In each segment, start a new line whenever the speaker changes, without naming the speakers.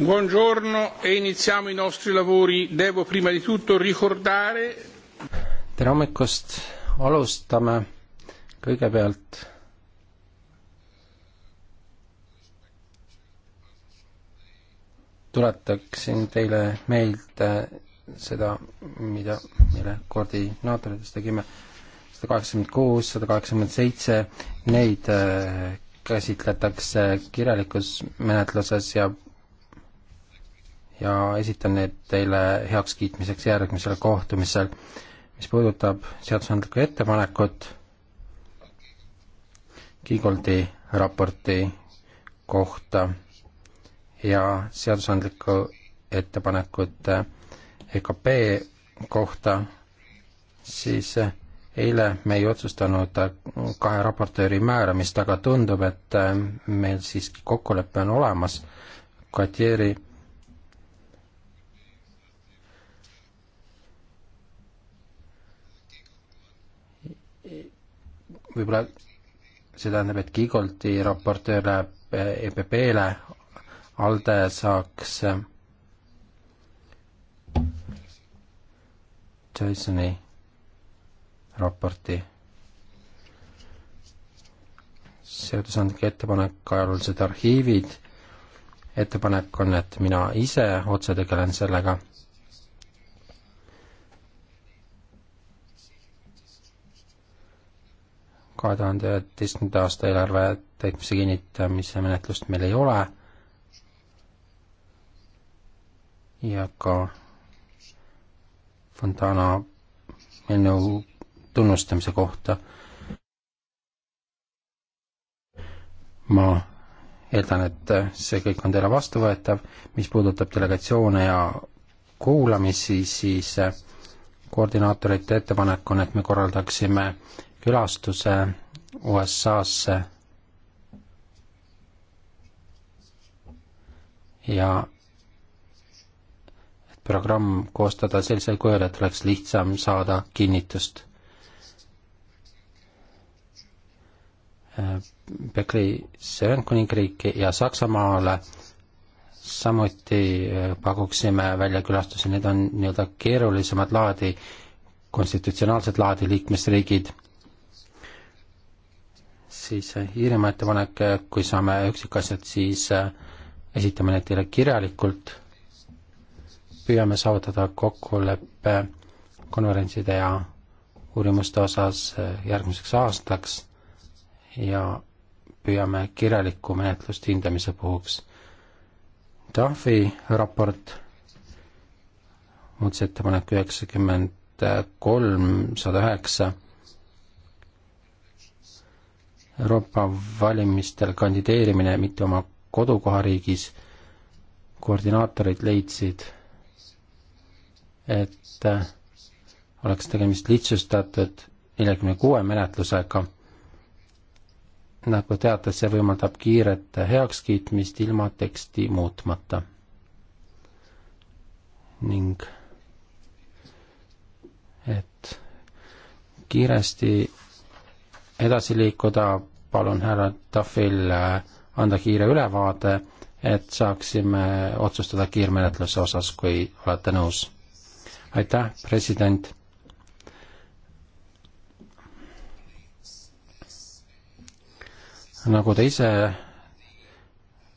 Buongiorno e iniziamo i nostri lavori. Devo prima di tutto ricordare.
tere hommikust, alustame kõigepealt tuletaksin teile meelde seda, mida, mille koordinaatoritest tegime, sada kaheksakümmend kuus, sada kaheksakümmend seitse, neid äh, käsitletakse kirjalikus menetluses ja ja esitan need teile heakskiitmiseks järgmisel kohtumisel. mis puudutab seadusandlikku ettepanekut Kigoldi raporti kohta ja seadusandlikku ettepanekut EKP kohta, siis eile me ei otsustanud kahe raportööri määramist, aga tundub, et meil siiski kokkulepe on olemas. Katieri võib-olla see tähendab, et Gigolti raportöör läheb EPP-le, eh, e ALDE saaks eh, Jasoni raporti seadusandlik ettepanek, ajaloolised arhiivid, ettepanek on, et mina ise otse tegelen sellega kahe tuhande üheteistkümnenda aasta eelarve täitmise kinnitamise menetlust meil ei ole ja ka Fontana eelnõu tunnustamise kohta ma eeldan, et see kõik on teile vastuvõetav, mis puudutab delegatsioone ja kuulamisi, siis koordinaatorite ettepanek on, et me korraldaksime külastuse USA-sse ja et programm koostada sellisel kujul, et oleks lihtsam saada kinnitust. Bekri, see Ühendkuningriiki ja Saksamaale samuti äh, pakuksime välja külastusi, need on nii-öelda keerulisemat laadi, konstitutsionaalset laadi liikmesriigid siis Iirimaa ettepanek, kui saame üksikasjad, siis äh, esitame need teile kirjalikult, püüame saavutada kokkuleppe konverentside ja uurimuste osas äh, järgmiseks aastaks ja püüame kirjalikku menetlust hindamise puhuks. Tahvi raport, muudatusettepanek üheksakümmend kolm, sada üheksa Euroopa valimistel kandideerimine mitte oma kodukohariigis, koordinaatorid leidsid, et äh, oleks tegemist lihtsustatud neljakümne kuue menetlusega. nagu teate, see võimaldab kiiret heakskiitmist ilma teksti muutmata. ning et kiiresti edasi liikuda, palun härra Tafil äh, anda kiire ülevaade, et saaksime otsustada kiirmenetluse osas, kui olete nõus. aitäh, president. nagu te ise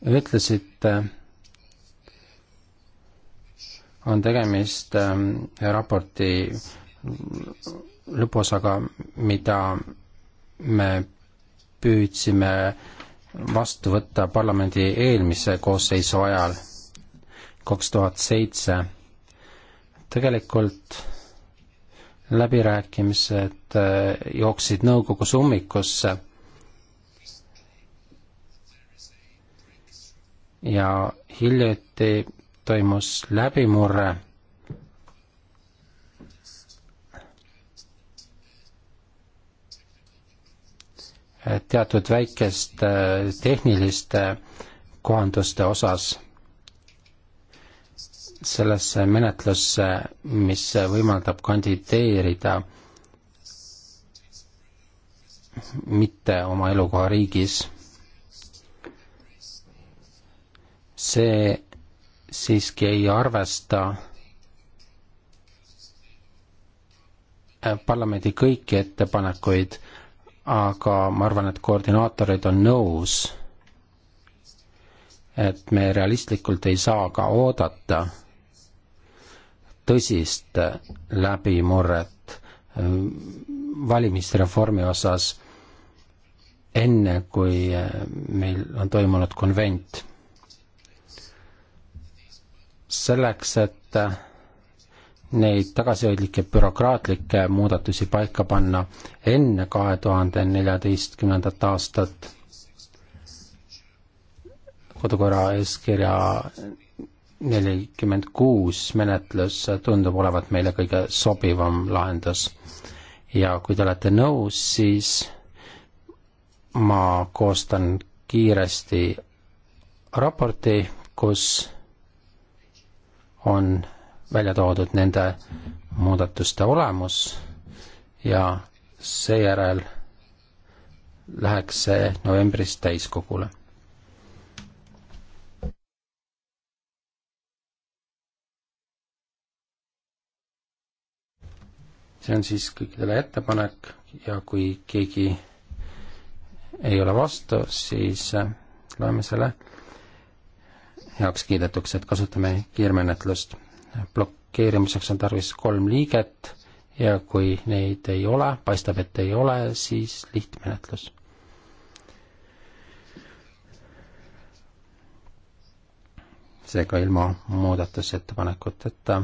ütlesite, on tegemist ähm, raporti lõpuosaga, mida me püüdsime vastu võtta parlamendi eelmise koosseisu ajal, kaks tuhat seitse. tegelikult läbirääkimised äh, jooksid nõukogus ummikusse ja hiljuti toimus läbimurre teatud väikeste äh, tehniliste kohanduste osas sellesse menetlusse, mis võimaldab kandideerida mitte oma elukohariigis. see siiski ei arvesta parlamendi kõiki ettepanekuid aga ma arvan, et koordinaatorid on nõus, et me realistlikult ei saa ka oodata tõsist läbimurret äh, valimisreformi osas, enne kui äh, meil on toimunud konvent. selleks, et äh, neid tagasihoidlikke bürokraatlikke muudatusi paika panna enne kahe tuhande neljateistkümnendat aastat kodukorra eeskirja nelikümmend kuus menetlus tundub olevat meile kõige sobivam lahendus. ja kui te olete nõus, siis ma koostan kiiresti raporti, kus on välja toodud nende muudatuste olemus ja seejärel läheks see novembris täiskogule. see on siis kõikidele ettepanek ja kui keegi ei ole vastu, siis loeme selle heaks kiidetuks, et kasutame kiirmenetlust blokeerimiseks on tarvis kolm liiget ja kui neid ei ole, paistab, et ei ole, siis lihtmenetlus. seega ilma muudatusettepanekuteta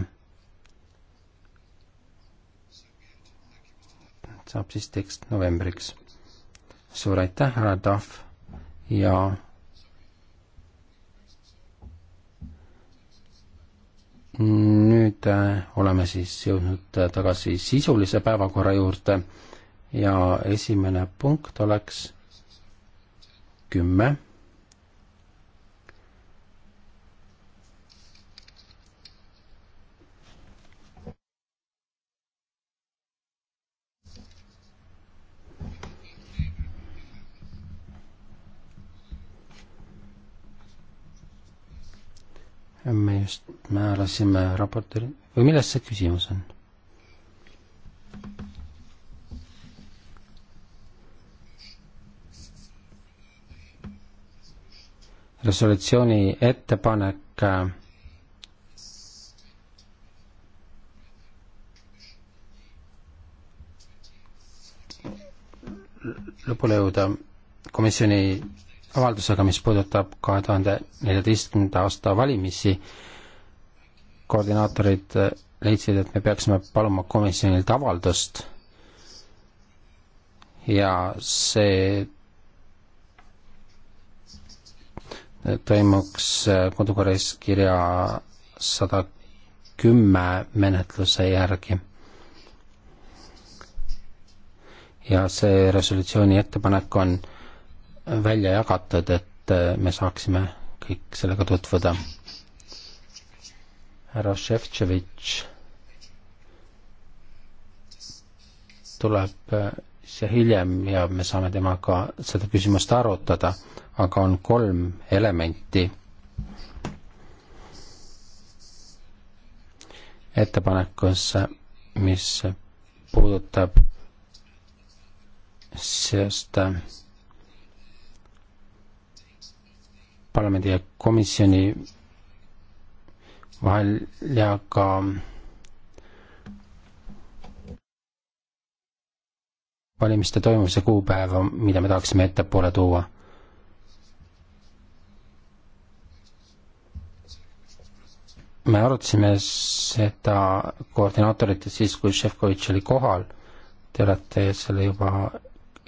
saab siis tekst novembriks. suur aitäh, härra Tahv ja nüüd äh, oleme siis jõudnud äh, tagasi sisulise päevakorra juurde ja esimene punkt oleks kümme me just määrasime raportööri või milles see küsimus on? resolutsiooni ettepanek äh, lõpule jõuda komisjoni avaldusega, mis puudutab kahe tuhande neljateistkümnenda aasta valimisi. koordinaatorid leidsid, et me peaksime paluma komisjonilt avaldust ja see toimuks kodukorras kirja sada kümme menetluse järgi. ja see resolutsiooni ettepanek on äh, välja jagatud, et äh, me saaksime kõik sellega tutvuda. härra Šefčevitš tuleb äh, siia hiljem ja me saame temaga seda küsimust arutada, aga on kolm elementi. ettepanekus, mis puudutab seost äh, parlamendi ja komisjoni vahel ja ka valimiste toimumise kuupäeva, mida me tahaksime ettepoole tuua. me arutasime seda koordinaatorit siis, kui Šefkovitš oli kohal. Te olete selle juba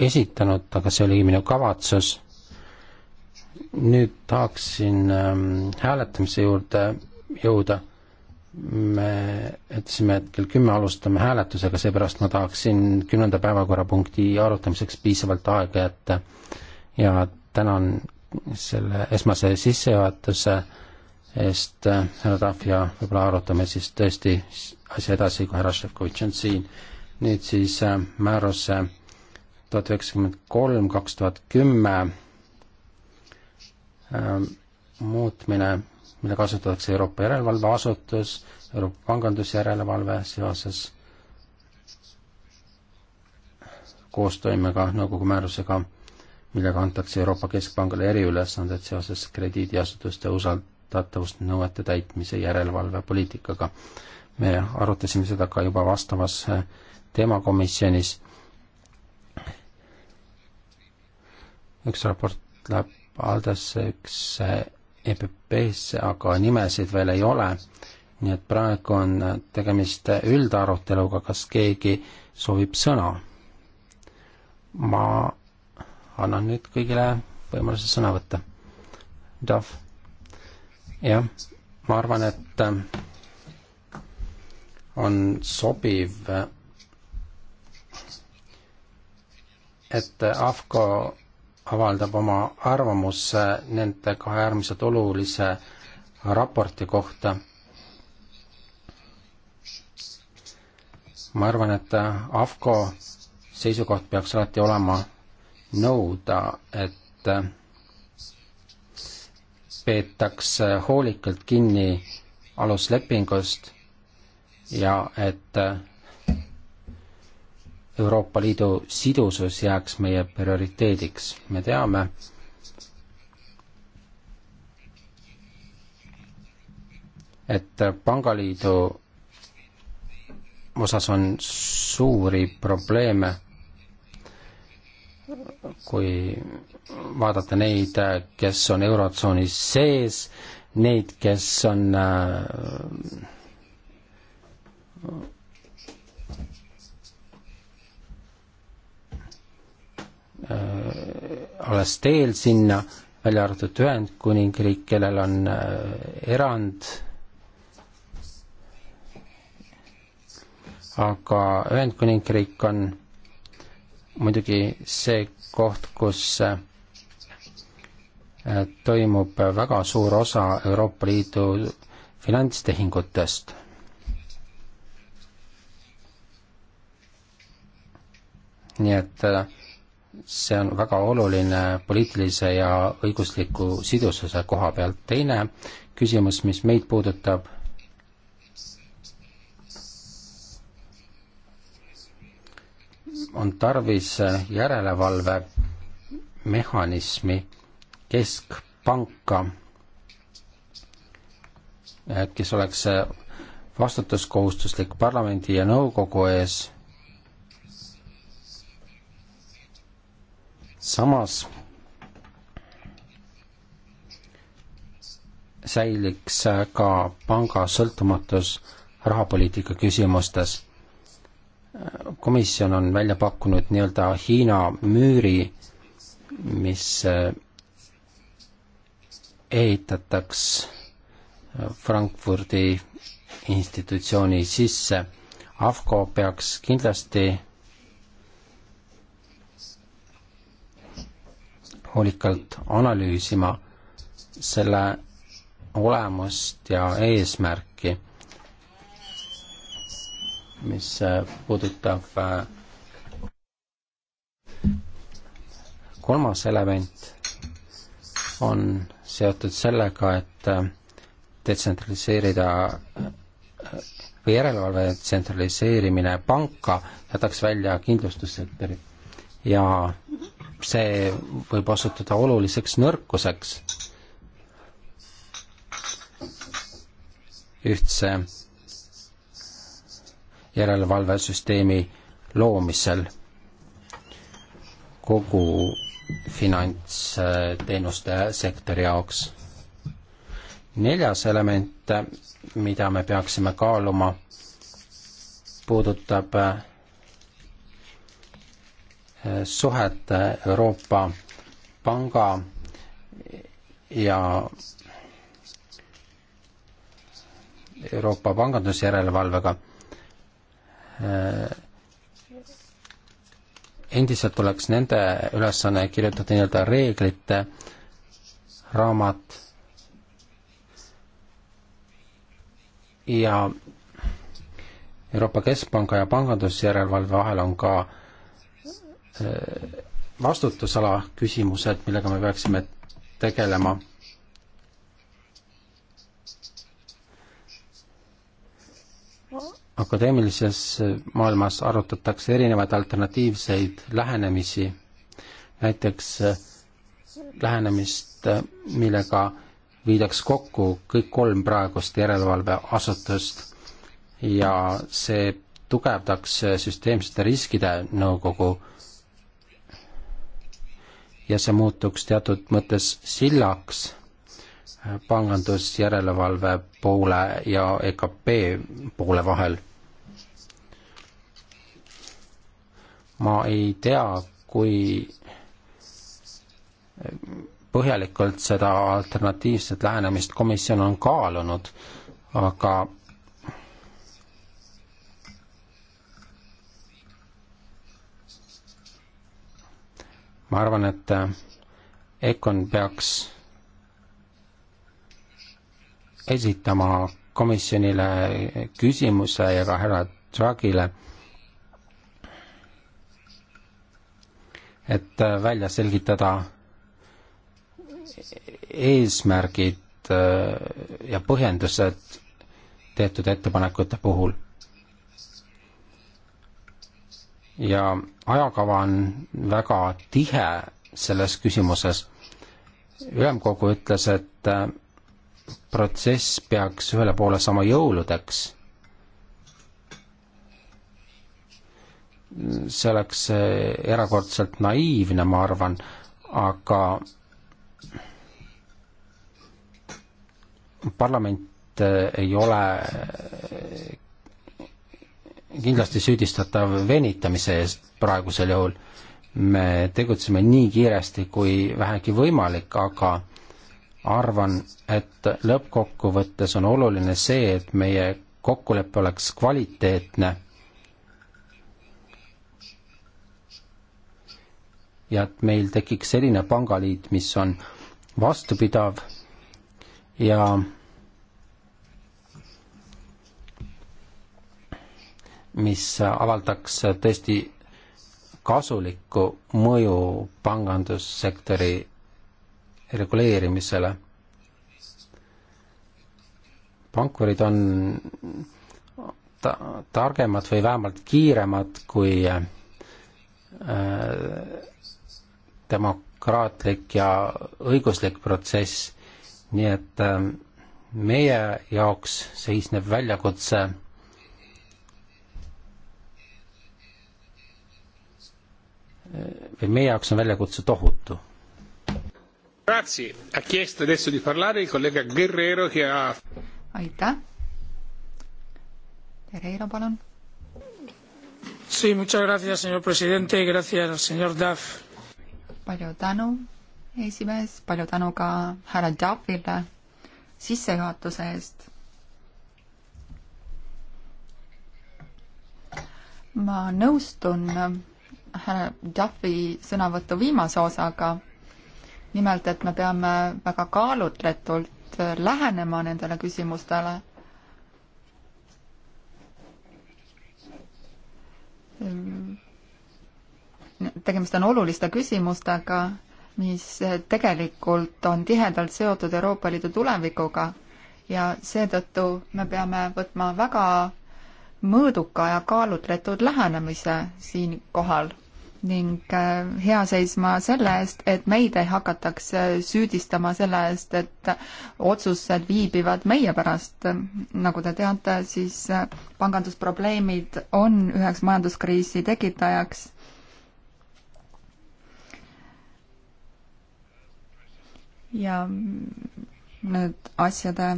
esitanud, aga see oligi minu kavatsus nüüd tahaksin ähm, hääletamise juurde jõuda. me ütlesime, et kell kümme alustame hääletusega, seepärast ma tahaksin kümnenda päevakorrapunkti arutamiseks piisavalt aega jätta ja tänan selle esmase sissejuhatuse eest äh,, härra Tahv, ja võib-olla arutame siis tõesti asja edasi, kui härra Šefkovitš on siin. nüüd siis äh, määruse tuhat üheksakümmend kolm, kaks tuhat kümme Ähm, muutmine, mida kasutatakse Euroopa Järelevalveasutus, Euroopa Pangandusjärelevalve seoses koostoimega nõukogu määrusega, millega antakse Euroopa Keskpangale eriülesanded seoses krediidiasutuste usaldatavusnõuete täitmise järelevalvepoliitikaga. me arutasime seda ka juba vastavas äh, teemakomisjonis. üks raport läheb Aldasse, eh, EPP-sse, aga nimesid veel ei ole. nii et praegu on tegemist üldaruteluga, kas keegi soovib sõna. ma annan nüüd kõigile võimaluse sõna võtta. Dav? jah, ma arvan, et eh, on sobiv, eh, et AFCO avaldab oma arvamuse nende kahe äärmiselt olulise raporti kohta. ma arvan, et AFCO seisukoht peaks alati olema nõuda, et peetakse hoolikalt kinni aluslepingust ja et Euroopa Liidu sidusus jääks meie prioriteediks. me teame, et pangaliidu osas on suuri probleeme, kui vaadata neid, kes on Eurotsoonis sees, neid, kes on äh, Äh, alles teel sinna, välja arvatud Ühendkuningriik, kellel on äh, erand, aga Ühendkuningriik on muidugi see koht, kus äh, toimub väga suur osa Euroopa Liidu finantstehingutest. nii et see on väga oluline poliitilise ja õigusliku sidususe koha pealt. teine küsimus, mis meid puudutab, on tarvis järelevalvemehhanismi keskpanka, kes oleks vastutuskohustuslik parlamendi ja nõukogu ees samas säiliks ka panga sõltumatus rahapoliitika küsimustes. komisjon on välja pakkunud nii-öelda Hiina müüri, mis eh, ehitataks eh, Frankfurdi institutsiooni sisse. AFCO peaks kindlasti hoolikalt analüüsima selle olemust ja eesmärki, mis äh, puudutab äh, kolmas element on seotud sellega, et äh, detsentraliseerida või järelevalve tsentraliseerimine panka jätaks välja kindlustussektori ja see võib osutuda oluliseks nõrkuseks ühtse järelevalvesüsteemi loomisel kogu finantsteenuste sektori jaoks. neljas element, mida me peaksime kaaluma, puudutab suhet Euroopa Panga ja Euroopa pangandusjärelevalvega. endiselt oleks nende ülesanne kirjutada nii-öelda reeglite raamat ja Euroopa Keskpanga ja pangandusjärelevalve vahel on ka äh, Äh, vastutusala küsimused, millega me peaksime tegelema. akadeemilises maailmas arutatakse erinevaid alternatiivseid lähenemisi, näiteks äh, lähenemist, äh, millega viidaks kokku kõik kolm praegust järelevalveasutust ja see tugevdaks süsteemsete riskide nõukogu ja see muutuks teatud mõttes sillaks pangandusjärelevalve poole ja EKP poole vahel. ma ei tea, kui põhjalikult seda alternatiivset lähenemist komisjon on kaalunud, aga ma arvan, et äh, EKON peaks esitama komisjonile küsimuse ja ka härra Draghile, et äh, välja selgitada eesmärgid äh, ja põhjendused tehtud ettepanekute puhul ja ajakava on väga tihe selles küsimuses. ülemkogu ütles, et äh, protsess peaks ühele poole saama jõuludeks. see oleks äh, erakordselt naiivne, ma arvan, aga parlament äh, ei ole kindlasti süüdistatav venitamise eest praegusel juhul. me tegutseme nii kiiresti kui vähegi võimalik, aga arvan, et lõppkokkuvõttes on oluline see, et meie kokkulepe oleks kvaliteetne ja et meil tekiks selline pangaliit, mis on vastupidav ja mis avaldaks tõesti kasulikku mõju pangandussektori reguleerimisele. pankurid on ta-, targemad või vähemalt kiiremad kui äh, demokraatlik ja õiguslik protsess, nii et äh, meie jaoks seisneb väljakutse äh, või meie jaoks on väljakutse tohutu.
aitäh. Guerrero, palun. Sí, muchas gracias, señor
presidente, gracias, señor Duff.
palju tänu, esimees, palju tänu ka härra Duffile sissejuhatuse eest ma nõustun härra Duffy sõnavõtu viimase osaga, nimelt et me peame väga kaalutletult lähenema nendele küsimustele. tegemist on oluliste küsimustega, mis tegelikult on tihedalt seotud Euroopa Liidu tulevikuga ja seetõttu me peame võtma väga mõõduka ja kaalutletud lähenemise siinkohal ning äh, hea seisma selle eest, et meid ei hakataks äh, süüdistama selle eest, et otsused viibivad meie pärast. nagu te teate, siis äh, pangandusprobleemid on üheks majanduskriisi tekitajaks. ja nüüd asjade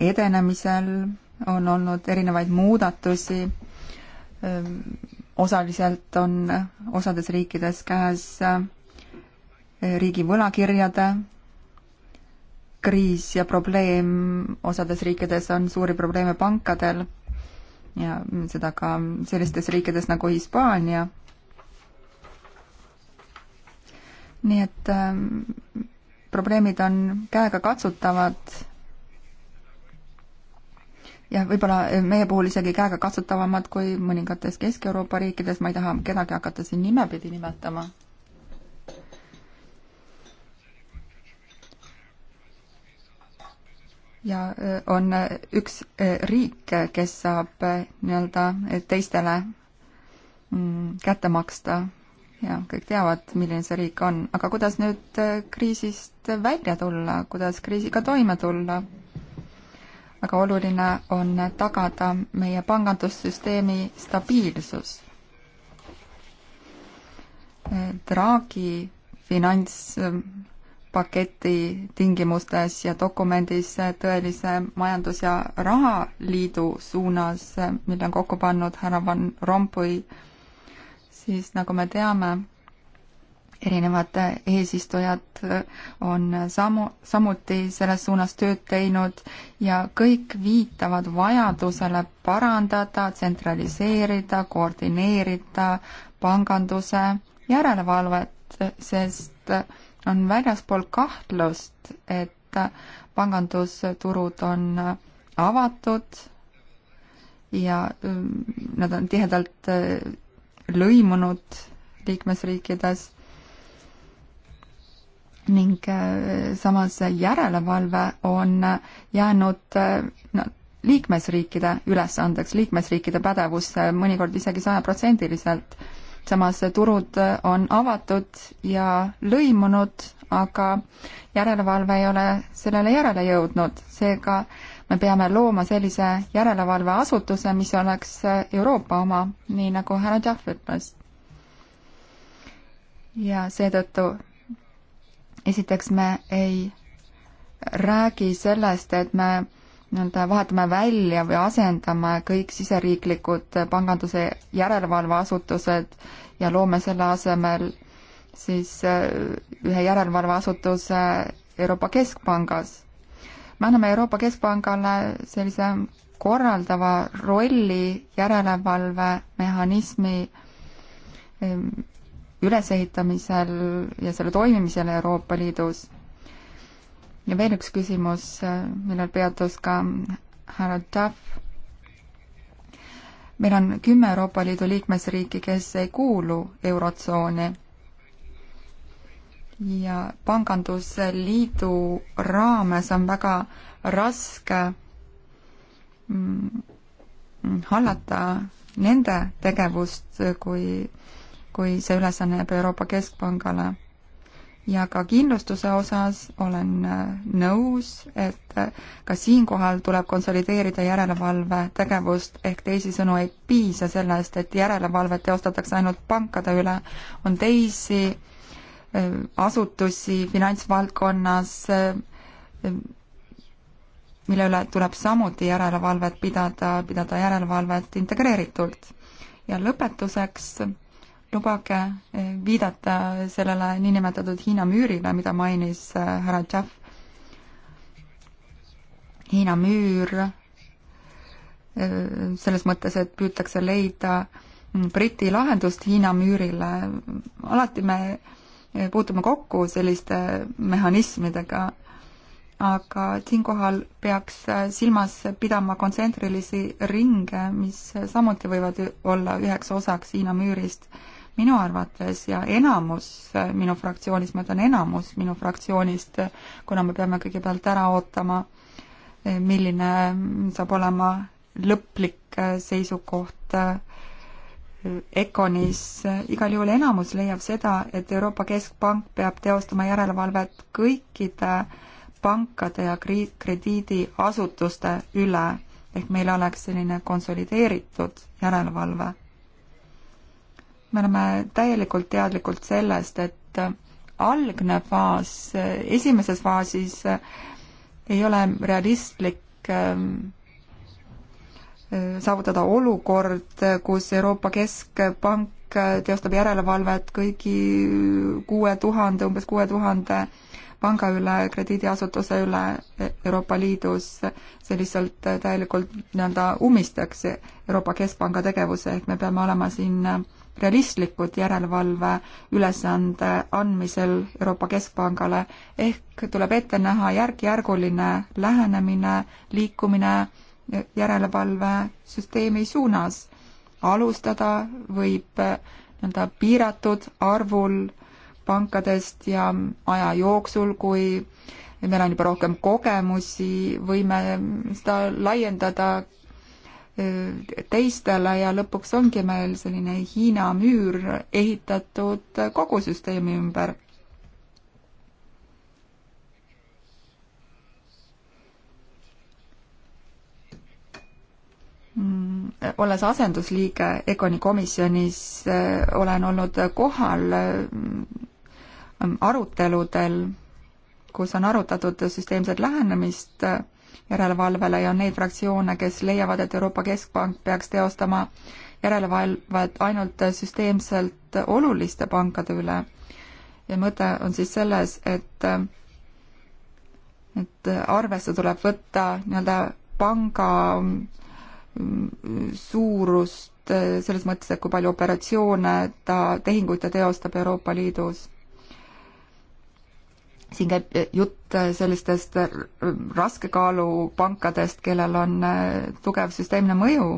edenemisel on olnud erinevaid muudatusi ehm, osaliselt on osades riikides käes äh, riigi võlakirjade kriis ja probleem, osades riikides on suuri probleeme pankadel ja seda ka sellistes riikides nagu Hispaania. nii et ähm, probleemid on käegakatsutavad jah, võib-olla eh, meie puhul isegi käegakatsutavamad kui mõningates Kesk-Euroopa riikides, ma ei taha kedagi hakata siin nimepidi nimetama. ja eh, on eh, üks riik, kes saab nii-öelda teistele mm, kätte maksta ja kõik teavad, milline see riik on, aga kuidas nüüd kriisist välja tulla, kuidas kriisiga toime tulla? väga oluline on tagada meie pangandussüsteemi stabiilsus. Draghi finantspaketi tingimustes ja dokumendis tõelise majandus- ja rahaliidu suunas, mille on kokku pannud härra Van Rompuy, siis nagu me teame, erinevad eesistujad on samu, samuti selles suunas tööd teinud ja kõik viitavad vajadusele parandada, tsentraliseerida, koordineerida panganduse järelevalvet, sest on väljaspool kahtlust, et pangandusturud on avatud ja mm, nad on tihedalt äh, lõimunud liikmesriikides ning äh, samas järelevalve on äh, jäänud äh, no, liikmesriikide ülesandeks, liikmesriikide pädevusse mõnikord isegi sajaprotsendiliselt. samas turud on avatud ja lõimunud, aga järelevalve ei ole sellele järele jõudnud, seega me peame looma sellise järelevalveasutuse, mis oleks Euroopa oma, nii nagu härra Tšahv ütles. ja seetõttu esiteks me ei räägi sellest, et me nii-öelda vahetame välja või asendame kõik siseriiklikud panganduse järelevalveasutused ja loome selle asemel siis äh, ühe järelevalveasutuse Euroopa Keskpangas. me anname Euroopa Keskpangale sellise korraldava rolli järelevalvemehhanismi ülesehitamisel ja selle toimimisel Euroopa Liidus. ja veel üks küsimus, millel peatus ka härra Duff. meil on kümme Euroopa Liidu liikmesriiki, kes ei kuulu Eurotsooni ja pangandusliidu raames on väga raske mm, mm, hallata nende tegevust, kui kui see ülesanne jääb Euroopa Keskpangale. ja ka kindlustuse osas olen äh, nõus, et äh, ka siinkohal tuleb konsolideerida järelevalve tegevust, ehk teisisõnu ei piisa sellest, et järelevalvet teostatakse ainult pankade üle, on teisi äh, asutusi finantsvaldkonnas, mille üle tuleb samuti järelevalvet pidada, pidada järelevalvet integreeritult. ja lõpetuseks lubage eh, viidata sellele niinimetatud Hiina müürile, mida mainis eh, härra Tšahv. Hiina müür eh, selles mõttes, et püütakse leida mm, Briti lahendust Hiina müürile, alati me puutume kokku selliste mehhanismidega, aga siinkohal peaks silmas pidama kontsentrilisi ringe, mis samuti võivad olla üheks osaks Hiina müürist minu arvates ja enamus äh, minu fraktsioonis, ma ütlen enamus minu fraktsioonist, kuna me peame kõigepealt ära ootama, äh, milline mm, saab olema lõplik äh, seisukoht Econis, igal juhul enamus leiab seda, et Euroopa Keskpank peab teostama järelevalvet kõikide pankade ja krediidiasutuste üle ehk meil oleks selline konsolideeritud järelevalve me oleme täielikult teadlikult sellest, et algne faas, esimeses faasis ei ole realistlik ähm, äh, saavutada olukord, kus Euroopa Keskpank teostab järelevalvet kõigi kuue tuhande, umbes kuue tuhande panga üle, krediidiasutuse üle e-, Euroopa Liidus, see lihtsalt täielikult nii-öelda ummistaks Euroopa Keskpanga tegevuse, ehk me peame olema siin äh, realistlikud järelevalve ülesande andmisel Euroopa Keskpangale, ehk tuleb ette näha järk-järguline lähenemine, liikumine järelevalvesüsteemi suunas. alustada võib nii-öelda piiratud arvul pankadest ja aja jooksul, kui meil on juba rohkem kogemusi, võime seda laiendada teistele ja lõpuks ongi meil selline Hiina müür ehitatud kogu süsteemi ümber. Mm, olles asendusliige EGONi komisjonis, eh, olen olnud kohal mm, aruteludel, kus on arutatud süsteemset lähenemist järelevalvele ja on neid fraktsioone, kes leiavad, et Euroopa Keskpank peaks teostama järelevalvet ainult süsteemselt oluliste pankade üle. ja mõte on siis selles, et, et arvesse tuleb võtta nii-öelda panga mm, suurust selles mõttes, et kui palju operatsioone ta, tehinguid ta teostab Euroopa Liidus siin käib eh, jutt eh, sellistest eh, raskekaalupankadest, kellel on tugev süsteemne mõju.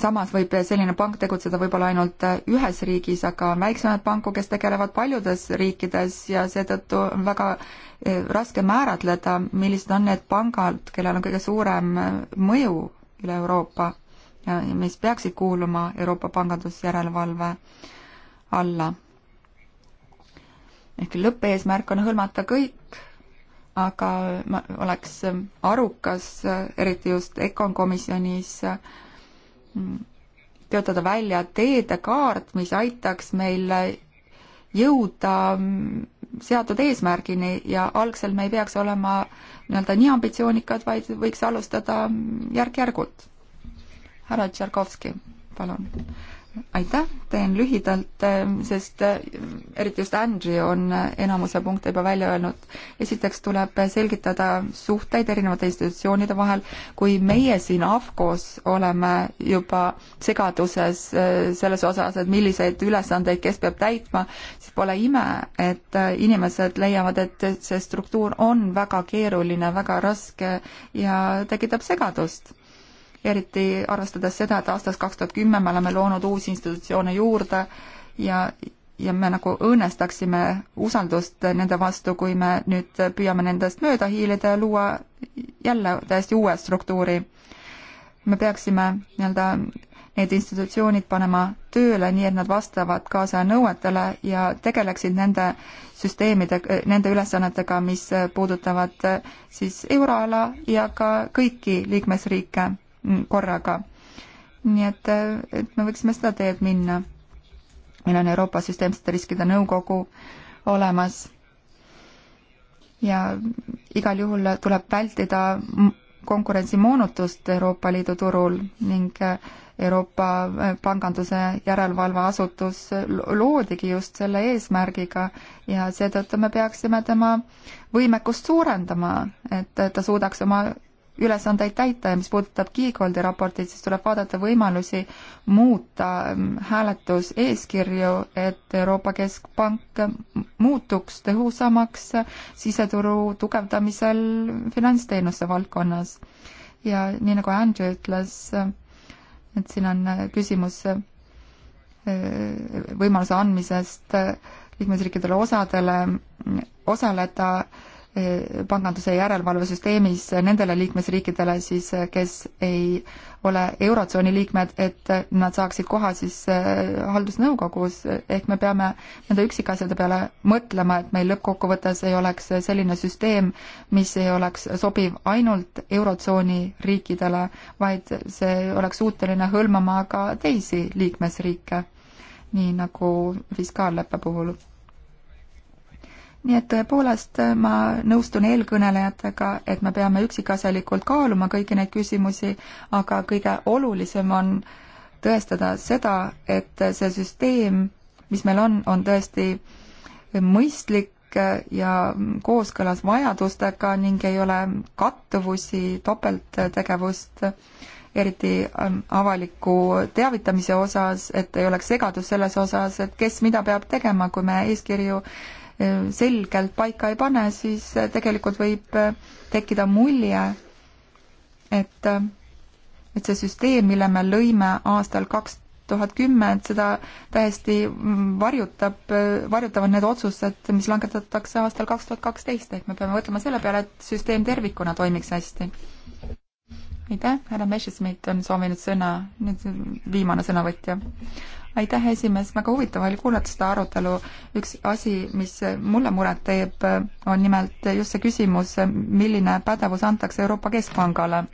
samas võib selline pank tegutseda võib-olla ainult ühes riigis, aga on väiksemaid panku, kes tegelevad paljudes riikides ja seetõttu on väga raske määratleda, millised on need pangad, kellel on kõige suurem mõju üle Euroopa ja mis peaksid kuuluma Euroopa pangandusjärelevalve alla. ehk lõppeesmärk on hõlmata kõik, aga ma oleks arukas, eriti just EKOn komisjonis, mm, töötada välja teedekaart, mis aitaks meil jõuda mm, seatud eesmärgini ja algselt me ei peaks olema nii-öelda nii ambitsioonikad, vaid võiks alustada mm, järk-järgult härra Tšerkovski, palun. aitäh, teen lühidalt, eh, sest eh, eriti just Andrew on eh, enamuse punkte juba välja öelnud. esiteks tuleb selgitada suhteid erinevate institutsioonide vahel, kui meie siin AFCOs oleme juba segaduses selles osas, et milliseid ülesandeid kes peab täitma, siis pole ime, et inimesed leiavad, et see struktuur on väga keeruline, väga raske ja tekitab segadust eriti arvestades seda, et aastast kaks tuhat kümme me oleme loonud uusi institutsioone juurde ja, ja me nagu õõnestaksime usaldust nende vastu, kui me nüüd püüame nendest mööda hiilida ja luua jälle täiesti uue struktuuri. me peaksime nii-öelda need institutsioonid panema tööle nii, et nad vastavad kaasaja nõuetele ja tegeleksid nende süsteemide, nende ülesannetega, mis puudutavad siis euroala ja ka kõiki liikmesriike korraga. nii et, et me võiksime seda teed minna. meil on Euroopa Süsteemsete Riskide Nõukogu olemas ja igal juhul tuleb vältida konkurentsimoonutust Euroopa Liidu turul ning Euroopa Panganduse Järelevalveasutus loodigi just selle eesmärgiga ja seetõttu me peaksime tema võimekust suurendama, et ta suudaks oma ülesandeid täita ja mis puudutab Kiigoldi raportit, siis tuleb vaadata võimalusi muuta ähm, hääletuseeskirju, et Euroopa Keskpank muutuks tõhusamaks siseturu tugevdamisel finantsteenuste valdkonnas. ja nii, nagu Andrew ütles, et siin on küsimus äh, võimaluse andmisest liikmesriikidele osadele osaleda Eh, panganduse järelevalvesüsteemis nendele liikmesriikidele siis, eh, kes ei ole Eurotsooni liikmed, et eh, nad saaksid koha siis haldusnõukogus, ehk me peame nende üksikasjade peale mõtlema, et meil lõppkokkuvõttes ei oleks selline süsteem, mis ei oleks sobiv ainult Eurotsooni riikidele, vaid see oleks suuteline hõlmama ka teisi liikmesriike, nii nagu fiskaalleppe puhul nii et tõepoolest ma nõustun eelkõnelejatega, et me peame üksikasjalikult kaaluma kõiki neid küsimusi, aga kõige olulisem on tõestada seda, et see süsteem, mis meil on, on tõesti mõistlik ja kooskõlas vajadustega ning ei ole kattuvusi, topelttegevust, eriti ähm, avaliku teavitamise osas, et ei oleks segadus selles osas, et kes mida peab tegema, kui me eeskirju äh, selgelt paika ei pane, siis tegelikult võib tekkida mulje, et, et see süsteem, mille me lõime aastal kaks tuhat kümme, et seda täiesti varjutab, varjutavad need otsused, mis langetatakse aastal kaks tuhat kaksteist, ehk me peame mõtlema selle peale, et süsteem tervikuna toimiks hästi. aitäh, härra Messerschmidt on soovinud sõna, nüüd viimane sõnavõtja aitäh, esimees, väga huvitav oli kuulata seda arutelu. üks asi, mis mulle muret teeb, on nimelt just see küsimus, milline pädevus antakse Euroopa Keskpangale.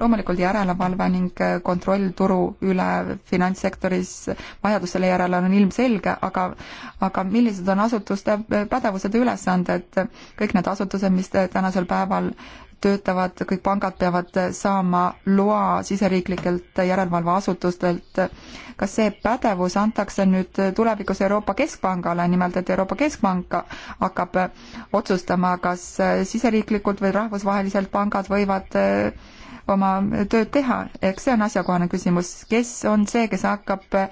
loomulikult järelevalve ning kontroll turu üle finantssektoris vajadusele järele on ilmselge, aga aga millised on asutuste pädevused ja ülesanded, kõik need asutused, mis tänasel päeval äh, töötavad, kõik pangad peavad saama loa siseriiklikelt järelevalveasutustelt. kas see pädevus antakse nüüd tulevikus Euroopa Keskpangale, nimelt et Euroopa Keskpank hakkab otsustama, kas siseriiklikult või rahvusvaheliselt pangad võivad oma tööd teha, eks see on asjakohane küsimus, kes on see, kes hakkab eh,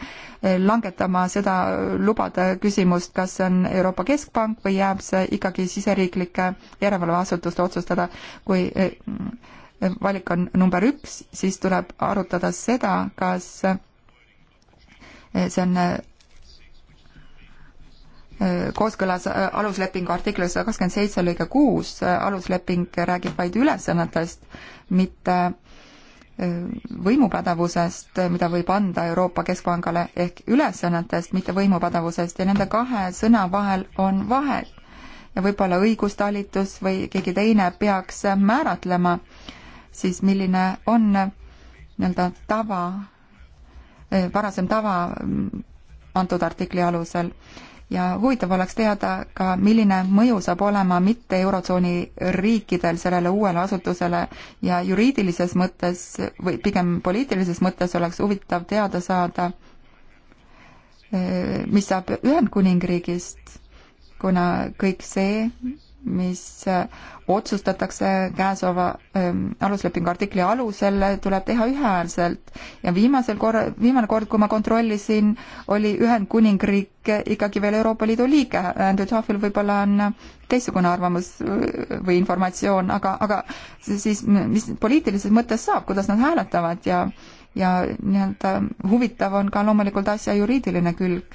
langetama seda lubade küsimust, kas see on Euroopa Keskpank või jääb see ikkagi siseriiklike järelevalveasutuste otsustada, kui eh, valik on number üks, siis tuleb arutada seda, kas eh, see on kooskõlas äh, aluslepingu artikli sada kakskümmend seitse lõige kuus, äh, alusleping räägib vaid ülesannetest, mitte äh, võimupädevusest, mida võib anda Euroopa Keskpangale, ehk ülesannetest, mitte võimupädevusest ja nende kahe sõna vahel on vahe. ja võib-olla õigustalitus või keegi teine peaks määratlema siis milline on nii-öelda tava, varasem tava mm, antud artikli alusel ja huvitav oleks teada ka, milline mõju saab olema mitte Eurotsooni riikidel sellele uuele asutusele ja juriidilises mõttes või pigem poliitilises mõttes oleks huvitav teada saada, eh, mis saab Ühendkuningriigist, kuna kõik see, mis äh, otsustatakse käesoleva ähm, aluslepingu artikli alusel, tuleb teha ühehäälselt. ja viimasel korra, viimane kord, kui ma kontrollisin, oli Ühendkuningriik ikkagi veel Euroopa Liidu liige, Andrew Duffil võib-olla on teistsugune arvamus äh, või informatsioon, aga, aga siis mis poliitilises mõttes saab, kuidas nad hääletavad ja ja nii-öelda huvitav on ka loomulikult asja juriidiline külg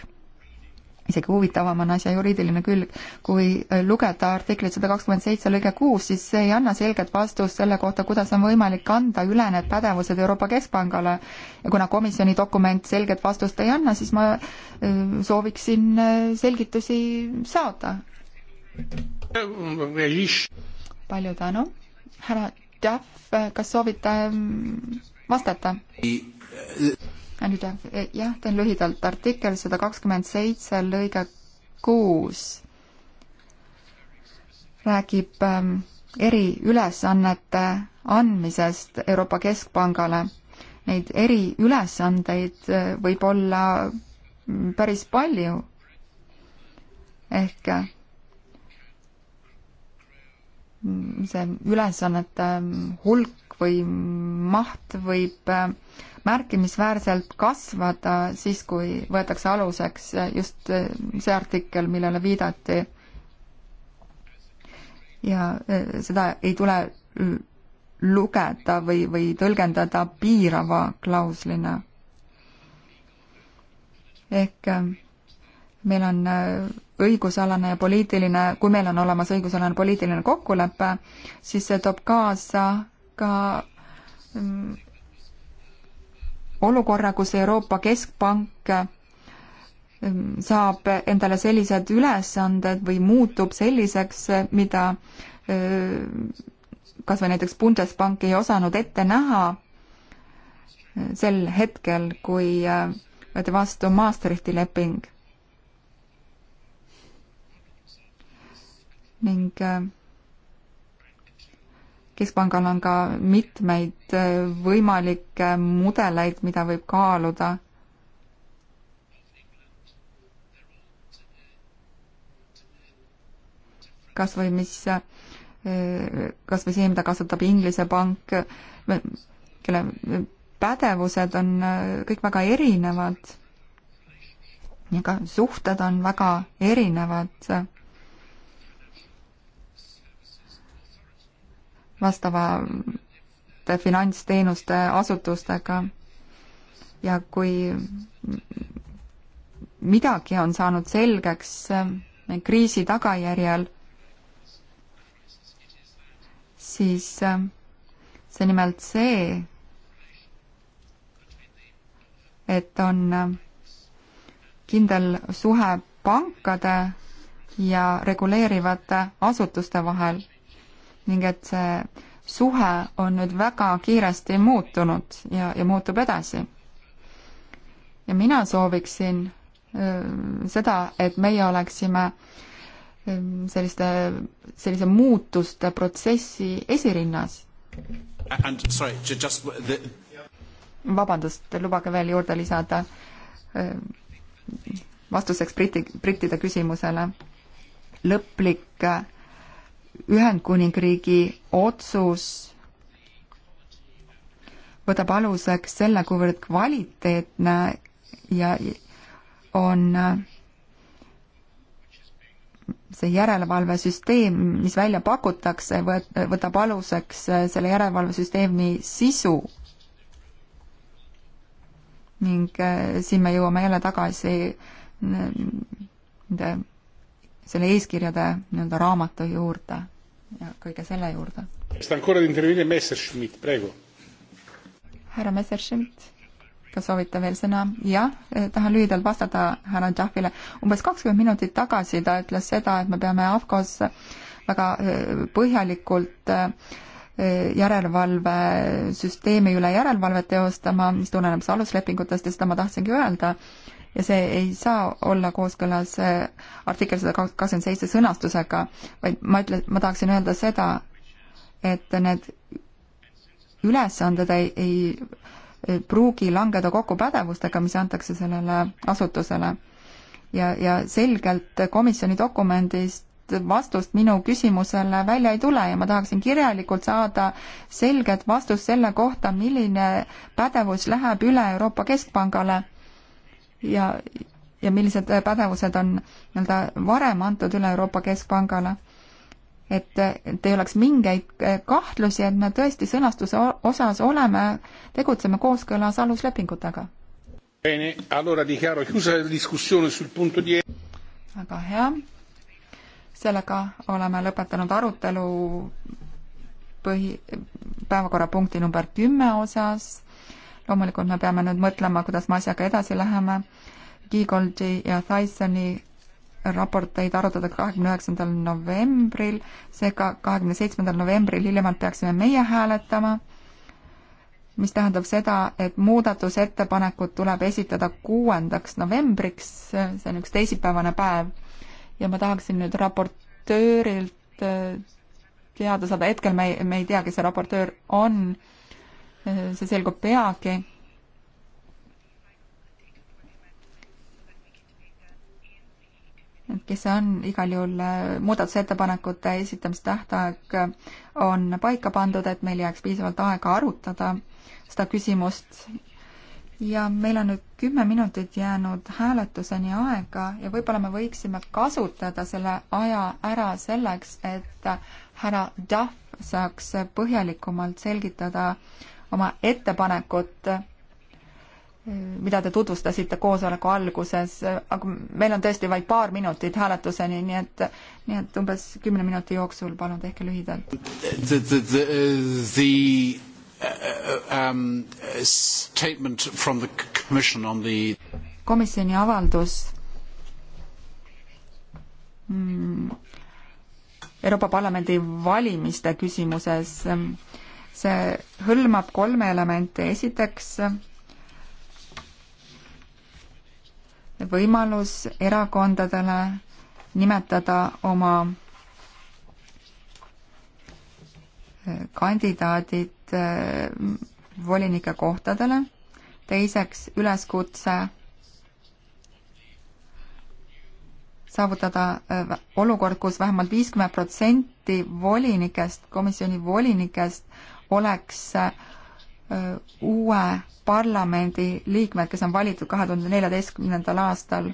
isegi huvitavam on asja juriidiline külg, kui äh, lugeda artiklit sada kakskümmend seitse lõige kuus, siis see ei anna selget vastust selle kohta, kuidas on võimalik anda üle need pädevused Euroopa Keskpangale. ja kuna komisjoni dokument selget vastust ei anna, siis ma äh, sooviksin äh, selgitusi saada. palju tänu. härra Tšahv, kas soovite mm, vastata? ja nüüd eh, jah, teen lühidalt, artikkel sada kakskümmend seitse lõige kuus räägib ähm, eriülesannete andmisest Euroopa Keskpangale. Neid eriülesandeid äh, võib olla mm, päris palju. ehk äh, see ülesannete ähm, hulk või maht võib äh, märkimisväärselt kasvada siis, kui võetakse aluseks äh, just äh, see artikkel, millele viidati. ja seda ei tule lugeda või, või tõlgendada piirava klauslina. ehk meil on õigusalane ja poliitiline, kui meil on olemas õigusalane poliitiline kokkulepe, siis see toob kaasa ka mm, olukorra, kus Euroopa Keskpank mm, saab endale sellised ülesanded või muutub selliseks, mida mm, kas või näiteks Bundespank ei osanud ette näha sel hetkel, kui võeti vastu Maastrichti leping ning äh, keskpangal on ka mitmeid äh, võimalikke mudeleid, mida võib kaaluda. kas või mis, äh, kas või see, mida kasutab Inglise pank, kelle pädevused on kõik väga erinevad ja ka suhted on väga erinevad vastavate mm, finantsteenuste asutustega. ja kui midagi on saanud selgeks äh, kriisi tagajärjel, siis äh, see nimelt see, et on äh, kindel suhe pankade ja reguleerivate asutuste vahel ning et see suhe on nüüd väga kiiresti muutunud ja, ja muutub edasi. ja mina sooviksin äh, seda, et meie oleksime äh, selliste, sellise muutuste protsessi esirinnas.
The...
vabandust, lubage veel juurde lisada äh, vastuseks briti, brittide küsimusele. lõplik Ühendkuningriigi otsus võtab aluseks selle, kuivõrd kvaliteetne ja on äh, see järelevalvesüsteem, mis välja pakutakse, võtab aluseks äh, selle järelevalvesüsteemi sisu. ning äh, siin me jõuame jälle tagasi nende selle eeskirjade nii-öelda raamatu juurde ja kõige selle juurde. härra Messerschmidt, kas soovite veel sõna? jah, eh, tahan lühidalt vastata härra Tšahvile. umbes kakskümmend minutit tagasi ta ütles seda, et me peame AFCOs väga eh, põhjalikult eh, järelevalvesüsteemi üle järelevalvet teostama, mis tuleneb siis aluslepingutest ja seda ma tahtsingi öelda ja see ei saa olla kooskõlas äh, artikkel sada kakskümmend seitse sõnastusega, vaid ma ütlen, ma tahaksin öelda seda, et need ülesanded ei, ei pruugi langeda kokku pädevustega, mis antakse sellele asutusele. ja, ja selgelt komisjoni dokumendist vastust minu küsimusele välja ei tule ja ma tahaksin kirjalikult saada selget vastust selle kohta, milline pädevus läheb üle Euroopa Keskpangale ja, ja millised pädevused on nii-öelda varem antud üle Euroopa Keskpangale. et, et ei oleks mingeid kahtlusi, et me tõesti sõnastuse osas oleme, tegutseme kooskõlas aluslepingutega. väga hea. sellega oleme lõpetanud arutelu põhi, päevakorrapunkti number kümme osas loomulikult me peame nüüd mõtlema, kuidas me asjaga edasi läheme. Kiigoldi ja Thysoni raporteid arutada kahekümne üheksandal novembril, seega kahekümne seitsmendal novembril hiljemalt peaksime meie hääletama, mis tähendab seda, et muudatusettepanekud tuleb esitada kuuendaks novembriks, see on üks teisipäevane päev, ja ma tahaksin nüüd raportöörilt äh, teada saada, hetkel me ei, me ei tea, kes see raportöör on see selgub peagi. et kes see on, igal juhul äh, muudatusettepanekute esitamise tähtaeg äh, on paika pandud, et meil jääks piisavalt aega arutada seda küsimust ja meil on nüüd kümme minutit jäänud hääletuseni aega ja võib-olla me võiksime kasutada selle aja ära selleks, et äh, härra Duff saaks põhjalikumalt selgitada oma ettepanekut, mida te tutvustasite koosoleku alguses, aga meil on tõesti vaid paar minutit hääletuseni, nii et, nii et umbes kümne minuti jooksul, palun tehke lühidalt.
The, the, the, the uh, um, statement from the commission on the
komisjoni avaldus mm, Euroopa Parlamendi valimiste küsimuses mm, see hõlmab kolme elementi, esiteks võimalus erakondadele nimetada oma äh, kandidaadid äh, volinike kohtadele, teiseks üleskutse saavutada äh, olukord, kus vähemalt viiskümmend protsenti volinikest, komisjoni volinikest oleks äh, uue parlamendi liikmed, kes on valitud kahe tuhande neljateistkümnendal aastal.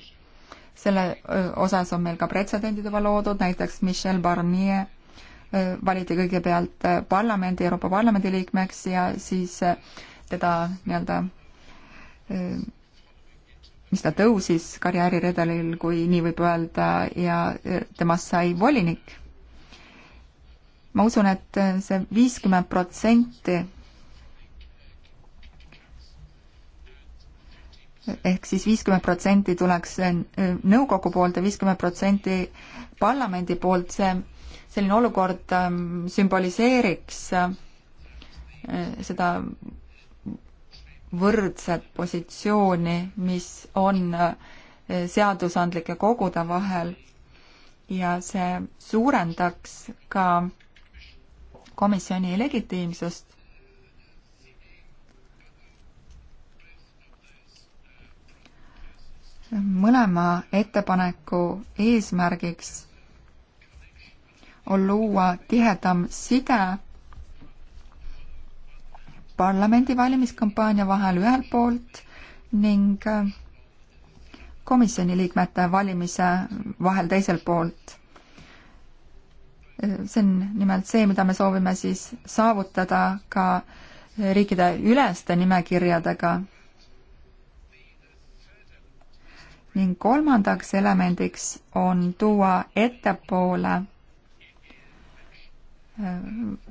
selle osas on meil ka pretsedendid juba loodud, näiteks Michel Barnier valiti kõigepealt äh, parlamendi, Euroopa Parlamendi liikmeks ja siis äh, teda nii-öelda, mis ta tõusis karjääriredelil, kui nii võib öelda, ja temast sai volinik ma usun, et see viiskümmend protsenti ehk siis viiskümmend protsenti tuleks äh, nõukogu poolt ja viiskümmend protsenti parlamendi poolt, see selline olukord ähm, sümboliseeriks äh, seda võrdset positsiooni, mis on äh, seadusandlike kogude vahel ja see suurendaks ka komisjoni legitiimsust. mõlema ettepaneku eesmärgiks on luua tihedam side parlamendi valimiskampaania vahel ühelt poolt ning komisjoni liikmete valimise vahel teiselt poolt see on nimelt see, mida me soovime siis saavutada ka riikide üleste nimekirjadega. ning kolmandaks elemendiks on tuua ettepoole äh,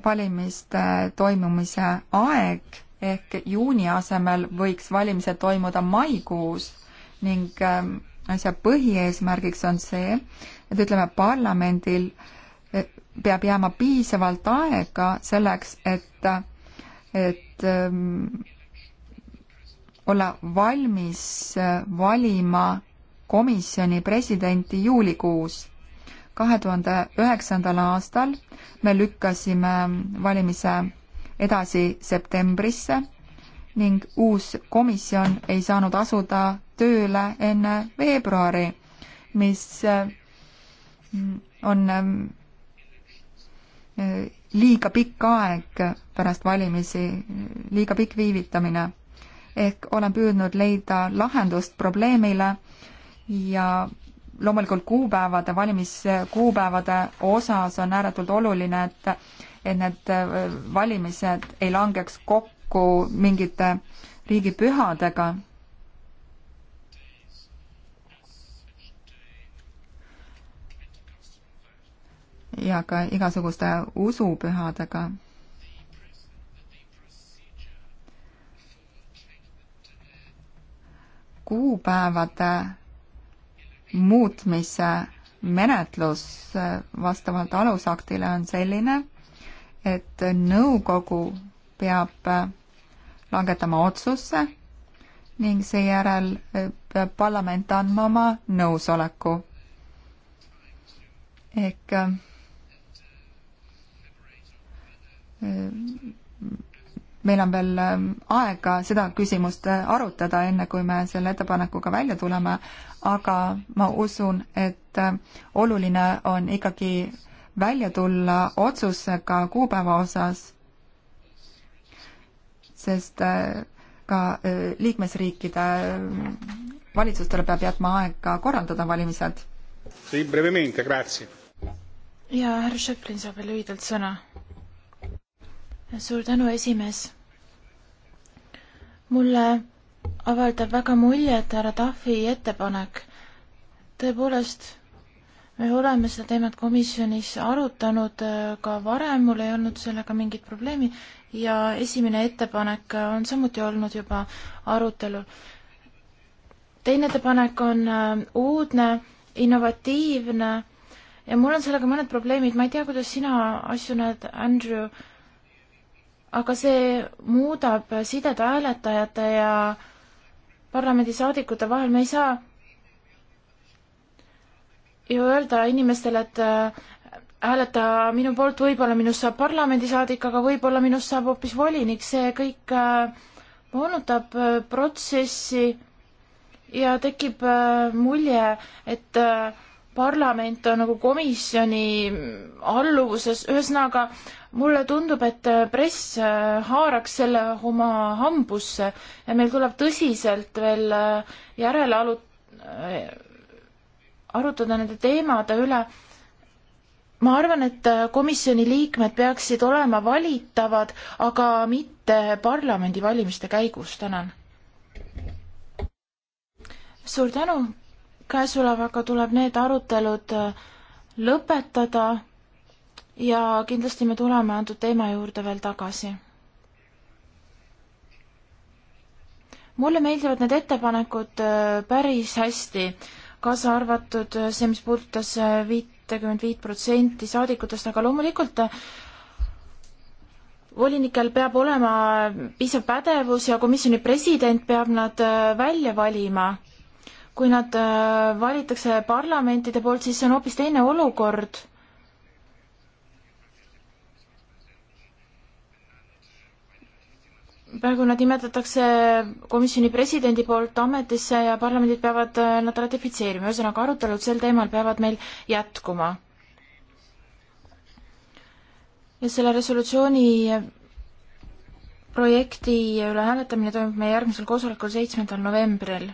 valimiste toimumise aeg ehk juuni asemel võiks valimised toimuda maikuus ning äh, asja põhieesmärgiks on see, et ütleme, parlamendil äh, peab jääma piisavalt aega selleks, et, et ähm, olla valmis äh, valima komisjoni presidenti juulikuus. kahe tuhande üheksandal aastal me lükkasime valimise edasi septembrisse ning uus komisjon ei saanud asuda tööle enne veebruari, mis äh, on ähm, liiga pikk aeg pärast valimisi, liiga pikk viivitamine. ehk olen püüdnud leida lahendust probleemile ja loomulikult kuupäevade, valimiskuupäevade osas on ääretult oluline, et et need äh, valimised ei langeks kokku mingite riigipühadega ja ka igasuguste usupühadega. kuupäevade muutmise menetlus vastavalt alusaktile on selline, et nõukogu peab langetama otsusse ning seejärel peab parlament andma oma nõusoleku. ehk meil on veel ähm, aega seda küsimust äh, arutada, enne kui me selle ettepanekuga välja tuleme, aga ma usun, et äh, oluline on ikkagi välja tulla otsusega kuupäeva osas, sest äh, ka liikmesriikide valitsustele peab jätma aega korraldada valimised. ja härra Šeflin saab veel lühidalt sõna suur tänu,
esimees. mulle avaldab väga muljet härra Tahvi ettepanek. tõepoolest, me oleme seda teemat komisjonis arutanud äh, ka varem, mul ei olnud sellega mingit probleemi ja esimene ettepanek äh, on samuti olnud juba arutelul. teine ettepanek on äh, uudne, innovatiivne ja mul on sellega mõned probleemid, ma ei tea, kuidas sina asju näed, Andrew aga see muudab sided hääletajate ja parlamendisaadikute vahel, me ei saa ju öelda inimestele, et äh, hääleta minu poolt, võib-olla minust saab parlamendisaadik, aga võib-olla minust saab hoopis volinik, see kõik äh, moonutab äh, protsessi ja tekib mulje, et äh, parlament on nagu komisjoni alluvuses, ühesõnaga mulle tundub, et press äh, haaraks selle oma hambusse ja meil tuleb tõsiselt veel äh, järele alu-, äh, arutada nende teemade üle. ma arvan, et komisjoni liikmed peaksid olema valitavad, aga mitte parlamendivalimiste käigus, tänan. suur tänu, käesolevaga tuleb need arutelud äh, lõpetada ja kindlasti me tuleme antud teema juurde veel tagasi. mulle meeldivad need ettepanekud äh, päris hästi, kaasa arvatud äh, see, mis puudutas viitekümmet viit protsenti saadikutest, aga loomulikult volinikel peab olema piisav pädevus ja komisjoni president peab nad välja valima kui nad äh, valitakse parlamentide poolt, siis see on hoopis teine olukord. praegu nad nimetatakse komisjoni presidendi poolt ametisse ja parlamendid peavad äh, nad ratifitseerima, ühesõnaga arutelud sel teemal peavad meil jätkuma. ja selle resolutsiooni projekti üle hääletamine toimub meie järgmisel koosolekul, seitsmendal novembril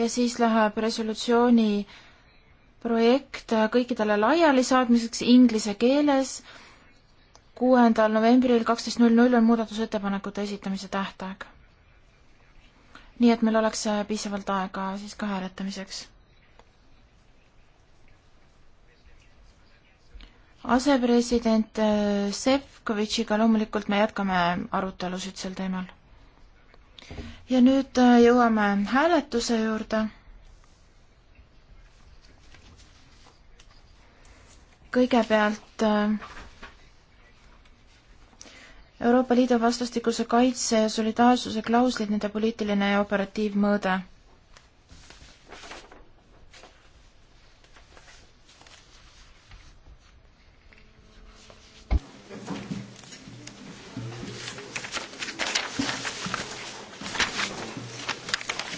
ja siis läheb resolutsiooni projekt kõikidele laialisaatmiseks inglise keeles. kuuendal novembril kaksteist null null on muudatusettepanekute esitamise tähtaeg. nii et meil oleks piisavalt aega siis ka hääletamiseks. asepresident Sefkovitšiga loomulikult me jätkame arutelusid sel teemal ja nüüd äh, jõuame hääletuse juurde. kõigepealt äh, Euroopa Liidu vastastikuse kaitse ja solidaarsuse klauslid, nende poliitiline ja operatiivmõõde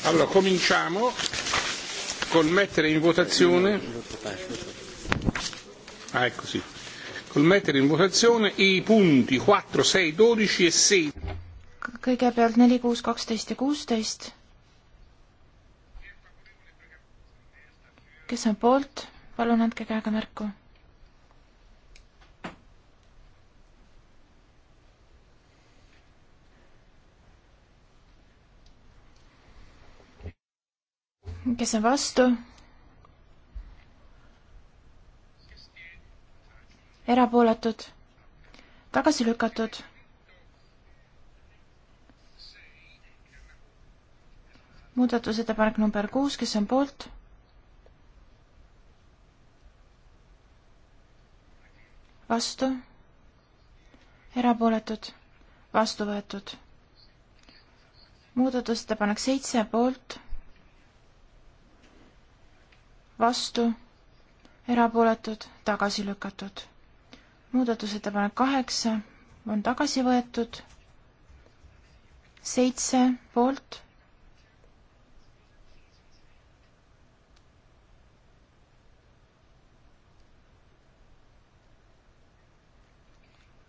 Allora, cominciamo col mettere in votazione. Ah, ecco sì. Col mettere in votazione i punti 4, 6, 12 e 6.
Kõigepealt 4, 6, 12 ja 16. Kes on poolt? Palun andke käega märku. kes on vastu? erapooletud, tagasi lükatud. muudatusettepanek number kuus, kes on poolt? vastu, erapooletud, vastu võetud. muudatusettepanek seitse poolt vastu, erapooletud, tagasi lükatud. muudatusettepanek kaheksa on tagasi võetud, seitse poolt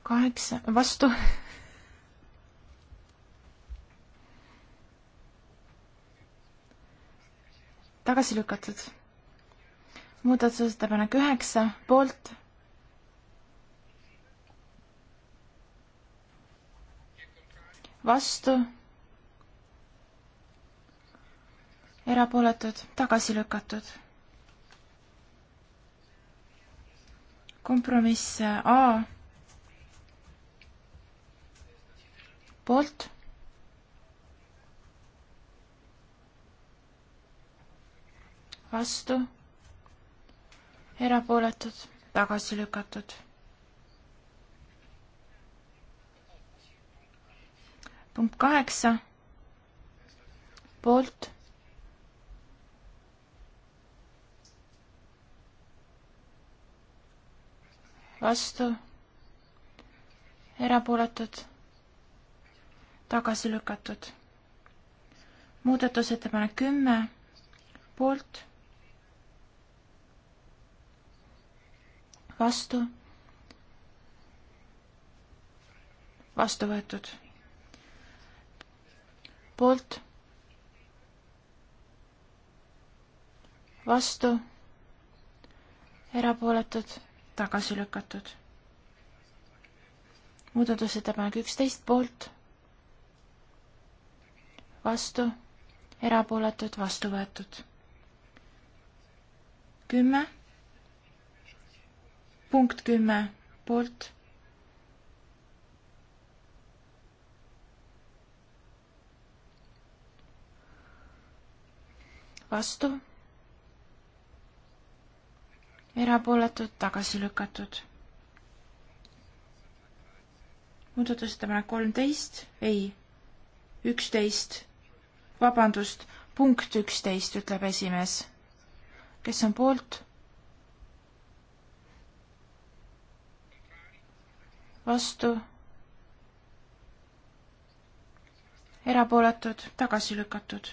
kaheksa, vastu. tagasi lükatud muudatusettepanek üheksa, poolt. vastu. erapooletud, tagasi lükatud. kompromiss A. poolt vastu, erapooletud, tagasi lükatud. punkt kaheksa, poolt vastu, erapooletud, tagasi lükatud. muudatusettepanek kümme, poolt, vastu, vastu võetud. poolt, vastu, erapooletud, tagasi lükatud. muudatusettepanek üksteist poolt, vastu, erapooletud, vastu võetud. kümme punkt kümme poolt. vastu. erapooletud, tagasi lükatud. muudatusettepanek kolmteist, ei, üksteist, vabandust, punkt üksteist, ütleb esimees. kes on poolt? vastu, erapooletud, tagasi lükatud.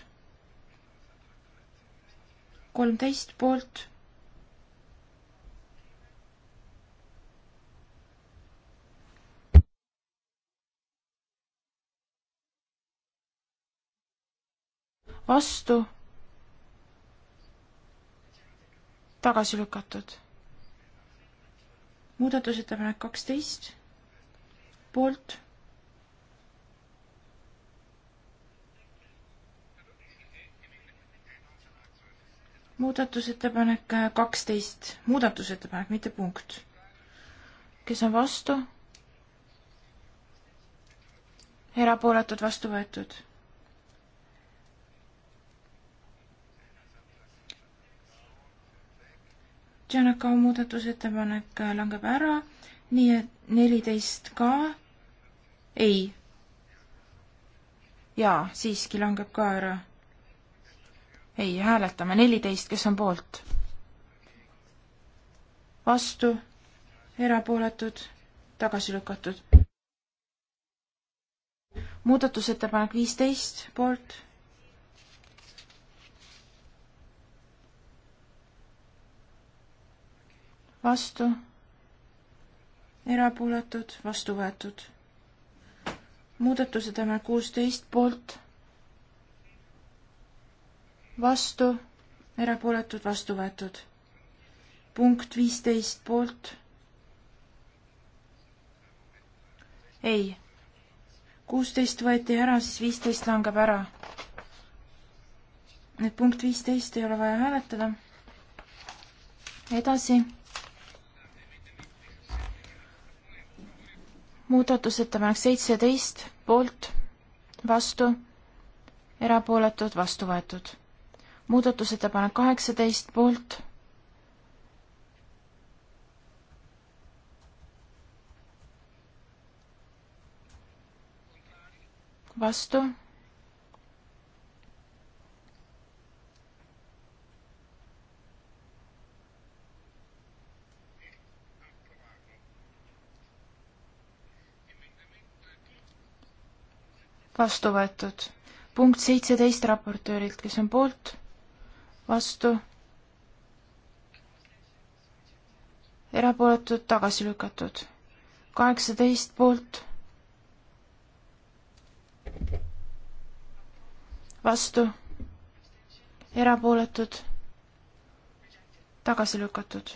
kolmteist poolt vastu tagasi lükatud. muudatusettepanek kaksteist poolt. muudatusettepanek äh, kaksteist, muudatusettepanek, mitte punkt. kes on vastu? erapooletud, vastu võetud. Janakau muudatusettepanek äh, langeb ära, nii et neliteist ka ei. jaa, siiski langeb ka ära. ei, hääletame neliteist, kes on poolt? vastu, erapooletud, tagasi lükatud. muudatusettepanek viisteist poolt vastu, erapooletud, vastu võetud muudatusettepanek kuusteist poolt, vastu, erapooletud, vastu võetud. punkt viisteist poolt. ei, kuusteist võeti ära, siis viisteist langeb ära. et punkt viisteist ei ole vaja hääletada. edasi muudatusettepanek seitseteist, poolt, vastu, erapooletud, vastu võetud. muudatusettepanek kaheksateist, poolt, vastu vastu võetud. punkt seitseteist raportöörilt, kes on poolt, vastu, erapooletud, tagasi lükatud. kaheksateist poolt, vastu, erapooletud, tagasi lükatud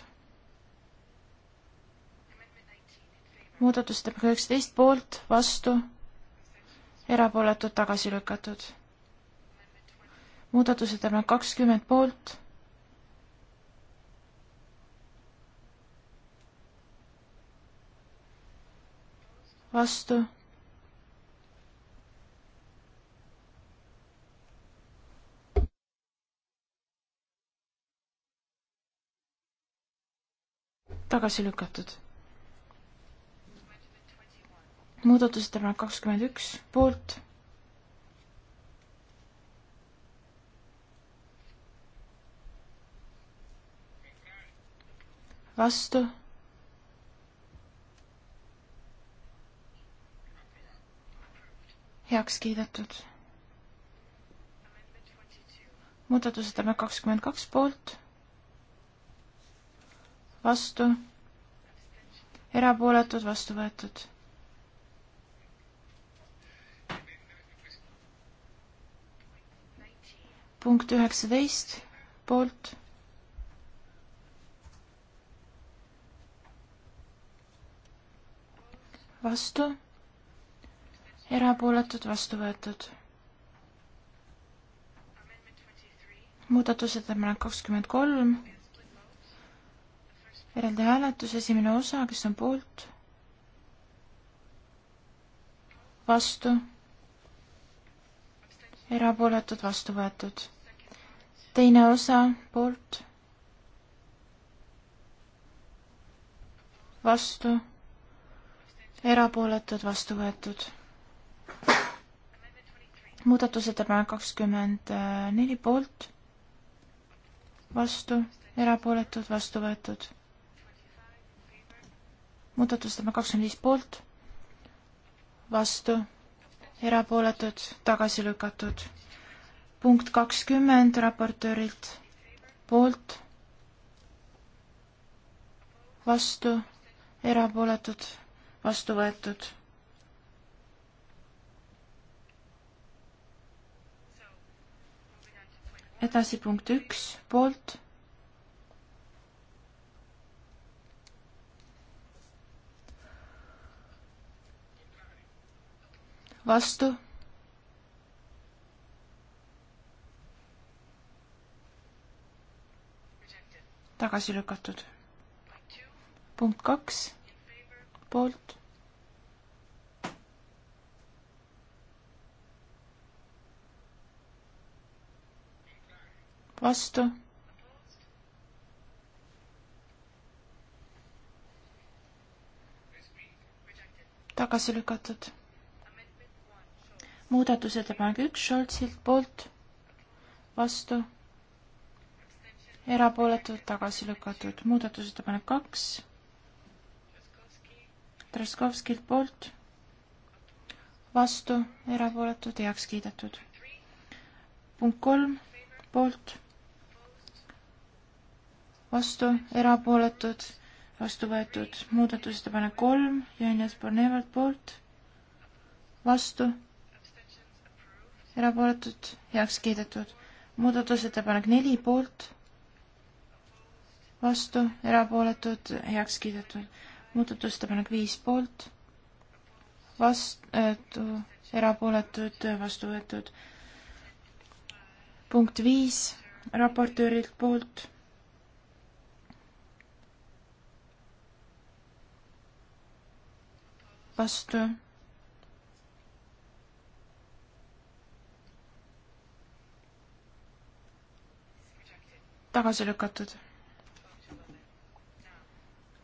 muudatusettepanek üheksateist poolt, vastu, erapooletud tagasi lükatud. muudatusettepanek kakskümmend poolt. vastu. tagasi lükatud muudatusettepanek kakskümmend üks poolt. vastu. heaks kiidetud. muudatusettepanek kakskümmend kaks poolt. vastu. erapooletud, vastu võetud punkt üheksateist poolt. vastu, erapooletud, vastu võetud. muudatusettepanek kakskümmend kolm, eraldi hääletus, esimene osa, kes on poolt, vastu erapooletud vastu võetud teine osa poolt, vastu, erapooletud, vastu võetud. muudatusettepanek kakskümmend neli poolt, vastu, erapooletud, vastu võetud. muudatusettepanek kakskümmend viis poolt, vastu, erapooletud, tagasi lükatud punkt kakskümmend raportöörilt poolt, vastu, erapooletud, vastu võetud. edasi punkt üks, poolt vastu tagasi lükatud. punkt kaks, poolt. vastu. tagasi lükatud. muudatusettepanek üks Scholzilt poolt, vastu erapooletud, tagasi lükatud. muudatusettepanek kaks, Traskovskilt poolt, vastu, erapooletud, heaks kiidetud. punkt kolm, poolt, vastu, erapooletud, vastu võetud. muudatusettepanek kolm, Janja Spornevalt poolt, vastu, erapooletud, heaks kiidetud. muudatusettepanek neli, poolt vastu, erapooletud, heaks kiidetud. muudatusettepanek viis poolt, vastu, erapooletud, vastu võetud. punkt viis raportöörilt poolt. vastu tagasi lükatud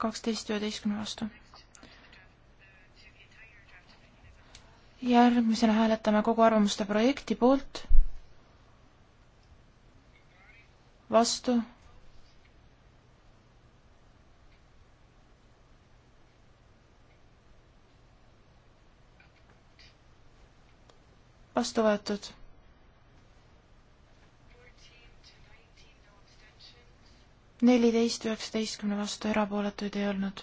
kaksteist üheteistkümne vastu. järgmisena hääletame kogu arvamuste projekti poolt, vastu, vastu võetud neliteist üheksateistkümne vastu, erapooletuid ei olnud.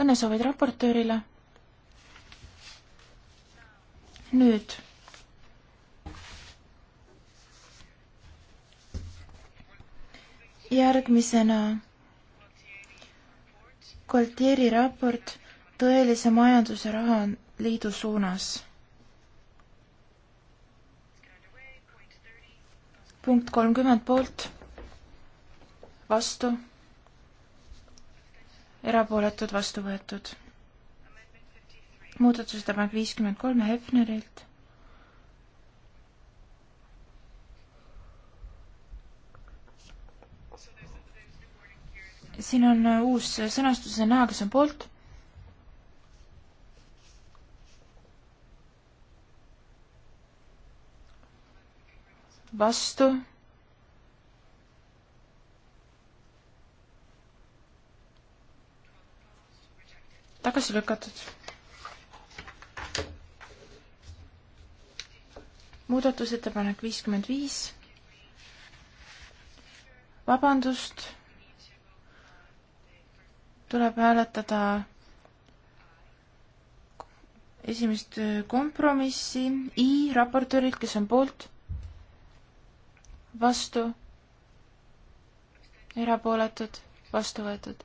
õnnesoovid raportöörile. nüüd järgmisena Gualtieri raport Tõelise majanduse raha Liidu suunas. punkt kolmkümmend poolt, vastu, erapooletud, vastu võetud. muudatusettepanek viiskümmend kolm Hefnerilt siin on uus sõnastus, see on näha, kes on poolt, vastu. tagasi lükatud. muudatusettepanek viiskümmend viis. vabandust. tuleb hääletada esimest kompromissi I raportöörilt, kes on poolt vastu, erapooletud, vastu võetud.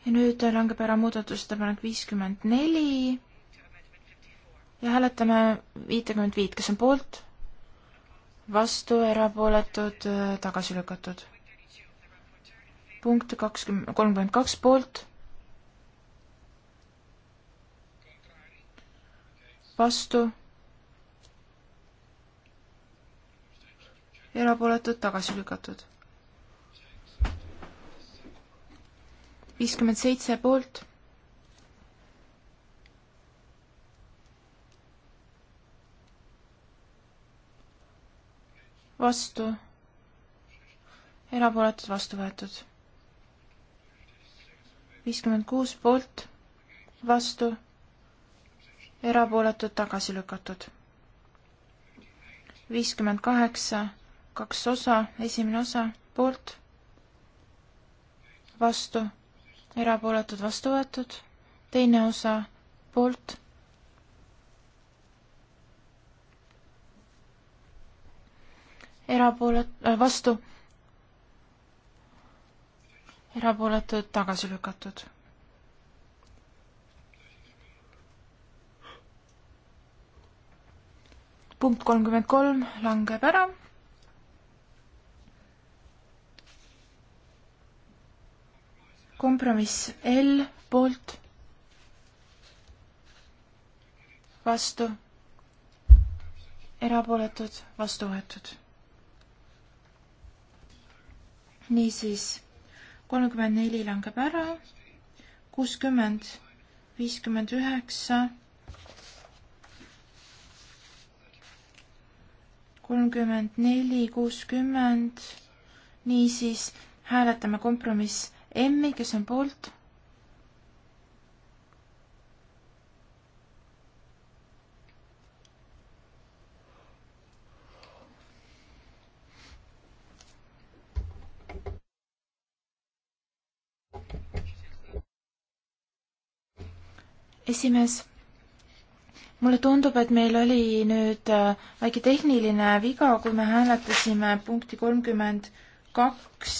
ja nüüd langeb ära muudatusettepanek viiskümmend neli ja hääletame viitekümmet viit, kes on poolt, vastu, erapooletud, tagasi lükatud. punkt kakskümmend, kolmkümmend kaks poolt vastu, erapooletud, tagasi lükatud. viiskümmend seitse poolt vastu, erapooletud vastu võetud. viiskümmend kuus poolt, vastu, erapooletud, tagasi lükatud. viiskümmend kaheksa, kaks osa, esimene osa, poolt, vastu, erapooletud, vastu võetud, teine osa, poolt, erapoolet- äh,, vastu, erapooletud, tagasi lükatud punkt kolmkümmend kolm langeb ära. kompromiss L poolt, vastu, erapooletud, vastu võetud. niisiis, kolmkümmend neli langeb ära, kuuskümmend, viiskümmend üheksa kolmkümmend neli, kuuskümmend. niisiis hääletame kompromiss M-i, kes on poolt. esimees mulle tundub, et meil oli nüüd äh, väike tehniline viga, kui me hääletasime punkti kolmkümmend kaks.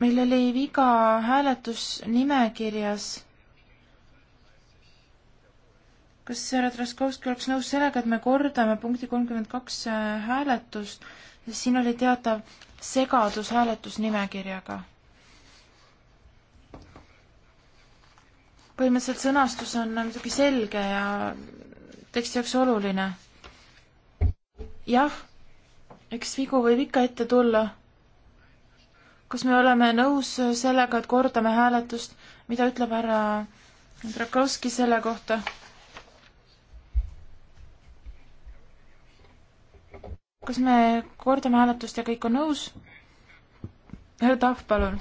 meil oli viga hääletusnimekirjas. kas härra Traskovski oleks nõus sellega, et me kordame punkti kolmkümmend kaks äh, hääletust, sest siin oli teatav segadus hääletusnimekirjaga põhimõtteliselt sõnastus on muidugi selge ja teksti jaoks oluline. jah, eks vigu võib ikka ette tulla. kas me oleme nõus sellega, et kordame hääletust, mida ütleb härra Drakovski selle kohta? kas me kordame hääletust ja kõik on nõus? härra Tahv, palun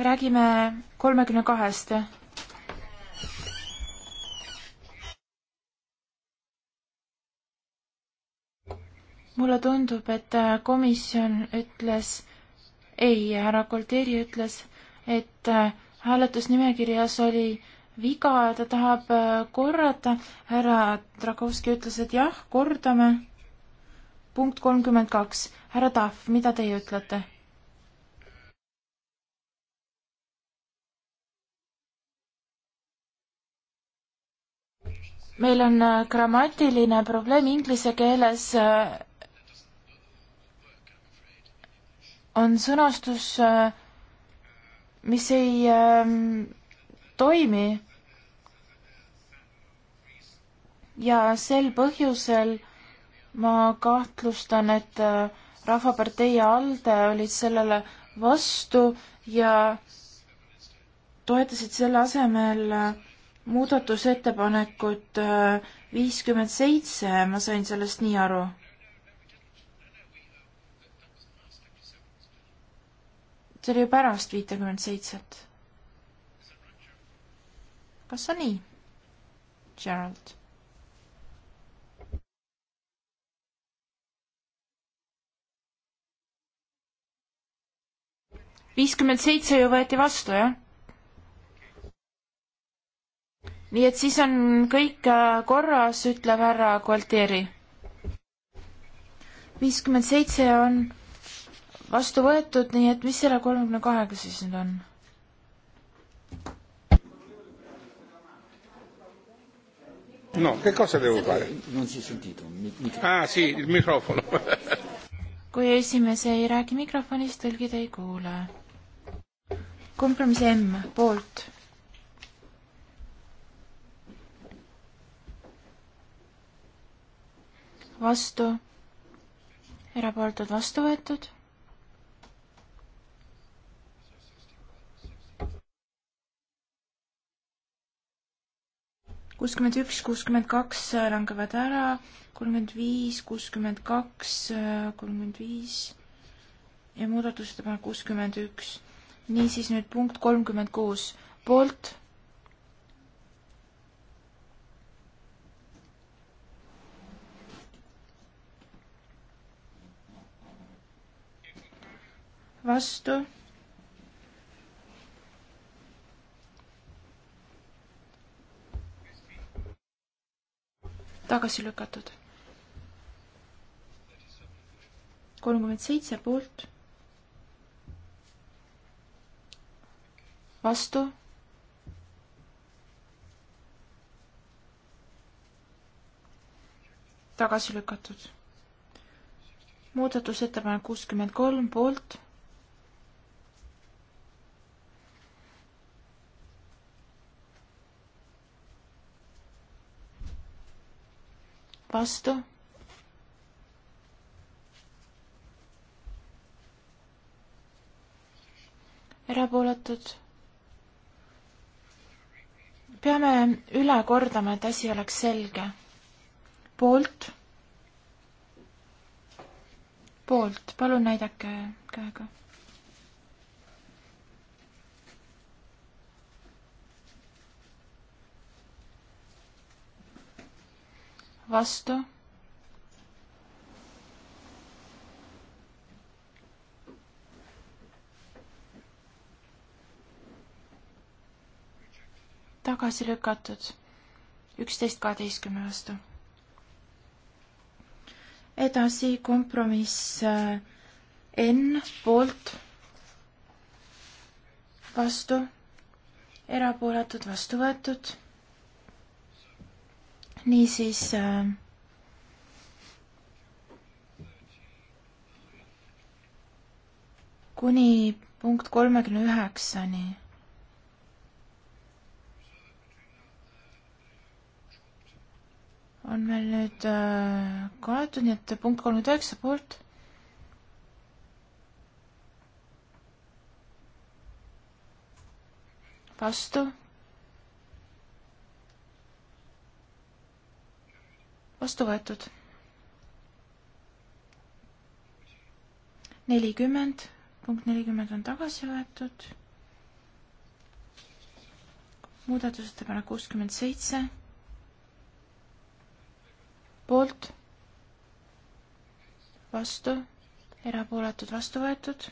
me räägime kolmekümne kahest. mulle tundub, et komisjon ütles ei, härra Kolteri ütles, et hääletusnimekirjas oli viga ja ta tahab korrata. härra Drakovski ütles, et jah, kordame. punkt kolmkümmend kaks. härra Tahv, mida teie ütlete? meil on äh, grammatiline probleem inglise keeles äh, on sõnastus, äh, mis ei ähm, toimi. ja sel põhjusel ma kahtlustan, et Rahvapartei ja ALDE olid sellele vastu ja toetasid selle asemel äh, muudatusettepanekut äh, viiskümmend seitse, ma sain sellest nii aru. see oli ju pärast viitekümmet seitset. kas on nii, Gerald? viiskümmend seitse ju võeti vastu, jah? nii et siis on kõik äh, korras, ütleb härra Gualtieri. viiskümmend seitse on vastu võetud, nii et mis selle kolmekümne kahega siis nüüd on?
No, che cosa devo fare? Non si è sentito. Ah sì, il microfono.
kui esimees ei räägi mikrofonist, tõlgid ei kuule. kompromiss M poolt vastu, erapooletud vastu võetud. kuuskümmend üks, kuuskümmend kaks langevad ära, kolmkümmend viis, kuuskümmend kaks, kolmkümmend viis ja muudatusettepanek kuuskümmend üks. niisiis nüüd punkt kolmkümmend kuus, poolt vastu. tagasi lükatud. kolmkümmend seitse poolt. vastu tagasi lükatud. muudatusettepanek kuuskümmend kolm poolt, vastu. erapooletud. peame üle kordama, et asi oleks selge. poolt, poolt, palun näidake käega vastu. tagasi lükatud, üksteist kaheteistkümne vastu. edasi kompromiss äh, N poolt, vastu, erapooletud, vastu võetud niisiis äh, kuni punkt kolmekümne üheksani. on meil nüüd äh, kaetud, nii et punkt kolmkümmend üheksa poolt. vastu vastu võetud. nelikümmend, punkt nelikümmend on tagasi võetud. muudatusettepanek kuuskümmend seitse. poolt, vastu, erapooletud, vastu võetud.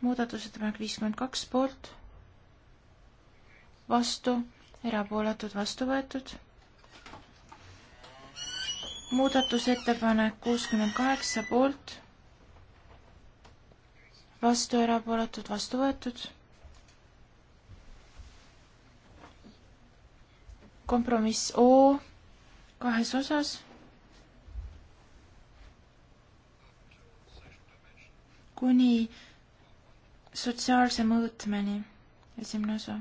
muudatusettepanek viiskümmend kaks poolt, vastu, erapooletud, vastu võetud muudatusettepanek kuuskümmend kaheksa poolt, vastu erapooletud, vastu võetud. kompromiss O kahes osas. kuni sotsiaalse mõõtmeni, esimene osa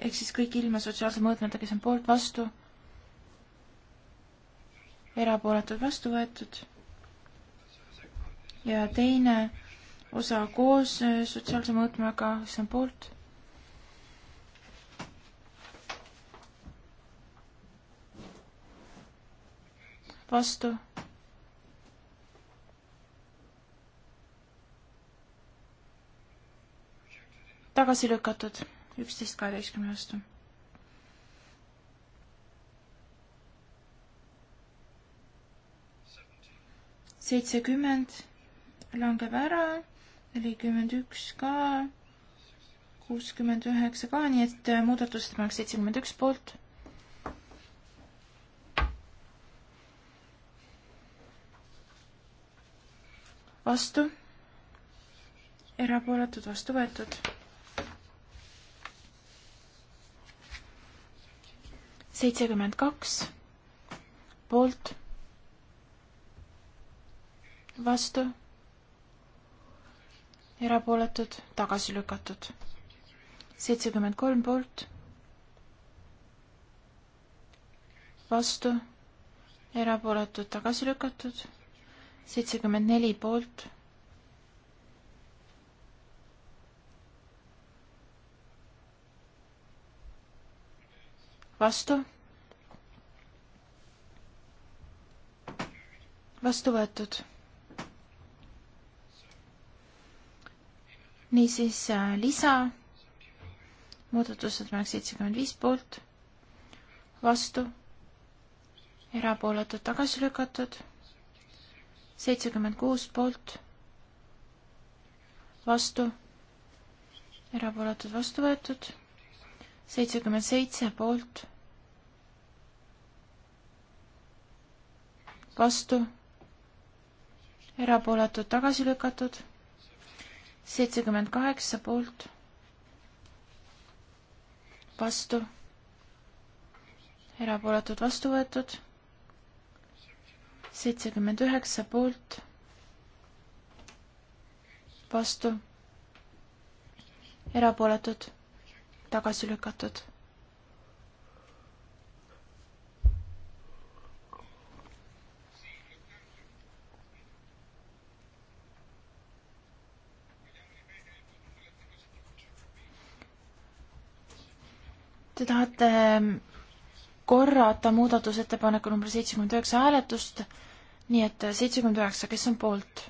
ehk siis kõik ilma sotsiaalse mõõtmeta, kes on poolt, vastu, erapooletud, vastu võetud. ja teine osa koos äh, sotsiaalse mõõtmega, kes on poolt vastu. tagasi lükatud üksteist kaheteistkümne vastu. seitsekümmend langeb ära, nelikümmend üks ka, kuuskümmend üheksa ka, nii et äh, muudatusettepanek seitsekümmend üks poolt vastu, erapooletud vastu võetud seitsekümmend kaks poolt, vastu, erapooletud, tagasi lükatud. seitsekümmend kolm poolt, vastu, erapooletud, tagasi lükatud. seitsekümmend neli poolt vastu? vastu võetud. niisiis äh, lisa, muudatusettepanek seitsekümmend viis poolt, vastu, erapooletud tagasi lükatud, seitsekümmend kuus poolt, vastu, erapooletud vastu võetud seitsekümmend seitse poolt, vastu, erapooletud tagasi lükatud, seitsekümmend kaheksa poolt, vastu, erapooletud vastu võetud, seitsekümmend üheksa poolt, vastu, erapooletud tagasi lükatud. Te tahate korrata muudatusettepaneku number seitsekümmend üheksa hääletust, nii et seitsekümmend üheksa, kes on poolt?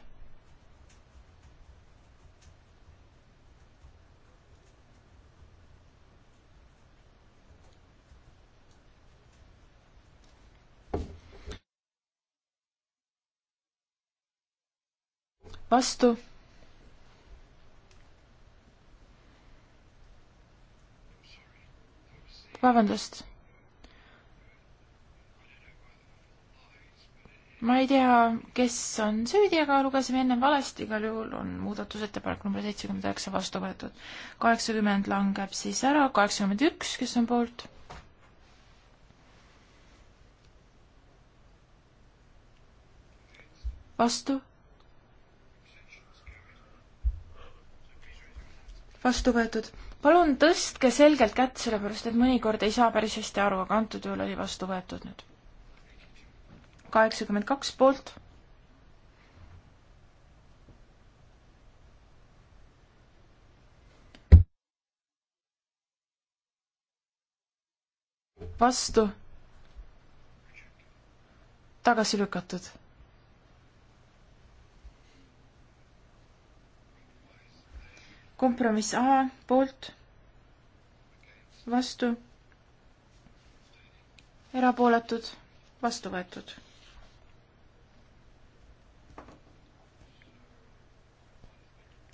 vastu. vabandust. ma ei tea, kes on süüdi, aga lugesime ennem valesti, igal juhul on muudatusettepanek number seitsekümmend üheksa vastu võetud. kaheksakümmend langeb siis ära, kaheksakümmend üks, kes on poolt vastu, vastu võetud. palun tõstke selgelt kätt, sellepärast et mõnikord ei saa päris hästi aru, aga antud juhul oli vastu võetud nüüd. kaheksakümmend kaks poolt. vastu. tagasi lükatud kompromiss A poolt, vastu, erapooletud, vastu võetud.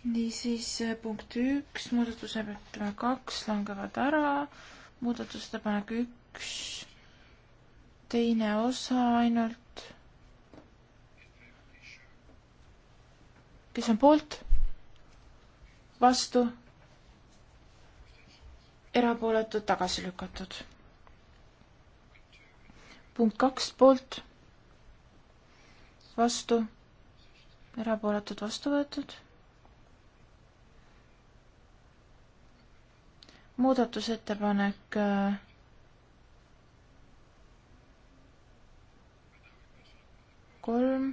niisiis eh, punkt üks, muudatusettepanek kaks langevad ära, muudatusettepanek üks, teine osa ainult. kes on poolt? vastu, erapooletud, tagasi lükatud. punkt kaks poolt, vastu, erapooletud, vastu võetud. muudatusettepanek äh, kolm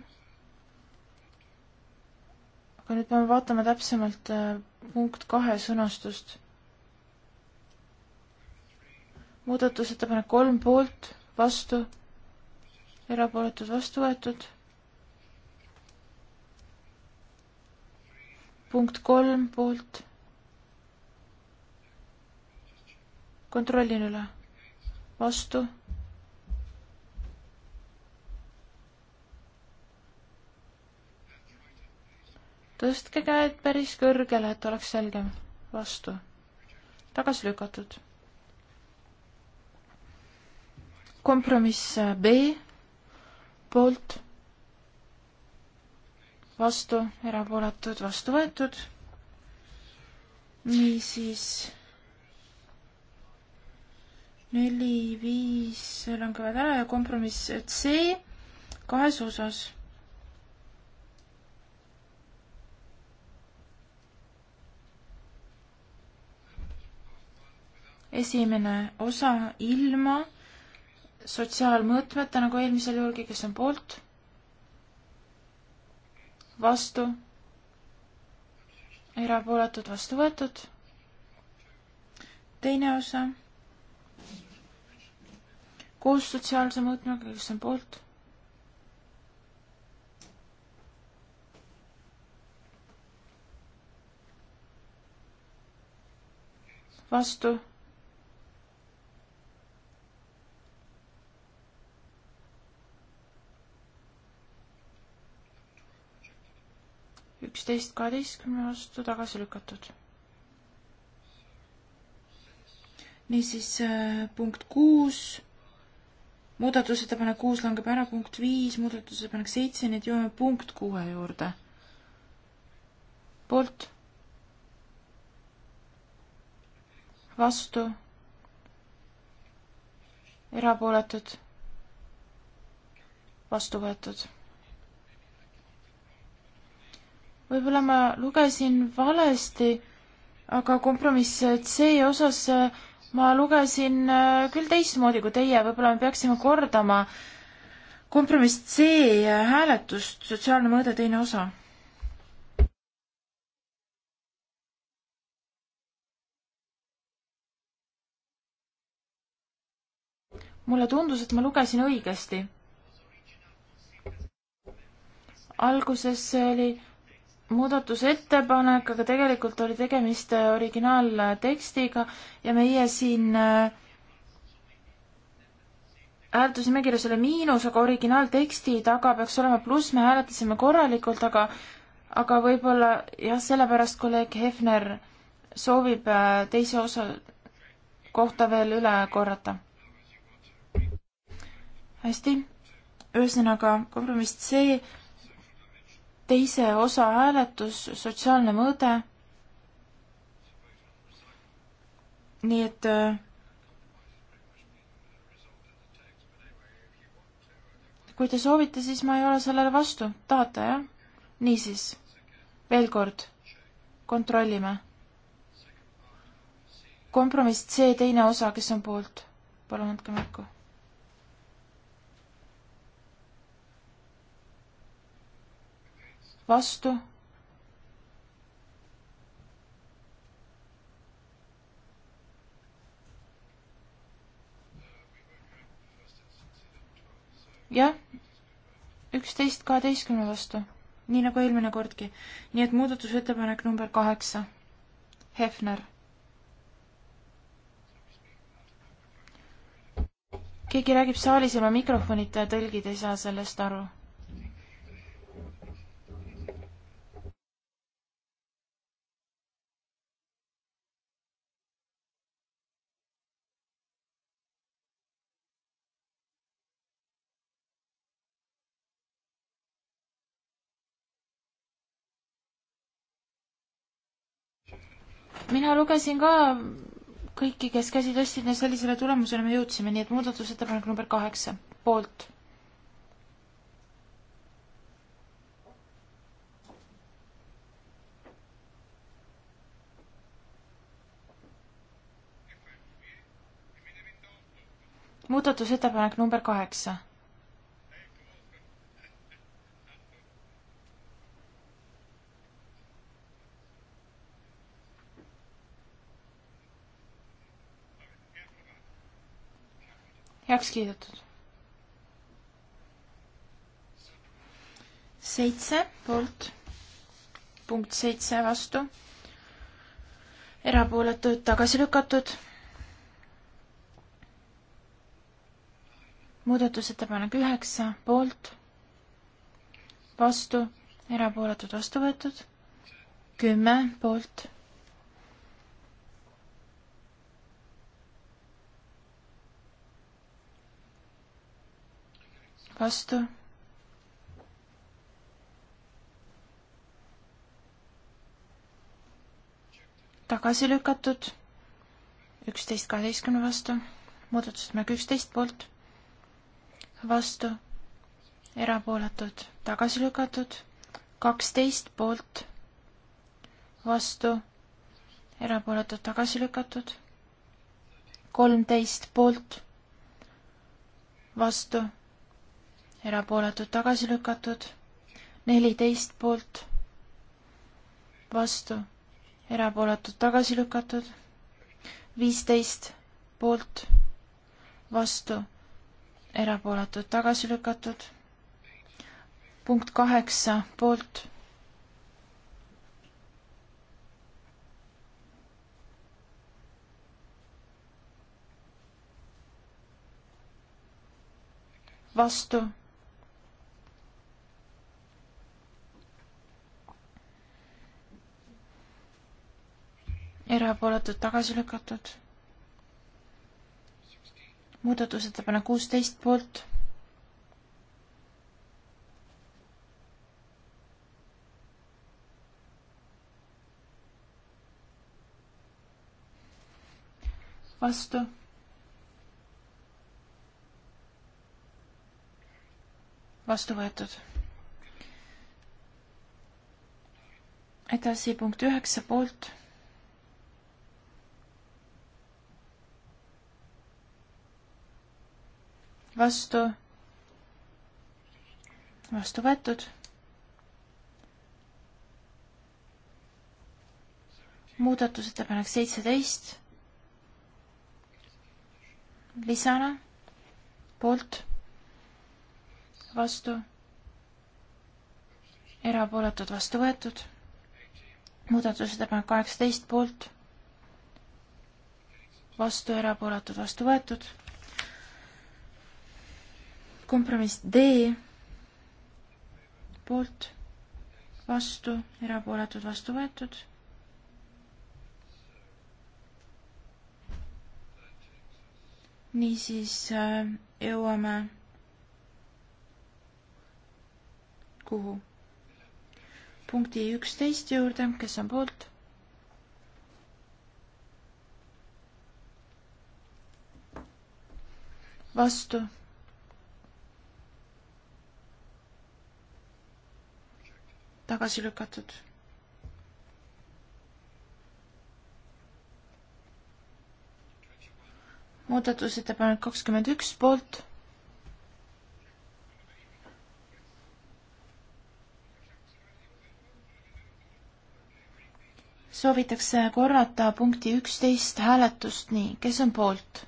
aga nüüd peame vaatama täpsemalt äh, punkt kahe sõnastust. muudatusettepanek kolm poolt, vastu, erapooletud, vastu võetud. punkt kolm poolt. kontrollin üle. vastu tõstke käed päris kõrgele, et oleks selgem. vastu. tagasi lükatud. kompromiss B, poolt, vastu, erapooletud, vastu võetud. niisiis neli, viis langevad ära ja kompromiss C kahes osas esimene osa ilma sotsiaalmõõtmeta, nagu eelmisel juhulgi, kes on poolt, vastu, erapooletud, vastu võetud. teine osa koos sotsiaalse mõõtmega, kes on poolt vastu üksteist kaheteistkümne vastu tagasi lükatud. niisiis äh, punkt kuus, muudatusettepanek kuus langeb ära, punkt viis, muudatusettepanek seitse, nii et jõuame punkt kuue juurde. poolt. vastu. erapooletud. vastu võetud võib-olla ma lugesin valesti, aga kompromiss C osas äh, ma lugesin äh, küll teistmoodi kui teie, võib-olla me peaksime kordama kompromiss C hääletust, sotsiaalne mõõde, teine osa. mulle tundus, et ma lugesin õigesti. alguses oli muudatusettepanek, aga tegelikult oli tegemist äh, originaaltekstiga ja meie siin äh, hääletusnimekirjas oli miinus, aga originaalteksti taga peaks olema pluss, me hääletasime korralikult, aga aga võib-olla jah, sellepärast kolleeg Hefner soovib äh, teise osa kohta veel üle korrata. hästi, ühesõnaga kompromiss C teise osa hääletus, sotsiaalne mõõde. nii et äh, kui te soovite, siis ma ei ole sellele vastu, tahate jah? niisiis, veel kord, kontrollime. kompromiss C teine osa, kes on poolt, palun andke märku vastu. jah, üksteist kaheteistkümne vastu, nii nagu eelmine kordki. nii et muudatusettepanek number kaheksa, Hefner. keegi räägib saalis ilma mikrofonita ja tõlgid ei saa sellest aru mina lugesin ka kõiki, kes käsi tõstsid, ja sellisele tulemusele me jõudsime, nii et muudatusettepanek number kaheksa, poolt. muudatusettepanek number kaheksa heaks kiidetud. seitse poolt, punkt seitse vastu, erapooletuid tagasi lükatud. muudatusettepanek üheksa poolt, vastu, erapooletud vastu võetud, kümme poolt vastu. tagasi lükatud, üksteist kaheteistkümne vastu, muudatusettepanek üksteist poolt, vastu, erapooletud, tagasi lükatud, kaksteist poolt, vastu, erapooletud, tagasi lükatud, kolmteist poolt, vastu erapooletud tagasi lükatud, neliteist poolt, vastu, erapooletud tagasi lükatud, viisteist poolt, vastu, erapooletud tagasi lükatud, punkt kaheksa poolt vastu erapooletud tagasi lükatud. muudatusettepanek kuusteist poolt. vastu vastu võetud. edasi punkt üheksa poolt vastu, vastu võetud. muudatusettepanek seitseteist lisana, poolt, vastu, erapooletud, vastu võetud, muudatusettepanek kaheksateist poolt, vastu, erapooletud, vastu võetud kompromiss D poolt, vastu, erapooletud, vastu võetud. niisiis äh, jõuame kuhu? punkti üksteist juurde, kes on poolt? vastu tagasi lükatud. muudatusettepanek kakskümmend üks poolt. soovitakse korrata punkti üksteist hääletust nii, kes on poolt?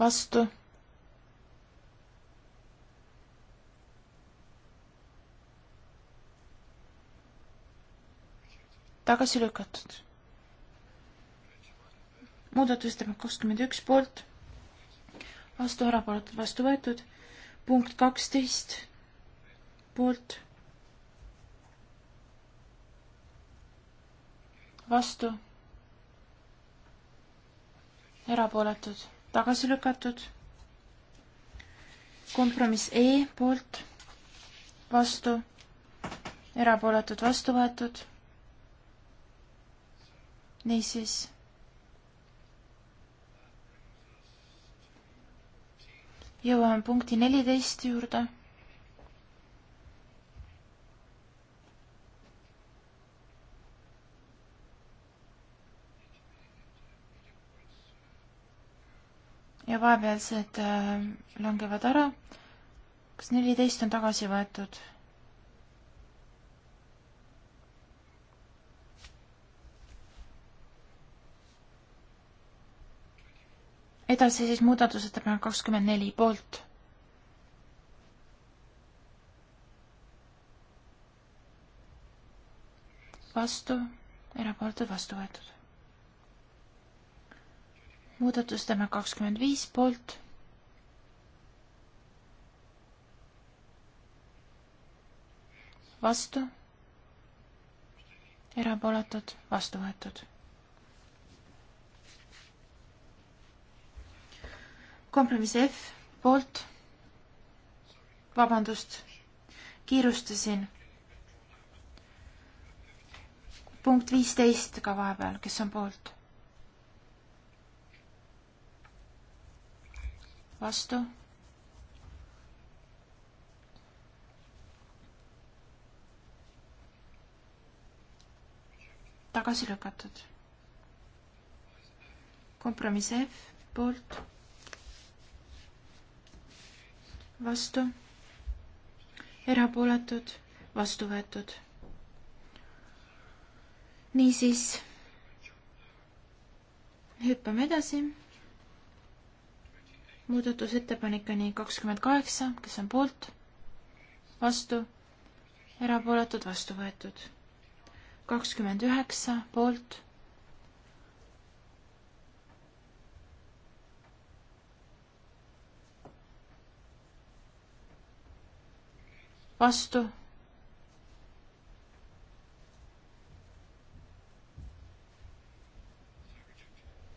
vastu. tagasi lükatud. muudatusettepanek kakskümmend üks poolt, vastu erapooletud, vastu võetud, punkt kaksteist poolt, vastu, erapooletud tagasi lükatud. kompromiss E poolt, vastu, erapooletud, vastu võetud. niisiis. jõuame punkti neliteist juurde ja vahepealsed äh, langevad ära. kas neliteist on tagasi võetud? edasi siis muudatusettepanek kakskümmend neli poolt. vastu, erapooletud, vastu võetud muudatustame kakskümmend viis poolt. vastu. erapooletud, vastu võetud. kompromiss F poolt. vabandust, kiirustasin. punkt viisteist ka vahepeal, kes on poolt vastu. tagasi lükatud. kompromiss F poolt. vastu. erapooletud, vastu võetud. niisiis hüppame edasi muudatusettepanekuni kakskümmend kaheksa, kes on poolt, vastu, erapooletud, vastu võetud. kakskümmend üheksa poolt vastu.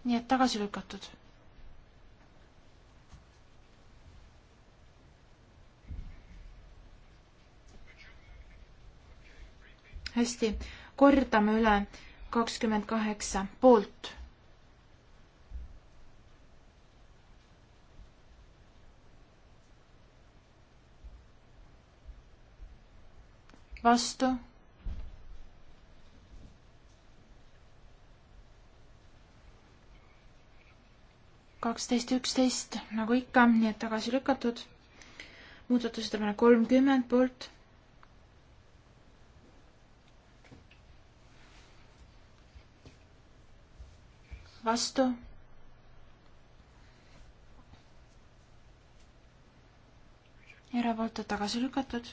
nii et tagasi lükatud hästi, kordame üle kakskümmend kaheksa poolt. vastu. kaksteist, üksteist nagu ikka, nii et tagasi lükatud. muudatusettepanek kolmkümmend poolt vastu. erapooletud tagasi lükatud.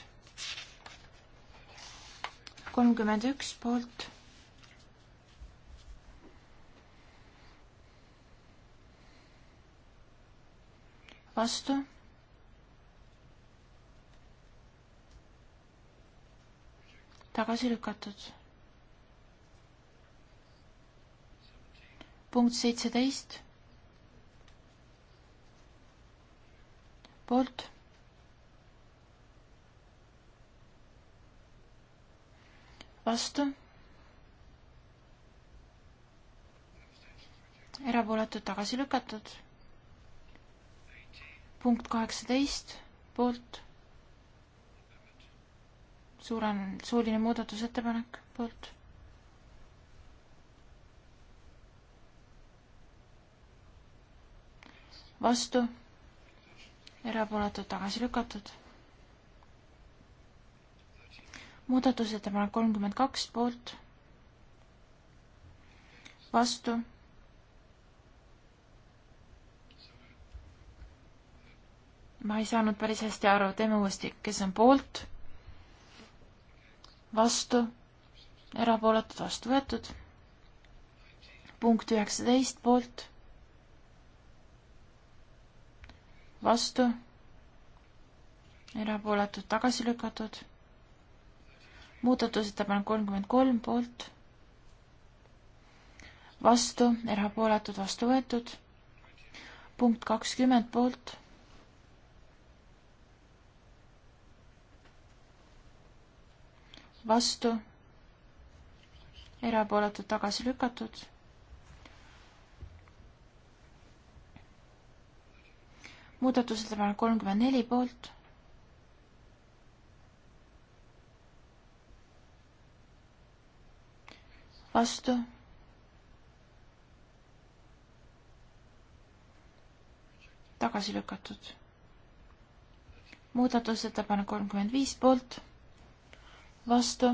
kolmkümmend üks poolt. vastu. tagasi lükatud punkt seitseteist. poolt. vastu. erapooletud tagasi lükatud. punkt kaheksateist, poolt. suurem, suuline muudatusettepanek, poolt vastu, erapooletud tagasi lükatud. muudatusettepanek kolmkümmend kaks poolt, vastu. ma ei saanud päris hästi aru, teeme uuesti, kes on poolt, vastu, erapooletud, vastu võetud punkt üheksateist poolt, vastu, erapooletud tagasi lükatud. muudatusettepanek kolmkümmend kolm poolt, vastu, erapooletud, vastu võetud. punkt kakskümmend poolt. vastu, erapooletud, tagasi lükatud muudatusettepanek kolmkümmend neli poolt. vastu. tagasi lükatud. muudatusettepanek kolmkümmend viis poolt. vastu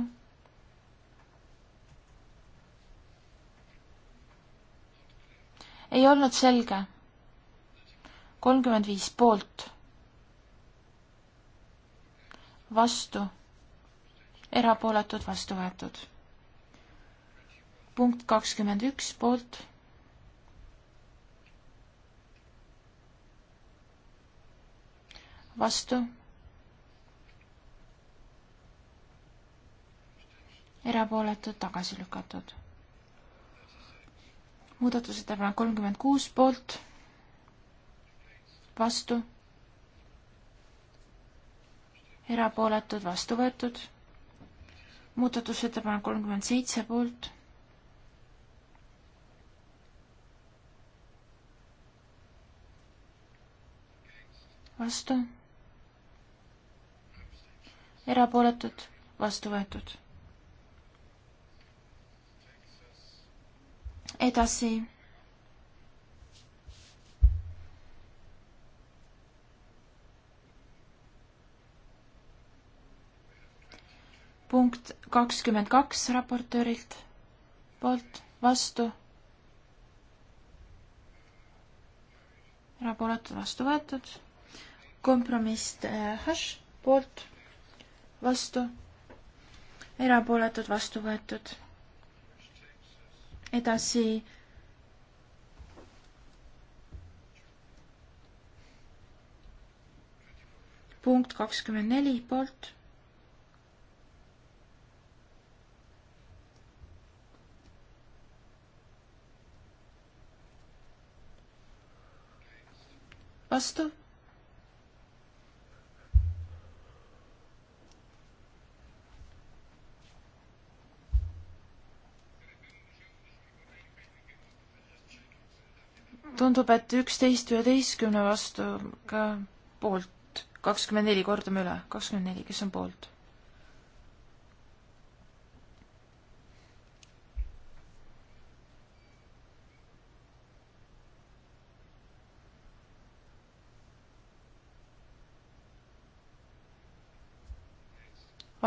ei olnud selge kolmkümmend viis poolt, vastu, erapooletud, vastu võetud. punkt kakskümmend üks poolt vastu. erapooletud tagasi lükatud. muudatusettepanek kolmkümmend kuus poolt vastu, erapooletud, vastu võetud. muudatusettepanek kolmkümmend seitse poolt. vastu, erapooletud, vastu võetud. edasi punkt kakskümmend kaks raportöörilt poolt, vastu. erapooletud, vastu võetud. kompromiss äh, hash poolt, vastu. erapooletud, vastu võetud. edasi punkt kakskümmend neli poolt, vastu? tundub, et üksteist üheteistkümne vastu ka poolt, kakskümmend neli, kordame üle, kakskümmend neli, kes on poolt?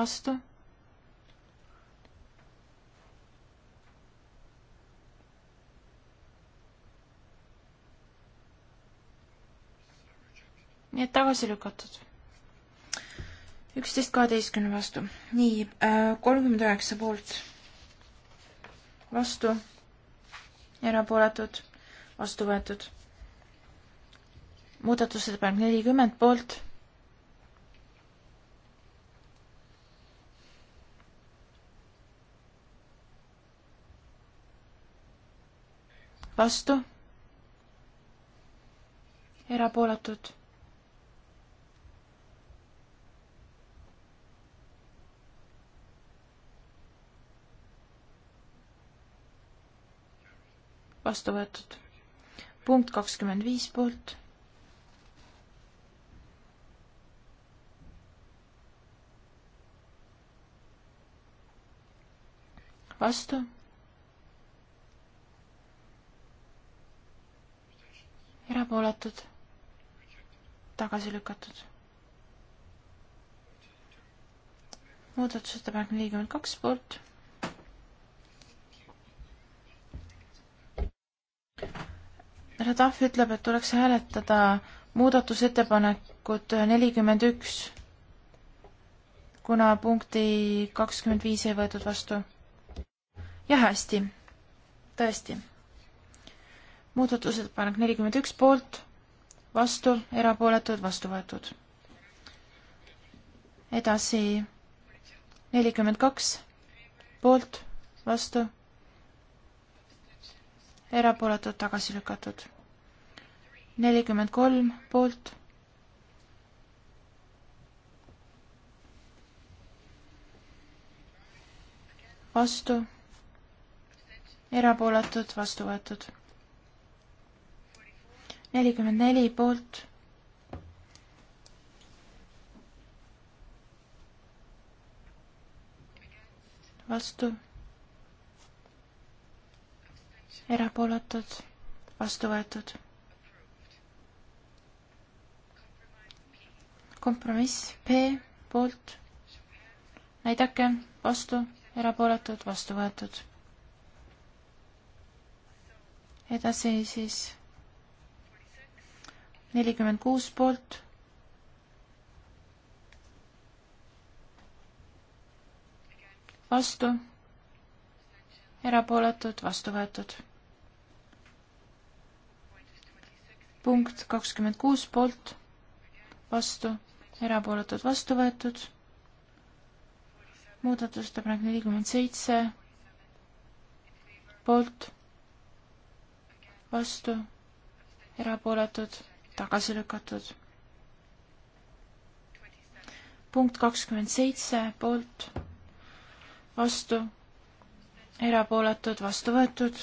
vastu. nii et tagasi lükatud. üksteist kaheteistkümne vastu. nii, äh, kolmkümmend üheksa poolt. vastu. erapooletud. vastu võetud. muudatusettepanek nelikümmend poolt vastu, erapooletud. vastu võetud. punkt kakskümmend viis poolt vastu erapooletud, tagasi lükatud. muudatusettepanek nelikümmend kaks poolt. härra Tahv ütleb, et tuleks hääletada muudatusettepanekut nelikümmend üks, kuna punkti kakskümmend viis ei võetud vastu. jah, hästi, tõesti muudatusettepanek nelikümmend üks poolt, vastu, erapooletud, vastu võetud. edasi nelikümmend kaks poolt, vastu, erapooletud, tagasi lükatud. nelikümmend kolm poolt vastu, erapooletud, vastu võetud nelikümmend neli poolt. vastu. erapooletud, vastu võetud. kompromiss P poolt. näidake, vastu, erapooletud, vastu võetud edasi siis nelikümmend kuus poolt. vastu. erapooletud, vastu võetud. punkt kakskümmend kuus poolt, vastu, erapooletud, vastu võetud. muudatusettepanek nelikümmend seitse poolt, vastu, erapooletud tagasi lükatud. punkt kakskümmend seitse poolt, vastu, erapooletud, vastu võetud.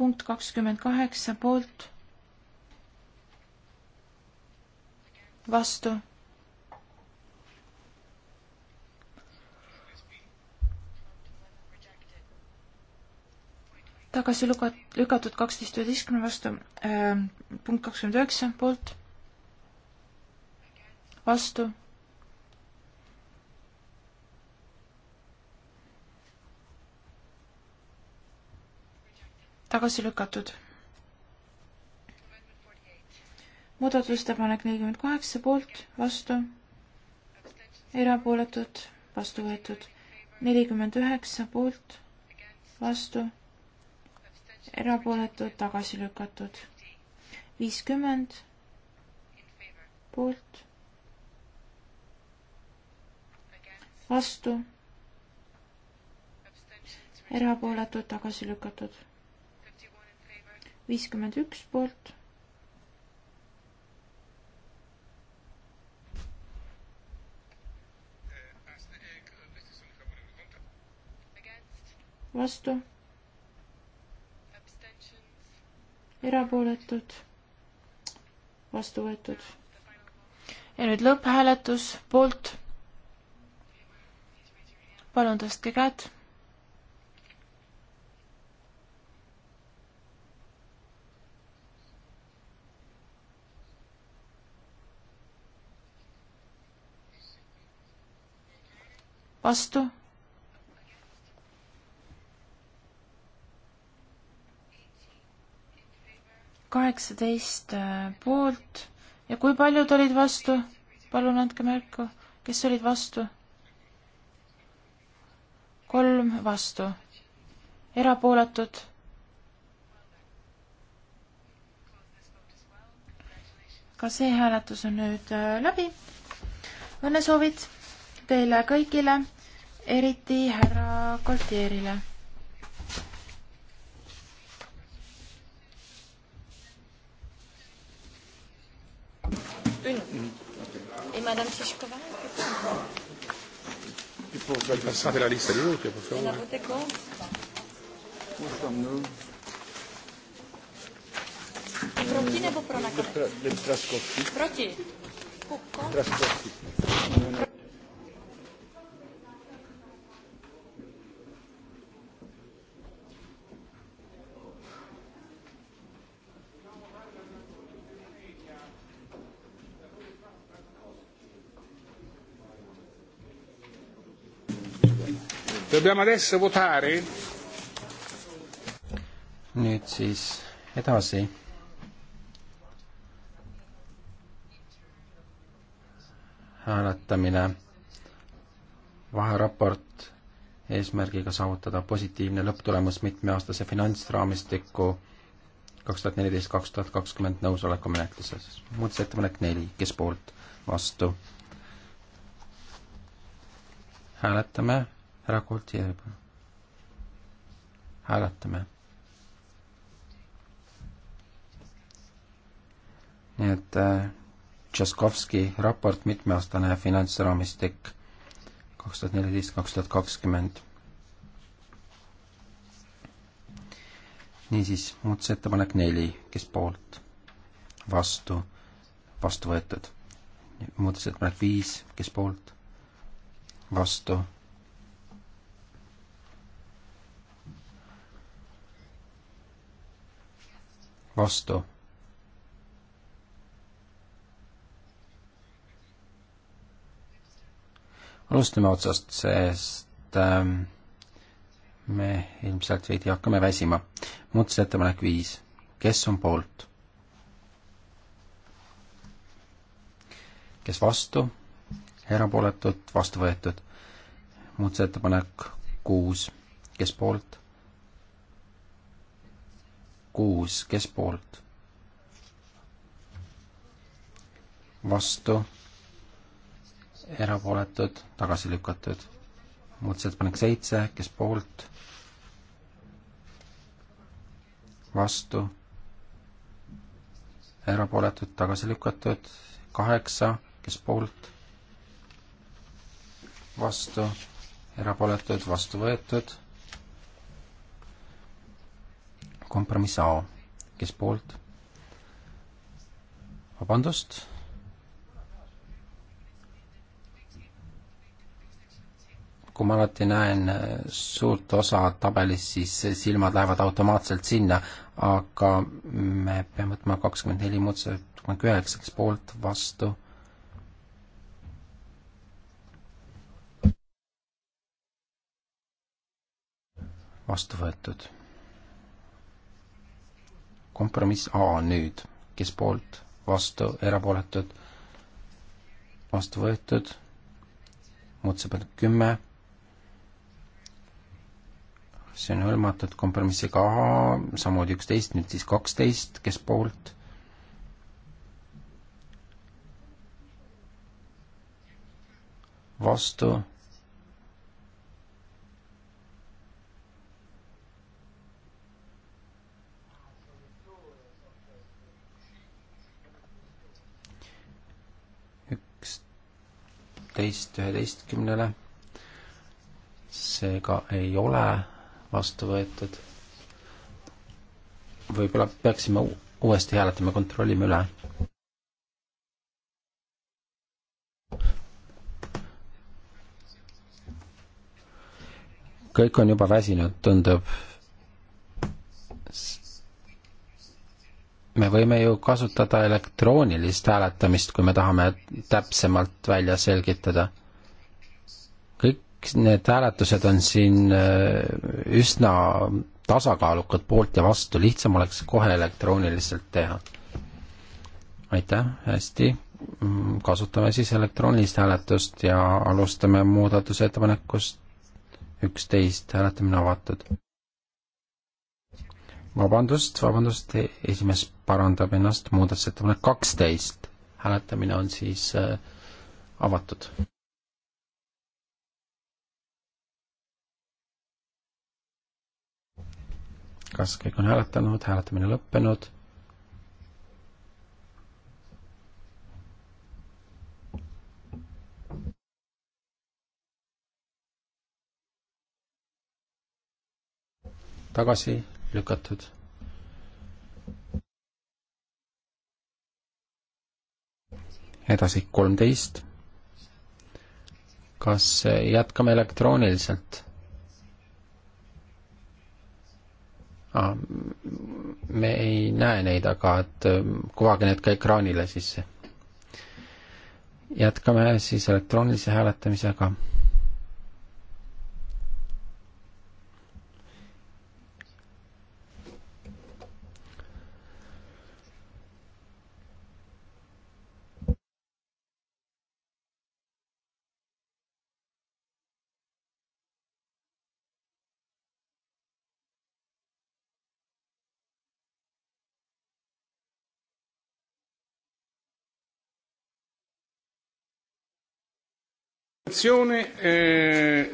punkt kakskümmend kaheksa poolt, vastu tagasi lugat-, lükatud kaksteist üheteistkümne vastu äh,, punkt kakskümmend üheksa poolt, vastu. tagasi lükatud. muudatusettepanek nelikümmend kaheksa poolt, vastu, erapooletud, vastu võetud, nelikümmend üheksa poolt, vastu erapooletud, tagasi lükatud. viiskümmend poolt, vastu, erapooletud, tagasi lükatud. viiskümmend üks poolt vastu erapooletud, vastu võetud. ja nüüd lõpphääletus poolt. palun tõstke käed. vastu kaheksateist äh, poolt ja kui paljud olid vastu? palun andke märku, kes olid vastu? kolm vastu, erapooletud. ka see hääletus on nüüd äh, läbi. õnnesoovid teile kõigile, eriti härra Koltierile Une. Et Madame Tichkova
Il passare la lista di voti, per favore. La
vote contro.
Ustamno.
Proti nebo pro
nakonec? Traskowski. Proti. Traskowski. Dobbiamo adesso votare.
nüüd siis edasi. hääletamine, vaheraport eesmärgiga saavutada positiivne lõpptulemus mitmeaastase finantsraamistiku kaks tuhat neliteist, kaks tuhat kakskümmend nõusoleku menetluses. muudatusettepanek neli, kes poolt, vastu? hääletame härra Kultier. hääletame. nii et äh, Tšaskovski raport mitmeaastane finantsraamistik kaks tuhat neliteist, kaks tuhat kakskümmend. niisiis, muudatusettepanek neli, kes poolt? vastu, vastu võetud. muudatusettepanek viis, kes poolt? vastu vastu. alustame otsast, sest ähm, me ilmselt veidi hakkame väsima. muudatusettepanek viis, kes on poolt? kes vastu? erapooletult vastu võetud. muudatusettepanek kuus, kes poolt? kuus, kes poolt? vastu, erapooletud, tagasi lükatud. muudatusettepanek seitse, kes poolt? vastu, erapooletud, tagasi lükatud. kaheksa, kes poolt? vastu, erapooletud, vastu võetud kompromiss A, kes poolt? vabandust. kui ma alati näen äh, suurt osa tabelis, siis silmad lähevad automaatselt sinna, aga me peame võtma kakskümmend neli muudatusettepanek üheksaks poolt, vastu vastu võetud kompromiss A nüüd, kes poolt, vastu, erapooletud, vastu võetud, muudatusepanek kümme, see on hõlmatud kompromissiga A, samamoodi üksteist, nüüd siis kaksteist, kes poolt, vastu kaksteist üheteistkümnele. seega ei ole vastu võetud. võib-olla peaksime uuesti hääletama, kontrollime üle. kõik on juba väsinud, tundub me võime ju kasutada elektroonilist hääletamist, kui me tahame täpsemalt välja selgitada. kõik need hääletused on siin äh, üsna tasakaalukad poolt ja vastu, lihtsam oleks kohe elektrooniliselt teha. aitäh, hästi. Mm, kasutame siis elektroonilist hääletust ja alustame muudatusettepanekust üksteist, hääletamine avatud vabandust, vabandust, esimees parandab ennast, muudatusettepanek kaksteist. hääletamine on siis äh, avatud. kas kõik on hääletanud, hääletamine lõppenud? tagasi lükatud. edasi kolmteist. kas jätkame elektrooniliselt? Ah, me ei näe neid, aga et ähm, kuvage need ka ekraanile sisse. jätkame siis elektroonilise hääletamisega
Eh,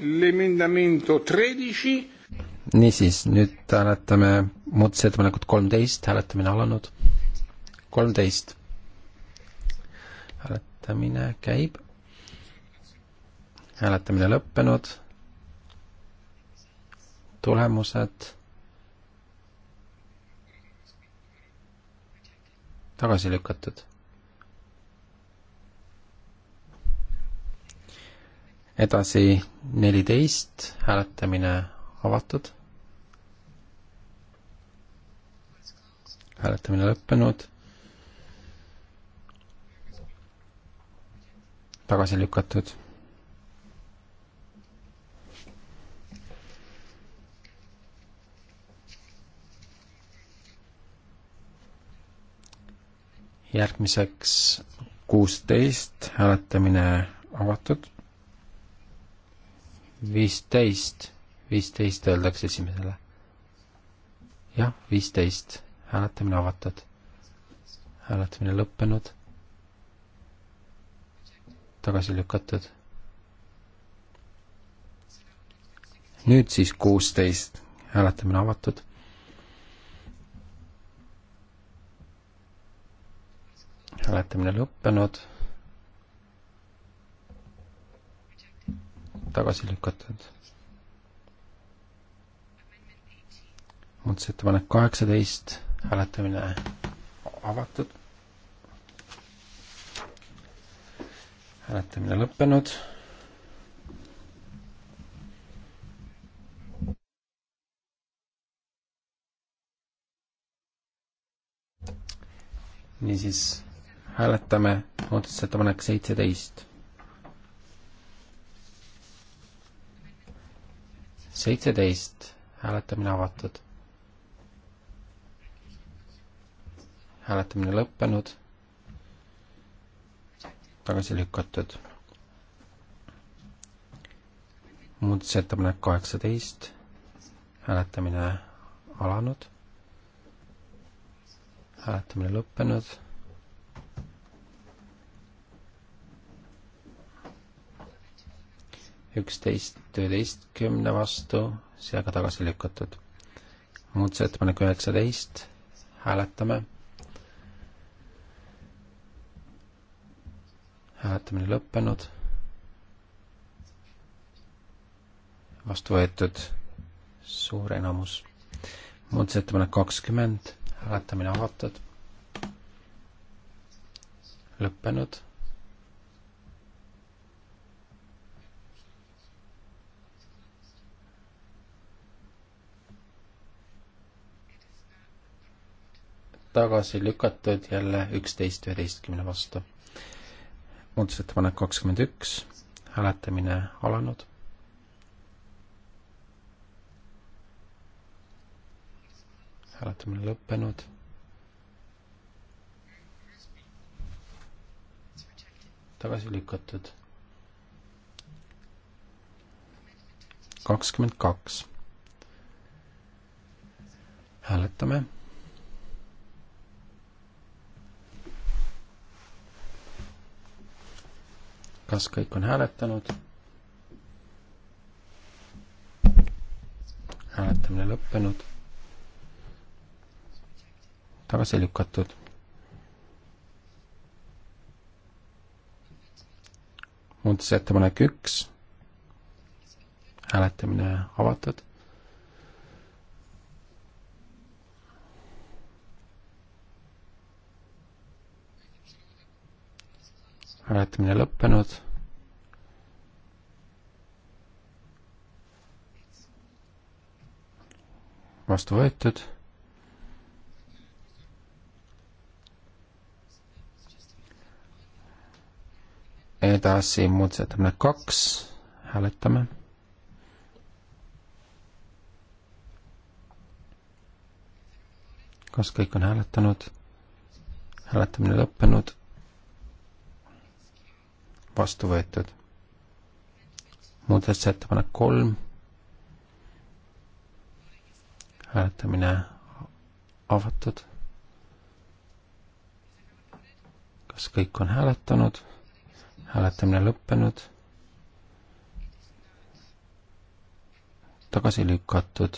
niisiis, nüüd hääletame muudatusettepanekut kolmteist, hääletamine alanud. kolmteist. hääletamine käib. hääletamine lõppenud. tulemused. tagasi lükatud edasi neliteist, hääletamine avatud. hääletamine lõppenud. tagasi lükatud. järgmiseks kuusteist, hääletamine avatud viisteist, viisteist öeldakse esimesele. jah, viisteist, hääletamine avatud. hääletamine lõppenud. tagasi lükatud. nüüd siis kuusteist, hääletamine avatud. hääletamine lõppenud tagasi lükatud. muudatusettepanek kaheksateist, hääletamine avatud. hääletamine lõppenud. niisiis hääletame muudatusettepanek seitseteist seitseteist, hääletamine avatud. hääletamine lõppenud, tagasi lükatud. muudatusettepanek kaheksateist, hääletamine alanud, hääletamine lõppenud üksteist üheteistkümne vastu, seega tagasi lükatud. muudatusettepanek üheksateist, hääletame. hääletamine lõppenud. vastu võetud suur enamus. muudatusettepanek kakskümmend, hääletamine avatud. lõppenud tagasi lükatud jälle üksteist üheteistkümne vastu. muudatusettepanek kakskümmend üks, hääletamine alanud. hääletamine lõppenud. tagasi lükatud. kakskümmend kaks. hääletame kas kõik on hääletanud? hääletamine lõppenud. tagasi lükatud. muudatusettepanek üks. hääletamine avatud hääletamine lõppenud. vastu võetud. edasi muudatusettepanek kaks, hääletame kas kõik on hääletanud, hääletamine lõppenud vastu võetud. muudatusettepanek kolm. hääletamine avatud. kas kõik on hääletanud? hääletamine lõppenud. tagasi lükatud.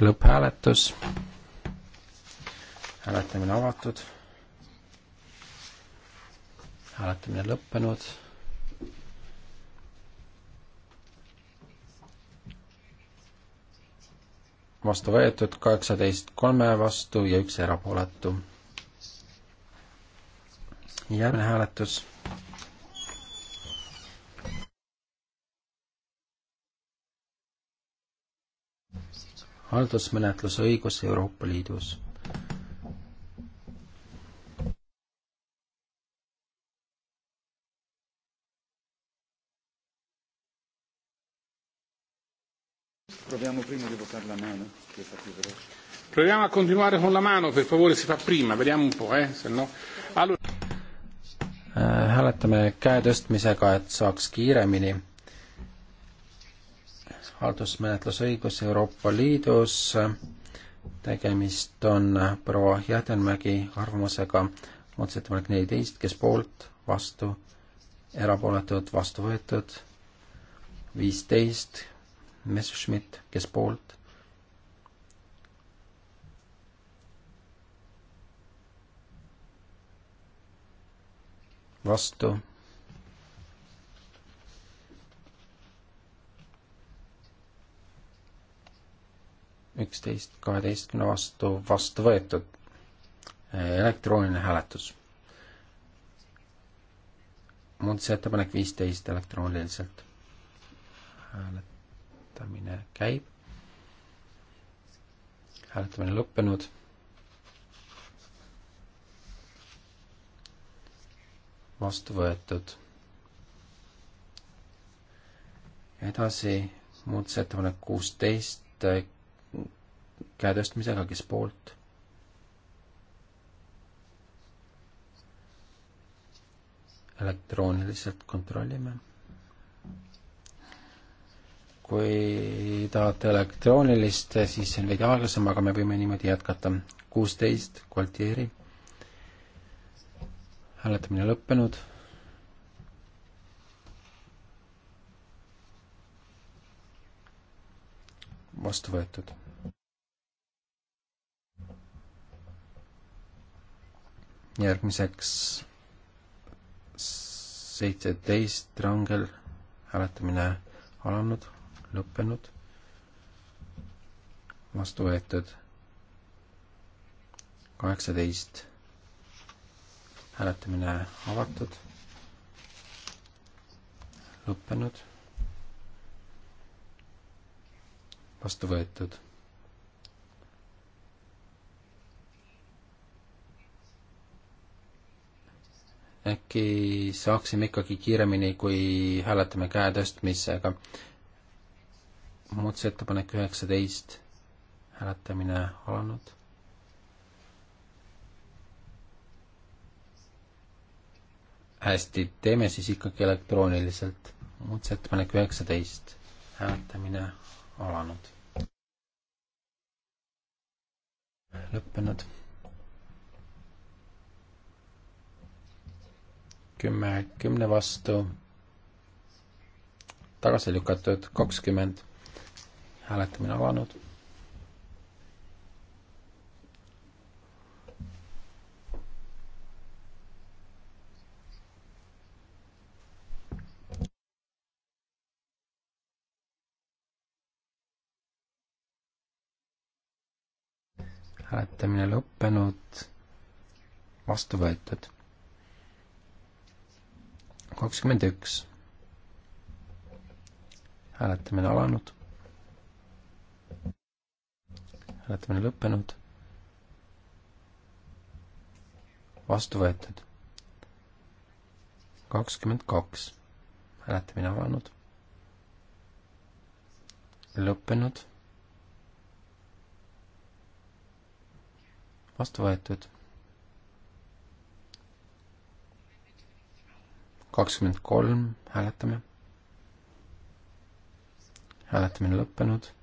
lõpphääletus. hääletamine avatud hääletamine lõppenud. vastu võetud kaheksateist kolme vastu ja üks erapooletu. järgmine hääletus haldusmenetluse õigus Euroopa Liidus
Proviamo prima di votare la mano, che fa più veloce.
Proviamo a continuare con la mano, per favore, si fa prima, vediamo un po', eh, se no. Allora...
Eh, hääletame käe tõstmisega, et saaks kiiremini. haldusmenetlusõigus Euroopa Liidus, tegemist on proua Jädenmägi arvamusega muudatusettepanek neliteist, kes poolt, vastu, erapooletud, vastu võetud, viisteist, Messerschmidt, kes poolt. vastu. üksteist kaheteistkümne vastu, vastu võetud. elektrooniline hääletus. muudatusettepanek viisteist elektrooniliselt. hääletus hääletamine käib. hääletamine lõppenud. vastu võetud. edasi muudatusettepanek kuusteist käe tõstmisega, kes poolt? elektrooniliselt kontrollime kui tahate elektroonilist, siis see on veidi aeglasem, aga me võime niimoodi jätkata. kuusteist, Gualtieri. hääletamine lõppenud. vastu võetud. järgmiseks seitseteist rangel hääletamine alanud lõppenud, vastu võetud kaheksateist, hääletamine avatud, lõppenud, vastu võetud äkki saaksime ikkagi kiiremini, kui hääletame käe tõstmisega muudatusettepanek üheksateist, hääletamine alanud. hästi, teeme siis ikkagi elektrooniliselt. muudatusettepanek üheksateist, hääletamine alanud. lõppenud. kümme, kümne vastu tagasi lükatud kakskümmend hääletamine alanud. hääletamine lõppenud, vastu võetud. kakskümmend üks. hääletamine alanud hääletamine lõppenud. vastu võetud. kakskümmend kaks, hääletamine avanud. lõppenud. vastu võetud. kakskümmend kolm, hääletame. hääletamine lõppenud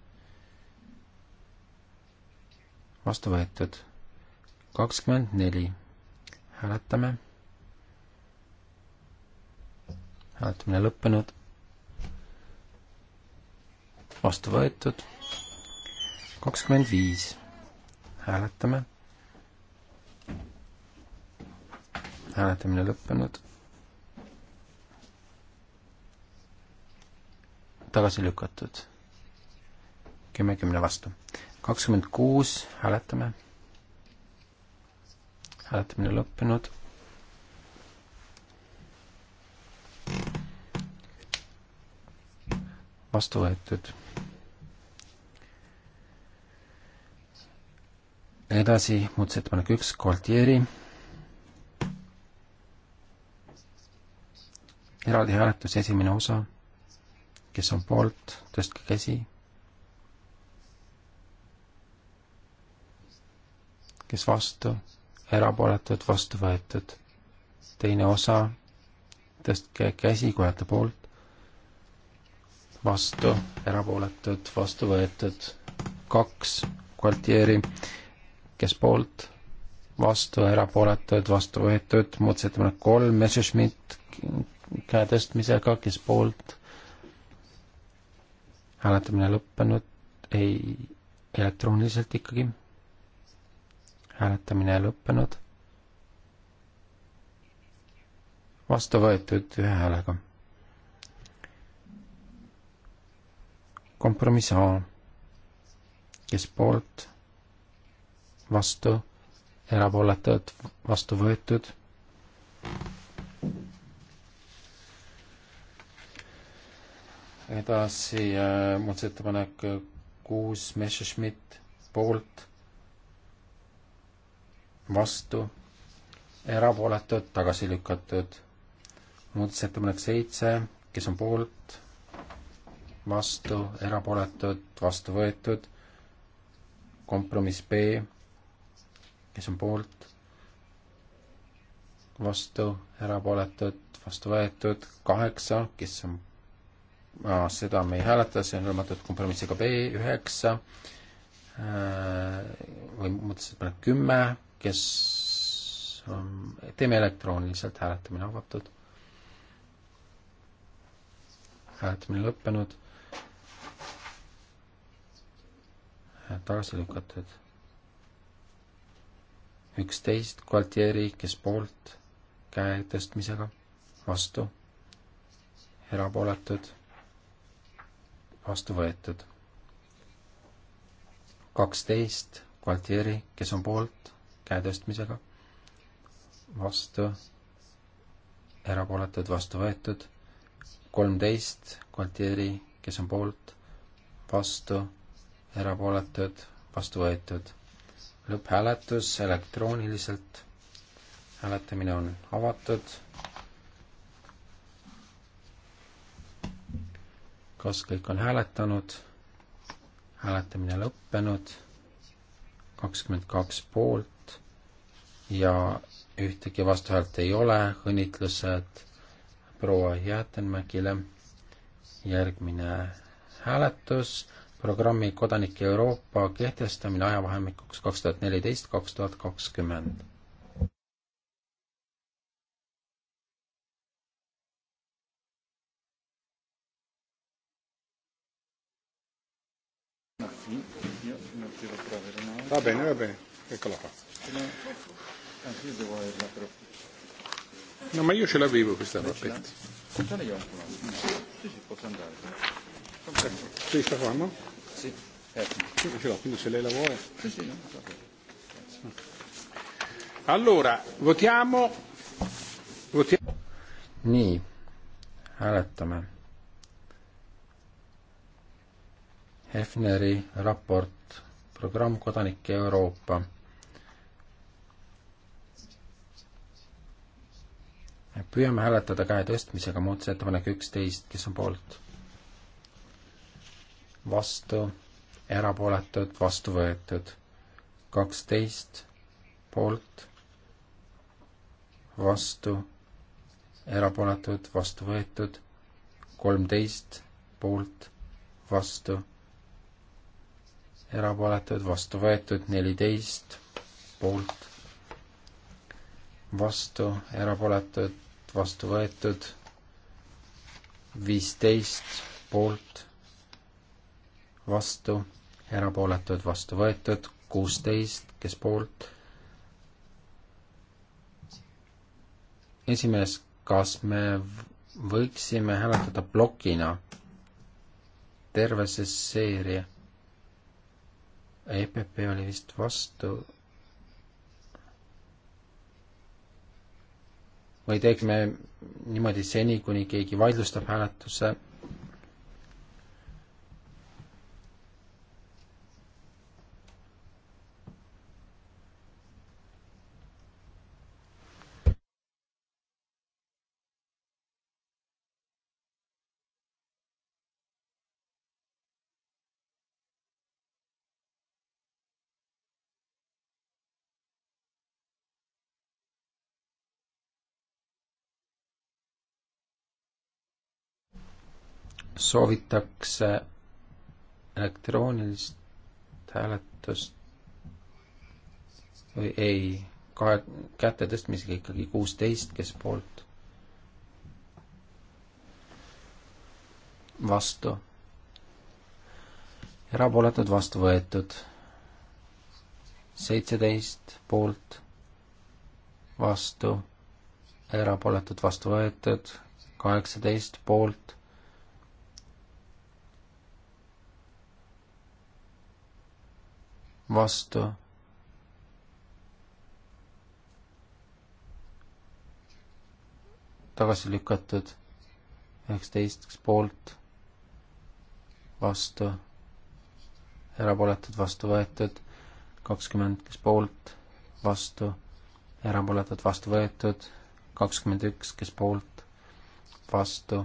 vastu võetud. kakskümmend neli, hääletame. hääletamine lõppenud. vastu võetud. kakskümmend viis, hääletame. hääletamine lõppenud. tagasi lükatud. kümme kümne vastu kakskümmend kuus, hääletame. hääletamine lõppenud. vastu võetud. edasi muudatusettepanek üks, Gualtieri. eraldi hääletus, esimene osa. kes on poolt, tõstke käsi kes vastu, erapooletud, vastu võetud. teine osa, tõstke käsi, kui olete poolt, vastu, erapooletud, vastu võetud, kaks, kvalteeri, kes poolt, vastu, erapooletud, vastu võetud, muudatusettepanek kolm, Messerschmitt käe tõstmisega, kes poolt, hääletamine lõppenud, ei, elektrooniliselt ikkagi hääletamine lõppenud. vastu võetud ühe häälega. kompromiss A, kes poolt, vastu, erapooletud, vastu võetud edasi äh, muudatusettepanek kuus Messerschmidt poolt, vastu, erapooletud, tagasi lükatud. muudatusettepanek seitse, kes on poolt, vastu, erapooletud, vastu võetud. kompromiss B, kes on poolt, vastu, erapooletud, vastu võetud, kaheksa, kes on, seda me ei hääleta, see on hõlmatud kompromissiga B, üheksa, äh, või muudatusettepanek kümme kes on, teeme elektrooniliselt, hääletamine avatud. hääletamine lõppenud. tagasi lükatud. üksteist kvaliteeri, kes poolt, käe tõstmisega, vastu, erapooletud, vastu võetud. kaksteist kvaliteeri, kes on poolt käe tõstmisega, vastu, erapooletud, vastu võetud, kolmteist, Gualtieri, kes on poolt, vastu, erapooletud, vastu võetud. lõpphääletus elektrooniliselt, hääletamine on avatud kas kõik on hääletanud, hääletamine lõppenud, kakskümmend kaks poolt, ja ühtegi vastuhäält ei ole, õnnitlused proua Jäätenmägile. järgmine hääletus, programmi Kodanike Euroopa kehtestamine ajavahemikuks kaks tuhat neliteist, kaks tuhat kakskümmend.
Va bene, va bene, eccola qua. No, ma io ce l'avevo questa mappetta.
Portale io ancora. Sì, sì, posso andare.
Questa qua, no? Sì. Ecco. Io ce l'ho, quindi se lei la vuole. Sì, sì, no. Allora, votiamo. votiamo.
Nii, hääletame. Hefneri raport Programm kodanike Euroopa püüame hääletada käe tõstmisega muudatusettepanek üksteist, kes on poolt? vastu, erapooletud, vastu võetud. kaksteist poolt, vastu, erapooletud, vastu võetud. kolmteist poolt, vastu, erapooletud, vastu võetud. neliteist poolt vastu, erapooletud, vastu võetud, viisteist poolt, vastu, erapooletud, vastu võetud, kuusteist, kes poolt. esimees, kas me võiksime hääletada plokina terve see seeria? EPP oli vist vastu või teeks me niimoodi seni, kuni keegi vaidlustab hääletuse soovitakse elektroonilist hääletust või ei, kahe, käte tõstmisega ikkagi kuusteist, kes poolt, vastu, erapooletud vastu võetud, seitseteist poolt, vastu, erapooletud vastu võetud, kaheksateist poolt vastu. tagasi lükatud üheksateist, kas poolt, vastu, erapooletud, vastu võetud, kakskümmend, kes poolt, vastu, erapooletud, vastu võetud, kakskümmend üks, kes poolt, vastu,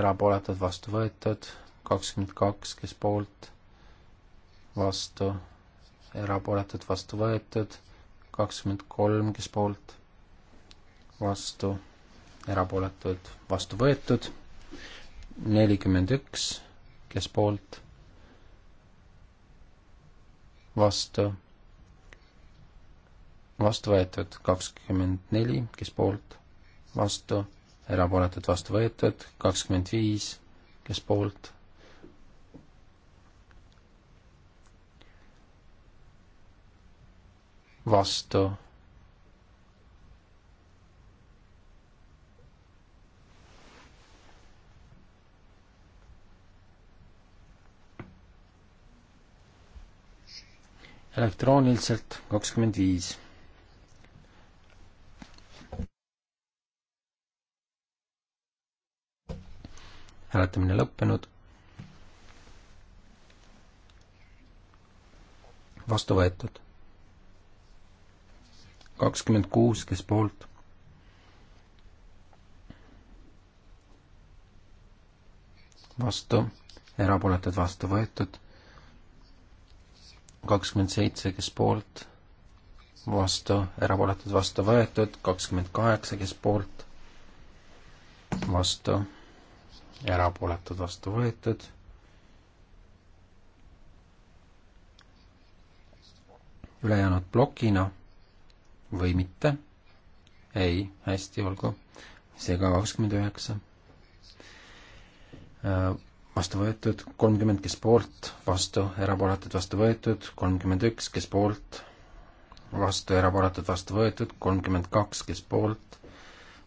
erapooletud, vastu võetud, kakskümmend kaks, kes poolt vastu, erapooletud, vastu võetud, kakskümmend kolm, kes poolt, vastu, erapooletud, vastu võetud, nelikümmend üks, kes poolt, vastu, vastu võetud, kakskümmend neli, kes poolt, vastu, erapooletud, vastu võetud, kakskümmend viis, kes poolt vastu. elektrooniliselt kakskümmend viis. hääletamine lõppenud. vastu võetud kakskümmend kuus, kes poolt? vastu, erapooletud vastu võetud. kakskümmend seitse, kes poolt? vastu, erapooletud vastu võetud, kakskümmend kaheksa, kes poolt? vastu, erapooletud vastu võetud ülejäänud plokina või mitte? ei, hästi, olgu. seega kakskümmend üheksa. Äh, vastu võetud kolmkümmend, kes poolt, vastu, erapooletud, vastu võetud, kolmkümmend üks, kes poolt, vastu, erapooletud, vastu võetud, kolmkümmend kaks, kes poolt,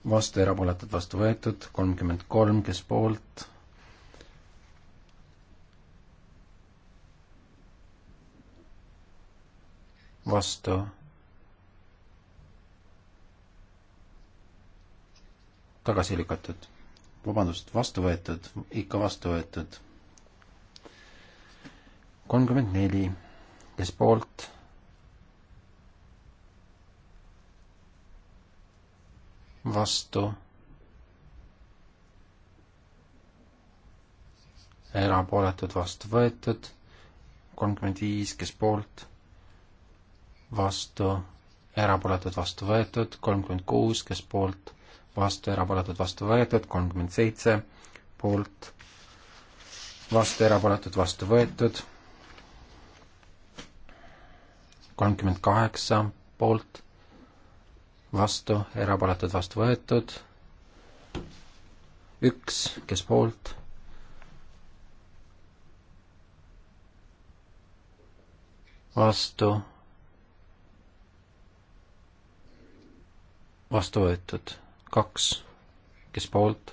vastu, erapooletud, vastu võetud, kolmkümmend kolm, kes poolt, vastu tagasi lükatud. vabandust, vastu võetud, ikka vastu võetud. kolmkümmend neli, kes poolt? vastu. erapooletud, vastu võetud. kolmkümmend viis, kes poolt? vastu erapooletud vastu võetud, kolmkümmend kuus, kes poolt, vastu, erapooletud, vastu võetud, kolmkümmend seitse poolt, vastu, erapooletud, vastu võetud, kolmkümmend kaheksa poolt, vastu, erapooletud, vastu võetud, üks, kes poolt, vastu, vastu võetud kaks, kes poolt?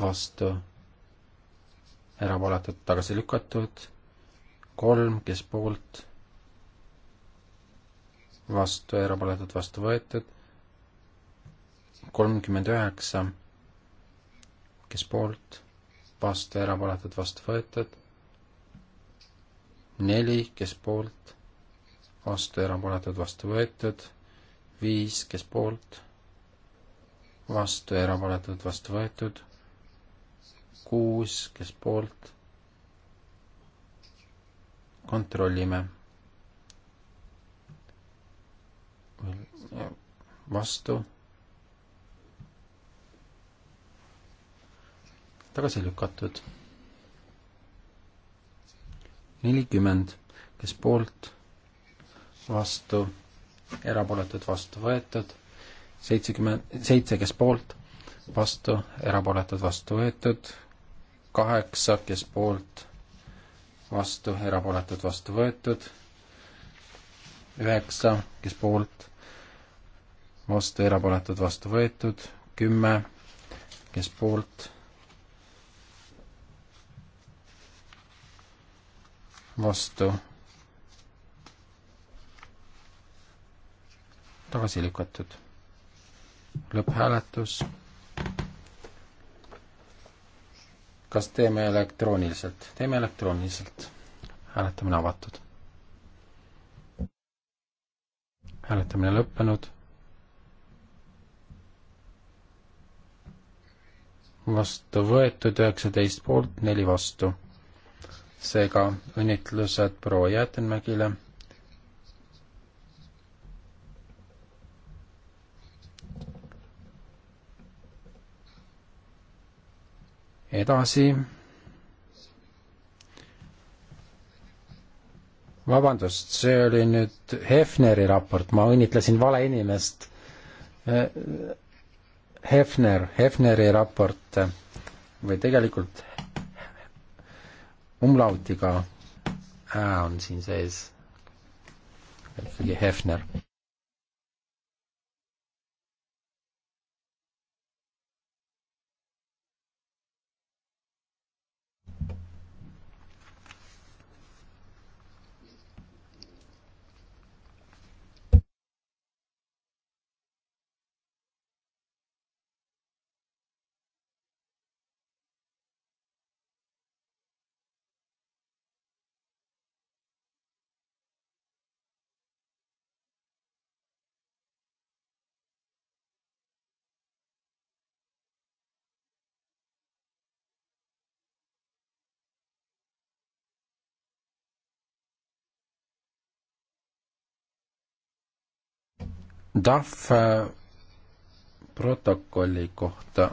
vastu, erapooletud tagasi lükatud, kolm, kes poolt, vastu, erapooletud vastu võetud, kolmkümmend üheksa, kes poolt, vastu, erapooletud vastu võetud, neli, kes poolt vastu, erapooletud, vastu võetud, viis, kes poolt, vastu, erapooletud, vastu võetud, kuus, kes poolt, kontrollime. vastu. tagasi lükatud. nelikümmend, kes poolt vastu, erapooletud, vastu võetud, seitsekümmend, seitse, kes poolt, vastu, erapooletud, vastu võetud, kaheksa, kes poolt, vastu, erapooletud, vastu võetud, üheksa, kes poolt, vastu, erapooletud, vastu võetud, kümme, kes poolt, vastu, tagasi lükatud. lõpphääletus. kas teeme elektrooniliselt? teeme elektrooniliselt. hääletamine avatud. hääletamine lõppenud. vastu võetud üheksateist poolt, neli vastu. seega õnnitlused proua Jäätenmägile edasi. vabandust, see oli nüüd Hefneri raport, ma õnnitlesin vale inimest. Äh, Hefner, Hefneri raport äh, või tegelikult umlautiga Ä äh, on siin sees. ikkagi Hefner DAF äh, protokolli kohta,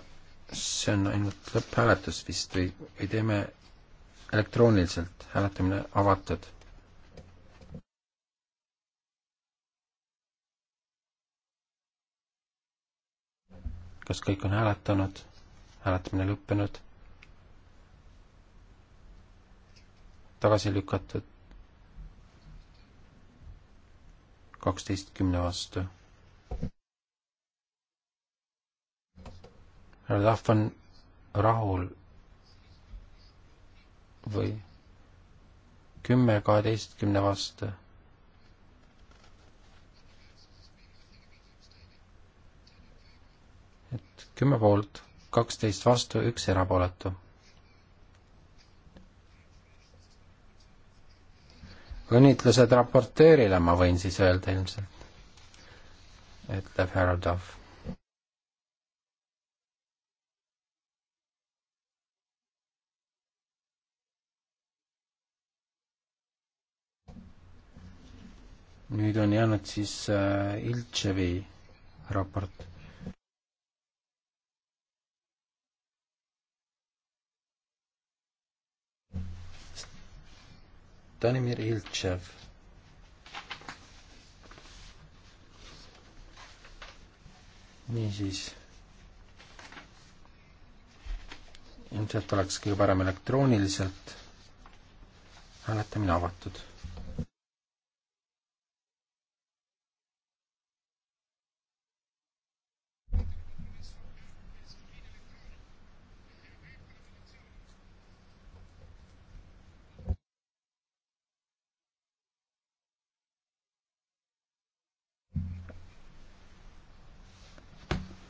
see on ainult lõpphääletus vist või, või teeme elektrooniliselt, hääletamine avatud. kas kõik on hääletanud, hääletamine lõppenud? tagasi lükatatud kaksteist kümne vastu härra Tahv on rahul või kümme kaheteistkümne vastu. et kümme poolt, kaksteist vastu, üks erapooletu. õnnitlused raportöörile, ma võin siis öelda ilmselt, ütleb härra Tahv nüüd on jäänud siis äh, Iltševi raport. Stanimir Iltšev. niisiis ilmselt oleks kõige parem elektrooniliselt hääletamine avatud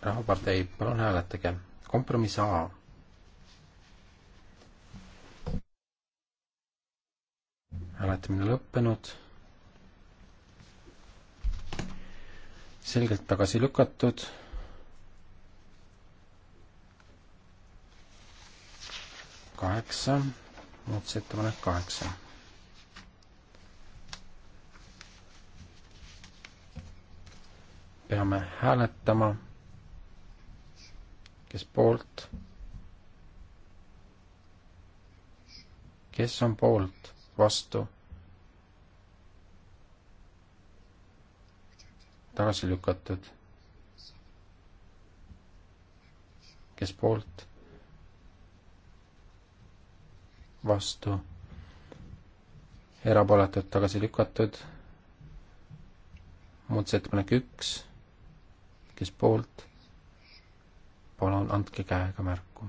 Rahvapartei, palun hääletage. kompromiss A. hääletamine lõppenud. selgelt tagasi lükatud. kaheksa, muudatusettepanek kaheksa. peame hääletama kes poolt, kes on poolt, vastu, tagasi lükatud, kes poolt, vastu, erapooletud, tagasi lükatud, muudatusettepanek üks, kes poolt palun andke käega märku.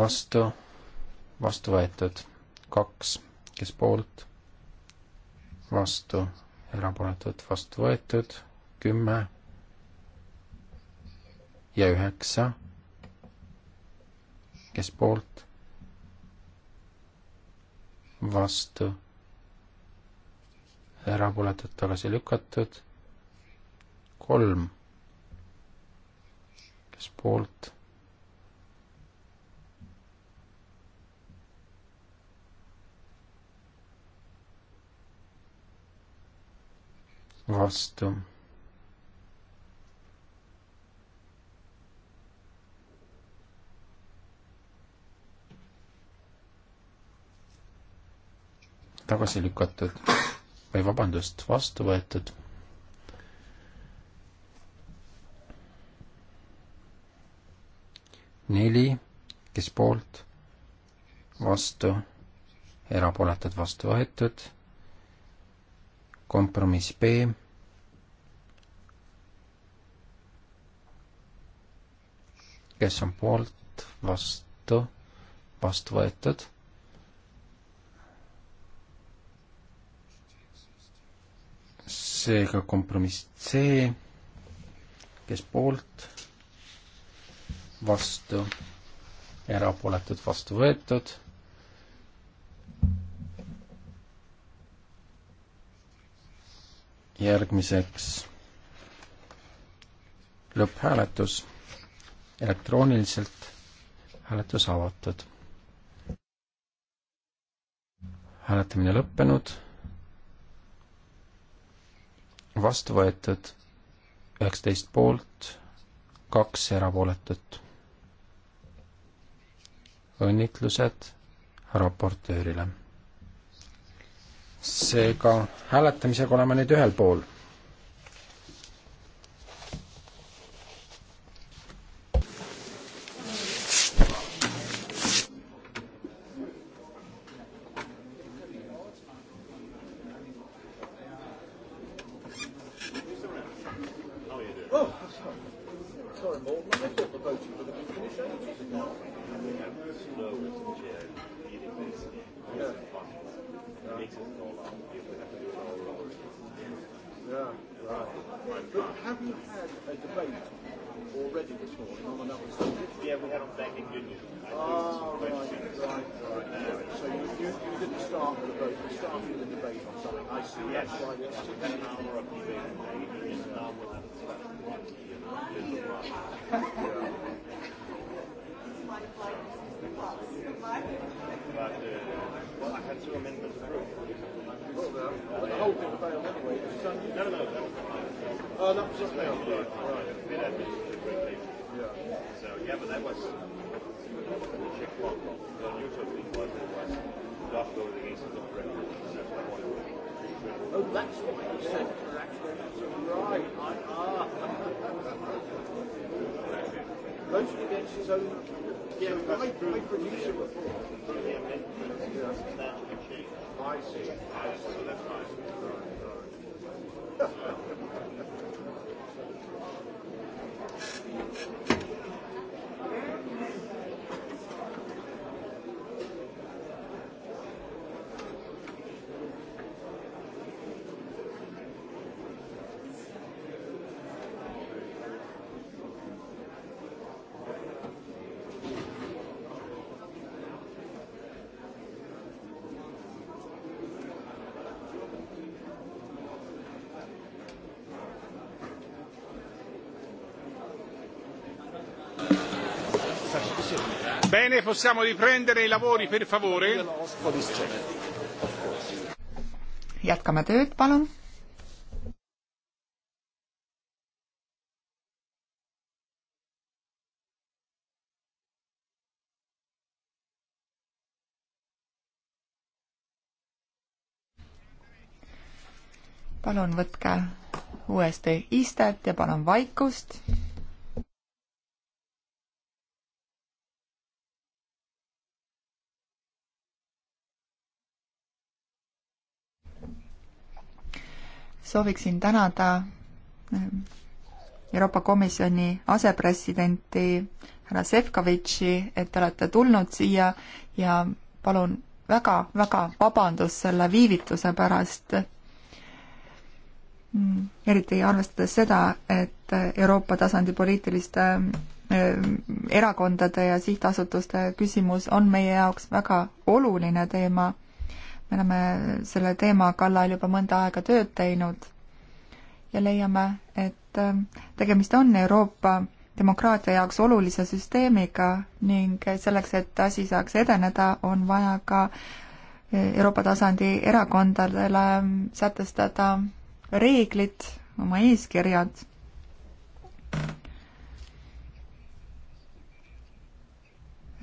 vastu, vastu võetud, kaks, kes poolt, vastu, erapooletud, vastu võetud, kümme ja üheksa, kes poolt, vastu, erapooletud, tagasi lükatud, kolm kes poolt. vastu. tagasi lükatud või vabandust, vastu võetud neli, kes poolt, vastu, erapooletud, vastu võetud, kompromiss B, kes on poolt, vastu, vastu võetud seega kompromiss C, kes poolt, vastu, erapooletud vastu võetud. järgmiseks lõpphääletus elektrooniliselt, hääletus avatud. hääletamine lõppenud, vastu võetud üheksateist poolt, kaks erapooletut õnnitlused raportöörile. seega hääletamisega oleme nüüd ühel pool
Bene, possiamo riprendere i lavori, per favore.
jätkame tööd, palun. palun võtke uuesti istet ja palun vaikust sooviksin tänada ähm, Euroopa Komisjoni asepresidenti härra Sefkovitši, et te olete tulnud siia ja palun väga-väga vabandust selle viivituse pärast. Mm, eriti arvestades seda, et Euroopa tasandi poliitiliste ähm, erakondade ja sihtasutuste küsimus on meie jaoks väga oluline teema me oleme selle teema kallal juba mõnda aega tööd teinud ja leiame, et äh, tegemist on Euroopa demokraatia jaoks olulise süsteemiga ning selleks, et asi saaks edeneda, on vaja ka äh, Euroopa tasandi erakondadele äh, sätestada reeglid, oma eeskirjad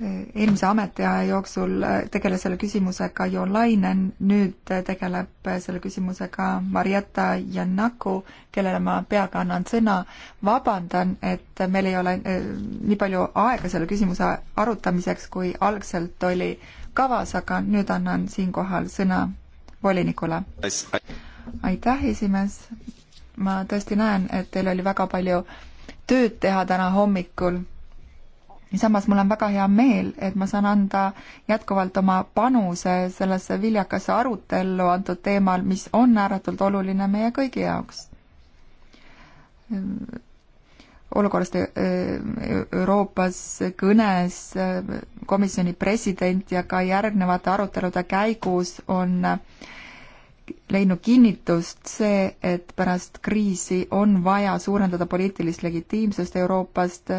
eelmise ametiaja jooksul äh, tegeles selle küsimusega Jo Lainen, nüüd äh, tegeleb äh, selle küsimusega Marietta Janaku, kellele ma peaga annan sõna. vabandan, et meil ei ole nii palju aega selle küsimuse arutamiseks, kui algselt oli kavas, aga nüüd annan siinkohal sõna volinikule. aitäh, esimees. ma tõesti näen, et teil oli väga palju tööd teha täna hommikul samas mul on väga hea meel, et ma saan anda jätkuvalt oma panuse sellesse viljakasse arutellu antud teemal, mis on ääretult oluline meie kõigi jaoks. olukorrast äh, Euroopas kõnes äh, komisjoni president ja ka järgnevate arutelude käigus on äh, leidnud kinnitust see, et pärast kriisi on vaja suurendada poliitilist legitiimsust Euroopast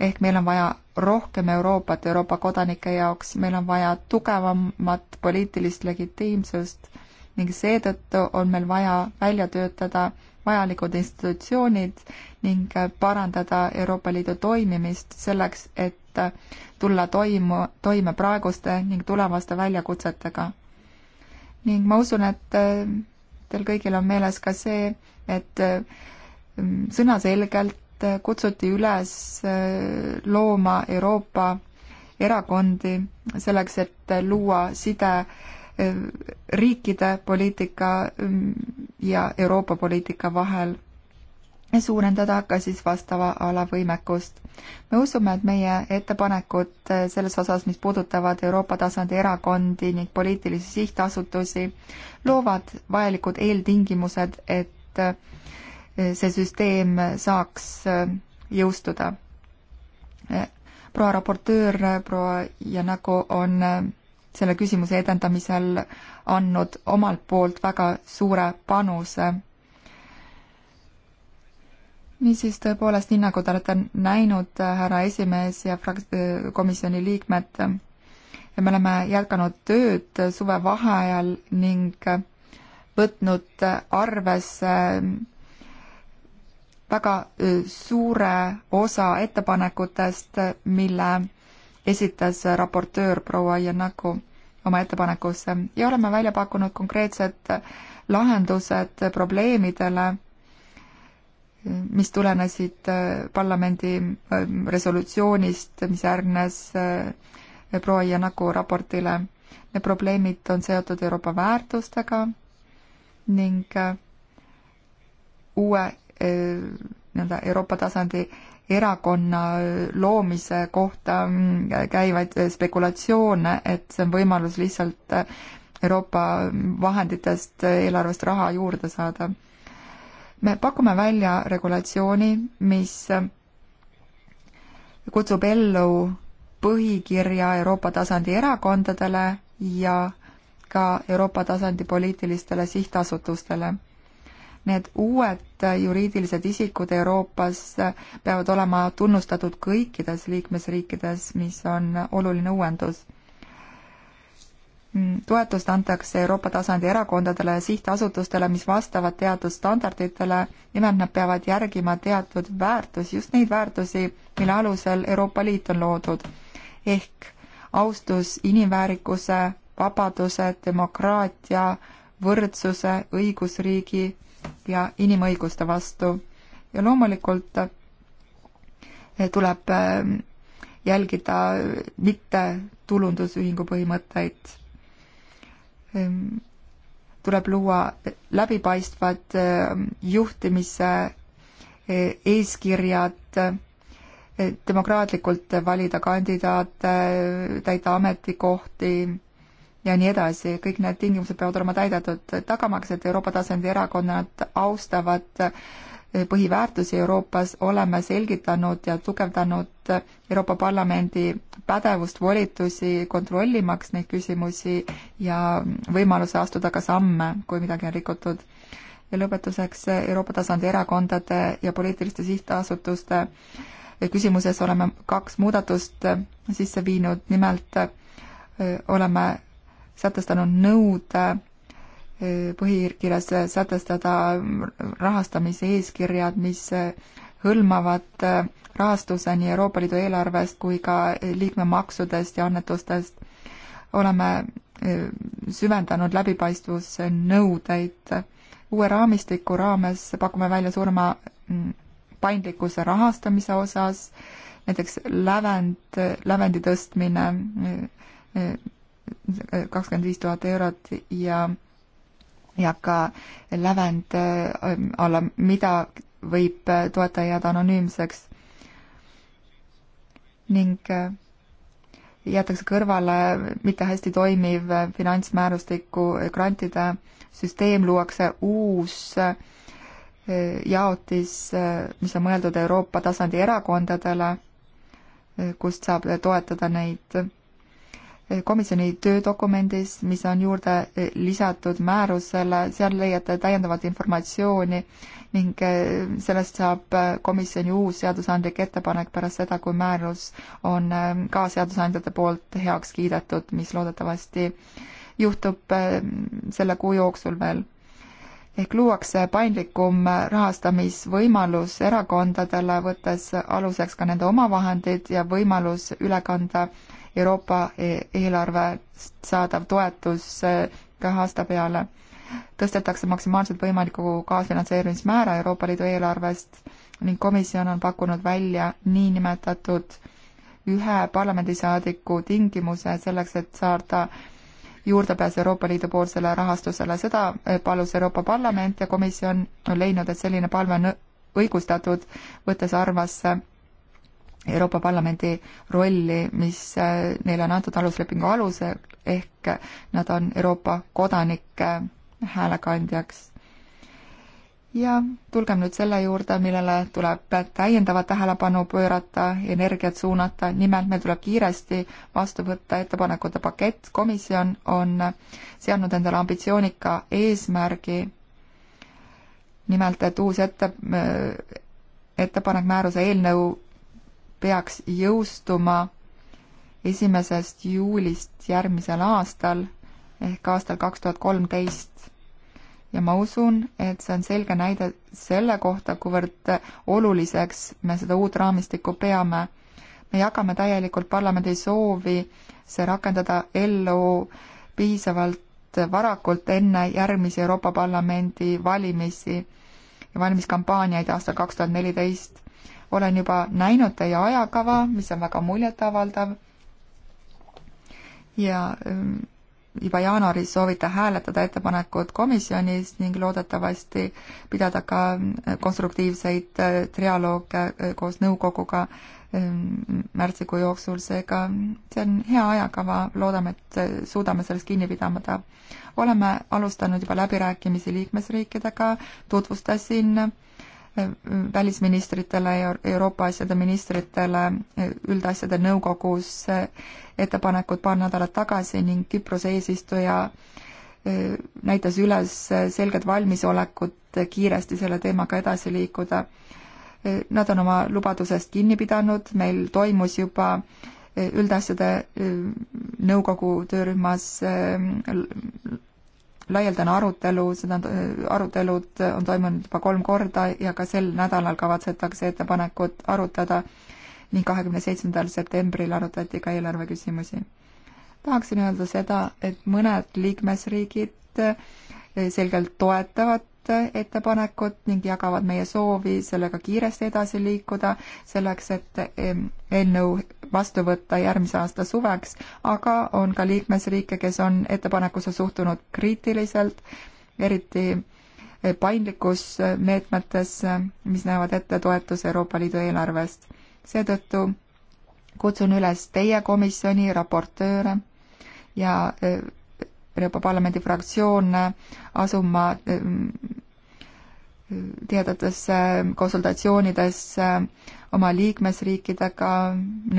ehk meil on vaja rohkem Euroopat Euroopa kodanike jaoks, meil on vaja tugevamat poliitilist legitiimsust ning seetõttu on meil vaja välja töötada vajalikud institutsioonid ning parandada Euroopa Liidu toimimist selleks, et tulla toimu, toime praeguste ning tulevaste väljakutsetega. ning ma usun, et äh, teil kõigil on meeles ka see, et äh, sõnaselgelt et kutsuti üles äh, looma Euroopa erakondi selleks, et luua side äh, riikide poliitika ähm, ja Euroopa poliitika vahel ja suurendada ka siis vastava ala võimekust. me usume, et meie ettepanekud äh, selles osas, mis puudutavad Euroopa tasandi erakondi ning poliitilisi sihtasutusi, loovad vajalikud eeltingimused, et see süsteem saaks äh, jõustuda. Äh, proua raportöör, äh, proua Janako on selle küsimuse edendamisel andnud omalt poolt väga suure panuse. niisiis, tõepoolest, nii nagu te olete näinud, härra esimees ja frak-, komisjoni liikmed, me oleme jätkanud tööd suvevaheajal ning võtnud arvesse väga suure osa ettepanekutest, mille esitas raportöör proua Janaku oma ettepanekusse ja oleme välja pakkunud konkreetsed lahendused probleemidele, mis tulenesid parlamendi resolutsioonist, mis järgnes proua Janaku raportile. Need probleemid on seotud Euroopa väärtustega ning uue Eh, nii-öelda Euroopa tasandi erakonna loomise kohta mm, käivaid spekulatsioone, et see on võimalus lihtsalt eh, Euroopa vahenditest, eh, eelarvest raha juurde saada. me pakume välja regulatsiooni, mis kutsub ellu põhikirja Euroopa tasandi erakondadele ja ka Euroopa tasandi poliitilistele sihtasutustele need uued juriidilised isikud Euroopas peavad olema tunnustatud kõikides liikmesriikides, mis on oluline uuendus. Mm, toetust antakse Euroopa tasandi erakondadele ja sihtasutustele, mis vastavad teadusstandarditele, nimelt nad peavad järgima teatud väärtusi, just neid väärtusi, mille alusel Euroopa Liit on loodud. ehk austus inimväärikuse, vabaduse, demokraatia, võrdsuse, õigusriigi ja inimõiguste vastu. ja loomulikult eh, tuleb eh, jälgida mittetulundusühingu põhimõtteid. Ehm, tuleb luua läbipaistvad eh, juhtimise eeskirjad, demokraatlikult valida kandidaate, täida ametikohti ja nii edasi, kõik need tingimused peavad olema täidetud, tagamaks, et Euroopa tasandi erakonnad austavad eh, põhiväärtusi Euroopas, oleme selgitanud ja tugevdanud Euroopa Parlamendi pädevust, volitusi kontrollimaks neid küsimusi ja võimaluse astuda ka samme, kui midagi on rikutud. ja lõpetuseks Euroopa tasandi erakondade ja poliitiliste sihtasutuste küsimuses oleme kaks muudatust sisse viinud, nimelt eh, oleme sätestanud nõude e, põhikirjas sätestada rahastamise eeskirjad, mis e, hõlmavad e, rahastuse nii Euroopa Liidu eelarvest kui ka liikmemaksudest ja annetustest. oleme süvendanud läbipaistvusnõudeid. uue raamistiku raames pakume välja suurema paindlikkuse rahastamise osas, näiteks lävend, lävendi tõstmine kakskümmend viis tuhat eurot ja, ja ka lävend äh, alla, mida võib toetaja jääda anonüümseks. ning äh, jäetakse kõrvale mitte hästi toimiv finantsmäärustiku grantide süsteem, luuakse uus äh, jaotis, mis on mõeldud Euroopa tasandi erakondadele, kust saab toetada neid komisjoni töödokumendis, mis on juurde eh, lisatud määrusele, seal leiate täiendavat informatsiooni ning eh, sellest saab eh, komisjoni uus seadusandlik ettepanek pärast seda, kui määrus on ka seadusandjate poolt heaks kiidetud, mis loodetavasti juhtub selle kuu jooksul veel. ehk luuakse paindlikum rahastamisvõimalus erakondadele, võttes aluseks ka nende omavahendid ja võimalus üle kanda Euroopa e-, eelarvest saadav toetus kahe aasta peale. tõstetakse maksimaalselt võimaliku kaasfinantseerimismäära Euroopa Liidu eelarvest ning komisjon on pakkunud välja niinimetatud ühe parlamendisaadiku tingimuse selleks, et saada juurdepääs Euroopa Liidu poolsele rahastusele, seda palus Euroopa Parlament ja komisjon on leidnud, et selline palve on õigustatud, võttes arvasse Euroopa Parlamendi rolli, mis äh, neile on antud aluslepingu alusel, ehk nad on Euroopa kodanike häälekandjaks. ja tulgem nüüd selle juurde, millele tuleb täiendavat tähelepanu pöörata, energiat suunata, nimelt meil tuleb kiiresti vastu võtta ettepanekute pakett, komisjon on seadnud endale ambitsioonika eesmärgi, nimelt et uus ette, äh, ettepanek määruse eelnõu peaks jõustuma esimesest juulist järgmisel aastal ehk aastal kaks tuhat kolmteist. ja ma usun, et see on selge näide selle kohta, kuivõrd oluliseks me seda uut raamistikku peame. me jagame täielikult parlamendi soovi see rakendada ellu piisavalt varakult enne järgmisi Euroopa Parlamendi valimisi ja valimiskampaaniaid aastal kaks tuhat neliteist olen juba näinud teie ajakava, mis on väga muljetavaldav ja ähm, juba jaanuaris soovite hääletada ettepanekut komisjonis ning loodetavasti pidada ka äh, konstruktiivseid äh, trialoog äh, koos nõukoguga ähm, märtsikuu jooksul, seega see on hea ajakava, loodame, et suudame sellest kinni pidamata. oleme alustanud juba läbirääkimisi liikmesriikidega, tutvustasin välisministritele ja Euroopa asjade ministritele üldasjade nõukogus ettepanekud paar nädalat tagasi ning Küprose eesistuja e, näitas üles selget valmisolekut kiiresti selle teemaga edasi liikuda. E, nad on oma lubadusest kinni pidanud, meil toimus juba e, üldasjade nõukogu töörühmas laialdane arutelu, seda äh, arutelud on toimunud juba kolm korda ja ka sel nädalal kavatsetakse ettepanekut arutada ning kahekümne seitsmendal septembril arutati ka eelarve küsimusi. tahaksin öelda seda, et mõned liikmesriigid äh, selgelt toetavad ettepanekut ning jagavad meie soovi sellega kiiresti edasi liikuda, selleks et eelnõu vastu võtta järgmise aasta suveks, aga on ka liikmesriike, kes on ettepanekusse suhtunud kriitiliselt, eriti eh, paindlikkusmeetmetesse, mis näevad ette toetuse Euroopa Liidu eelarvest. seetõttu kutsun üles teie komisjoni raportööre ja eh, Euroopa Parlamendi fraktsioon asuma ähm, tihedatesse konsultatsioonidesse oma liikmesriikidega,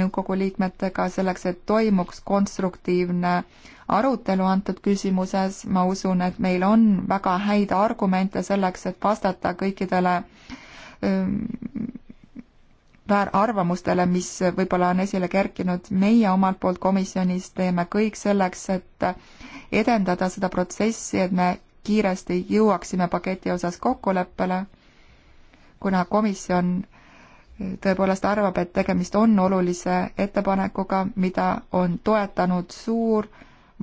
nõukogu liikmetega, selleks et toimuks konstruktiivne arutelu antud küsimuses. ma usun, et meil on väga häid argumente selleks, et vastata kõikidele ähm, väärarvamustele, mis võib-olla on esile kerkinud. meie omalt poolt komisjonis teeme kõik selleks, et edendada seda protsessi, et me kiiresti jõuaksime paketi osas kokkuleppele, kuna komisjon tõepoolest arvab, et tegemist on olulise ettepanekuga, mida on toetanud suur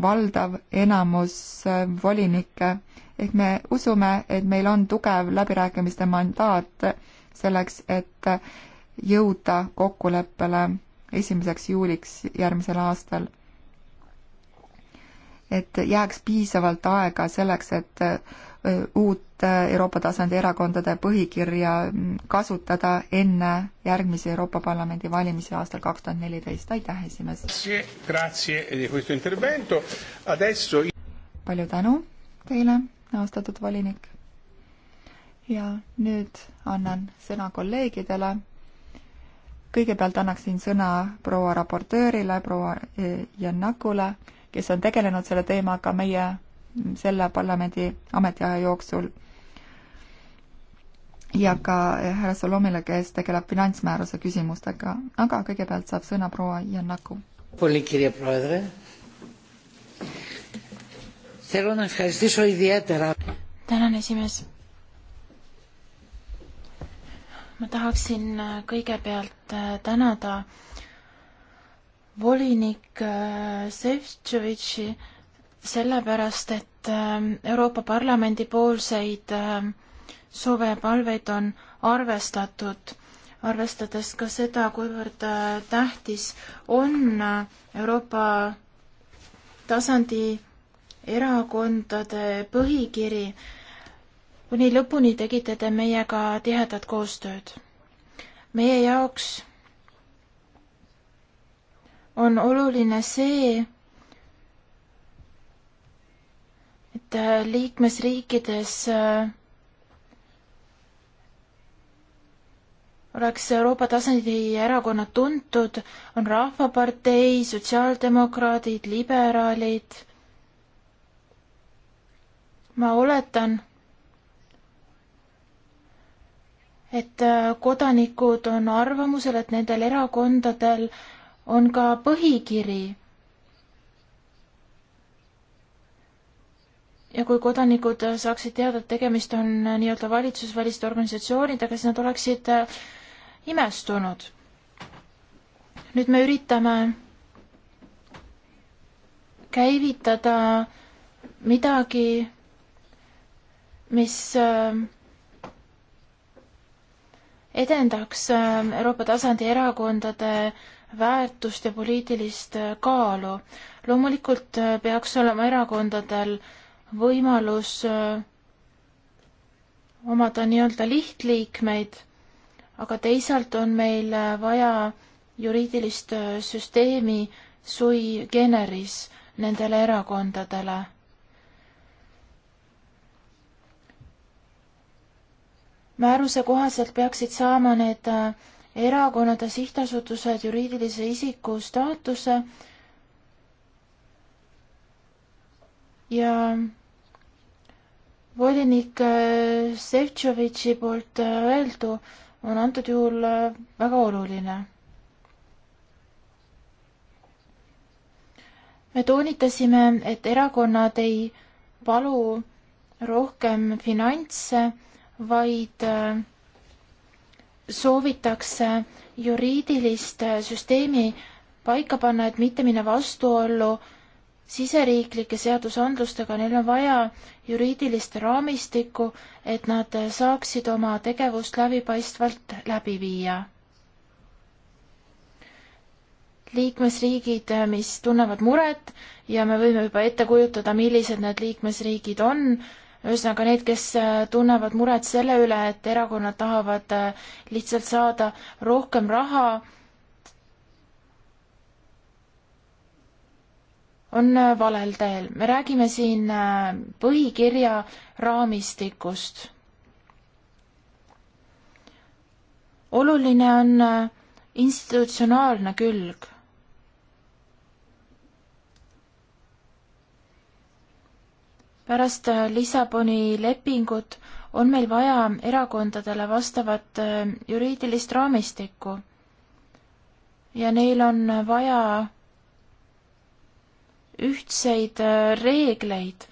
valdav enamus volinikke. ehk me usume, et meil on tugev läbirääkimiste mandaat selleks, et jõuda kokkuleppele esimeseks juuliks järgmisel aastal. et jääks piisavalt aega selleks, et uut Euroopa tasandi erakondade põhikirja kasutada enne järgmisi Euroopa Parlamendi valimisi aastal kaks tuhat neliteist. aitäh, esimees! palju tänu teile, austatud volinik! ja nüüd annan sõna kolleegidele kõigepealt annaksin sõna proua raportöörile, proua eh, Jannakule, kes on tegelenud selle teemaga meie selle parlamendi ametiaja jooksul ja ka eh, härra Solomile, kes tegeleb finantsmääruse küsimustega, aga kõigepealt saab sõna proua Jannaku. tänan, esimees
ma tahaksin äh, kõigepealt äh, tänada volinik Šefčovitši äh, sellepärast, et ähm, Euroopa Parlamendi poolseid ähm, soove ja palveid on arvestatud, arvestades ka seda, kuivõrd tähtis on Euroopa tasandi erakondade põhikiri kuni lõpuni tegite te meiega tihedat koostööd. meie jaoks on oluline see, et liikmesriikides äh, oleks Euroopa tasandi erakonnad tuntud, on Rahvapartei, sotsiaaldemokraadid, liberaalid. ma oletan, et äh, kodanikud on arvamusel, et nendel erakondadel on ka põhikiri. ja kui kodanikud saaksid teada, et tegemist on äh, nii-öelda valitsusväliste organisatsioonidega, siis nad oleksid äh, imestunud. nüüd me üritame käivitada midagi, mis äh, edendaks ähm, Euroopa tasandi erakondade väärtust ja poliitilist äh, kaalu. loomulikult äh, peaks olema erakondadel võimalus äh, omada nii-öelda lihtliikmeid, aga teisalt on meil vaja juriidilist süsteemi sui generis nendele erakondadele määruse kohaselt peaksid saama need äh, erakonnad ja sihtasutused juriidilise isiku staatuse ja volinik äh, Sevtšovitši poolt äh, öeldu on antud juhul väga oluline. me toonitasime, et erakonnad ei palu rohkem finantse vaid äh, soovitakse juriidilist äh, süsteemi paika panna, et mitte minna vastuollu siseriiklike seadusandlustega, neil on vaja juriidilist raamistikku, et nad äh, saaksid oma tegevust läbipaistvalt läbi viia. liikmesriigid, mis tunnevad muret ja me võime juba ette kujutada, millised need liikmesriigid on, ühesõnaga need, kes äh, tunnevad muret selle üle, et erakonnad tahavad äh, lihtsalt saada rohkem raha, on äh, valel teel. me räägime siin põhikirja raamistikust. oluline on institutsionaalne külg. pärast äh, Lissaboni lepingut on meil vaja erakondadele vastavat äh, juriidilist raamistikku ja neil on vaja ühtseid äh, reegleid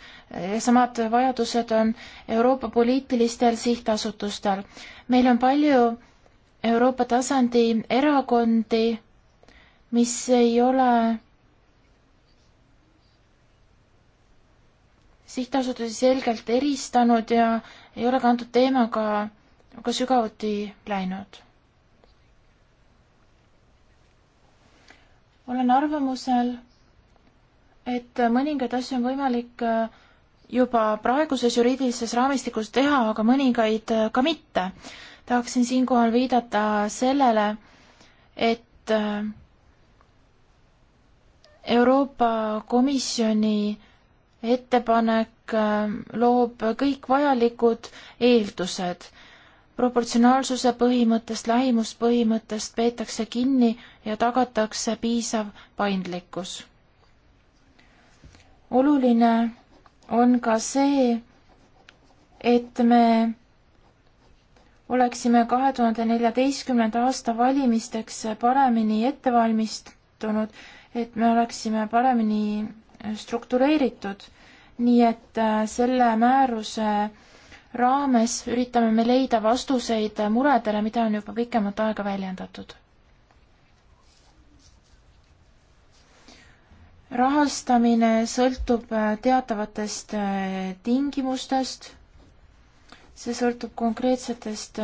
ja samad vajadused on Euroopa poliitilistel sihtasutustel. meil on palju Euroopa tasandi erakondi, mis ei ole sihtasutusi selgelt eristanud ja ei ole ka antud teemaga ka sügavuti läinud. olen arvamusel, et mõningaid asju on võimalik äh, juba praeguses juriidilises raamistikus teha, aga mõningaid äh, ka mitte. tahaksin siinkohal viidata sellele, et äh, Euroopa Komisjoni ettepanek äh, loob kõik vajalikud eeldused. proportsionaalsuse põhimõttest, lähimuspõhimõttest peetakse kinni ja tagatakse piisav paindlikkus. oluline on ka see, et me oleksime kahe tuhande neljateistkümnenda aasta valimisteks paremini ette valmistunud, et me oleksime paremini struktureeritud, nii et äh, selle määruse raames üritame me leida vastuseid muredele, mida on juba pikemat aega väljendatud. rahastamine sõltub äh, teatavatest äh, tingimustest, see sõltub konkreetsetest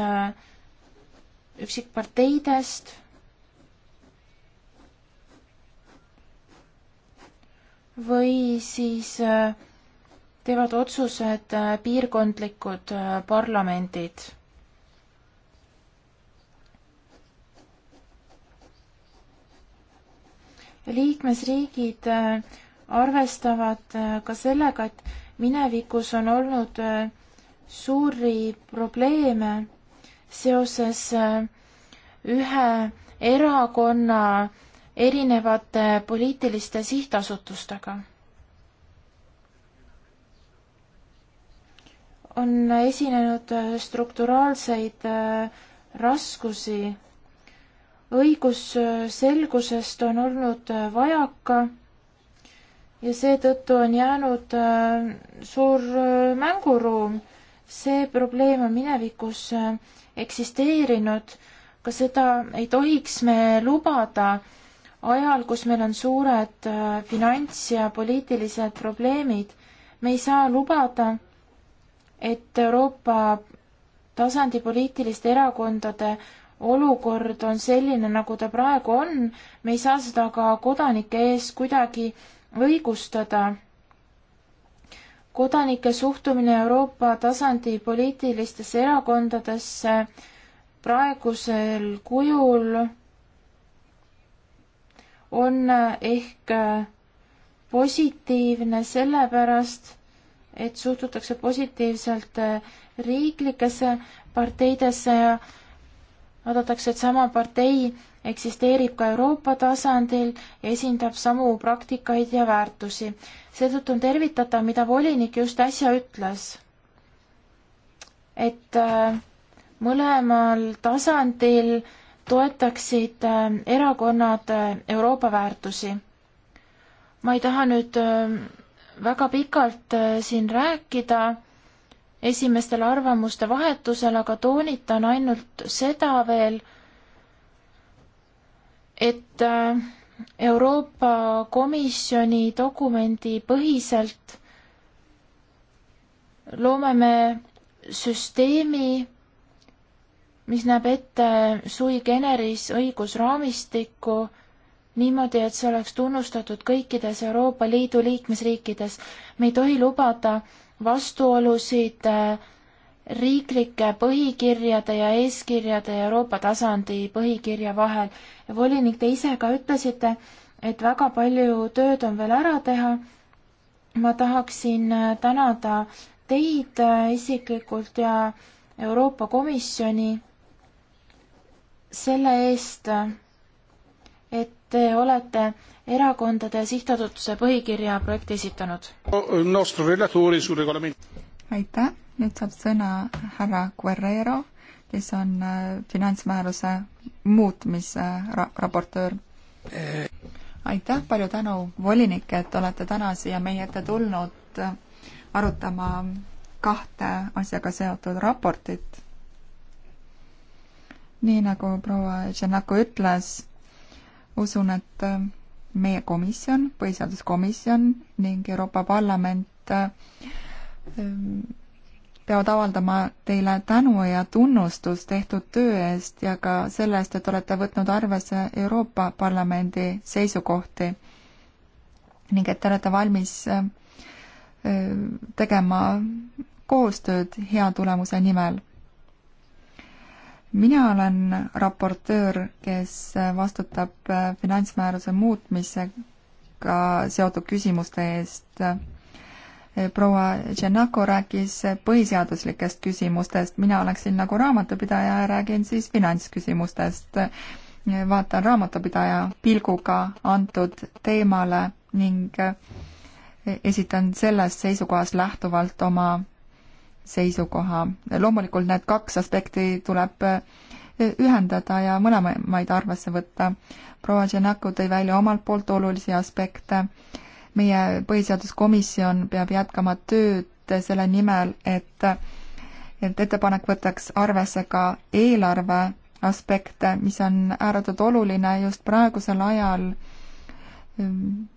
üksikparteidest või siis äh, teevad otsused äh, piirkondlikud äh, parlamendid. liikmesriigid arvestavad ka sellega, et minevikus on olnud suuri probleeme seoses ühe erakonna erinevate poliitiliste sihtasutustega. on esinenud äh, strukturaalseid äh, raskusi. õigusselgusest on olnud äh, vajaka ja seetõttu on jäänud suur mänguruum. see probleem on minevikus eksisteerinud, ka seda ei tohiks me lubada ajal, kus meil on suured äh, finants- ja poliitilised probleemid, me ei saa lubada, et Euroopa tasandi poliitiliste erakondade olukord on selline, nagu ta praegu on, me ei saa seda ka kodanike ees kuidagi õigustada. kodanike suhtumine Euroopa tasandi poliitilistesse erakondadesse praegusel kujul on äh, ehk äh, positiivne sellepärast, et suhtutakse positiivselt äh, riiklikesse parteidesse ja vaadatakse, et sama partei eksisteerib ka Euroopa tasandil, esindab samu praktikaid ja väärtusi. seetõttu on tervitatav, mida volinik just äsja ütles. et mõlemal tasandil äh, toetaksid äh, erakonnad äh, Euroopa väärtusi. ma ei taha nüüd äh, väga pikalt siin rääkida esimestel arvamuste vahetusel, aga toonitan ainult seda veel, et Euroopa Komisjoni dokumendi põhiselt loome me süsteemi, mis näeb ette sui generis õigusraamistikku niimoodi, et see oleks tunnustatud kõikides Euroopa Liidu liikmesriikides. me ei tohi lubada vastuolusid äh, riiklike põhikirjade ja eeskirjade ja Euroopa tasandi põhikirja vahel. volinik, te ise ka ütlesite, et väga palju tööd on veel ära teha. ma tahaksin äh, tänada teid äh, isiklikult ja Euroopa Komisjoni selle eest, et te olete erakondade sihtasutuse põhikirja projekti
esitanud. aitäh, nüüd saab sõna härra Guerrero, kes on äh, finantsmääruse muutmise ra-, raportöör. aitäh, palju tänu, volinik, et olete täna siia meie ette tulnud äh, arutama kahte asjaga seotud raportit nii nagu proua Tšernako ütles, usun, et meie komisjon, põhiseaduskomisjon ning Euroopa Parlament ähm, peavad avaldama teile tänu ja tunnustust tehtud töö eest ja ka selle eest, et olete võtnud arvesse Euroopa Parlamendi seisukohti ning et te olete valmis äh, tegema koostööd hea tulemuse nimel mina olen raportöör, kes vastutab äh, finantsmääruse muutmisega seotud küsimuste eest. Äh, proua Tšernako rääkis põhiseaduslikest küsimustest, mina oleksin nagu raamatupidaja ja räägin siis finantsküsimustest. Äh, vaatan raamatupidaja pilguga antud teemale ning esitan sellest seisukohast lähtuvalt oma seisukoha. loomulikult need kaks aspekti tuleb eh, ühendada ja mõlemaid arvesse võtta. proua Ženaku tõi välja omalt poolt olulisi aspekte. meie põhiseaduskomisjon peab jätkama tööd selle nimel, et, et ettepanek võtaks arvesse ka eelarve aspekte, mis on ääretult oluline just praegusel ajal, eh,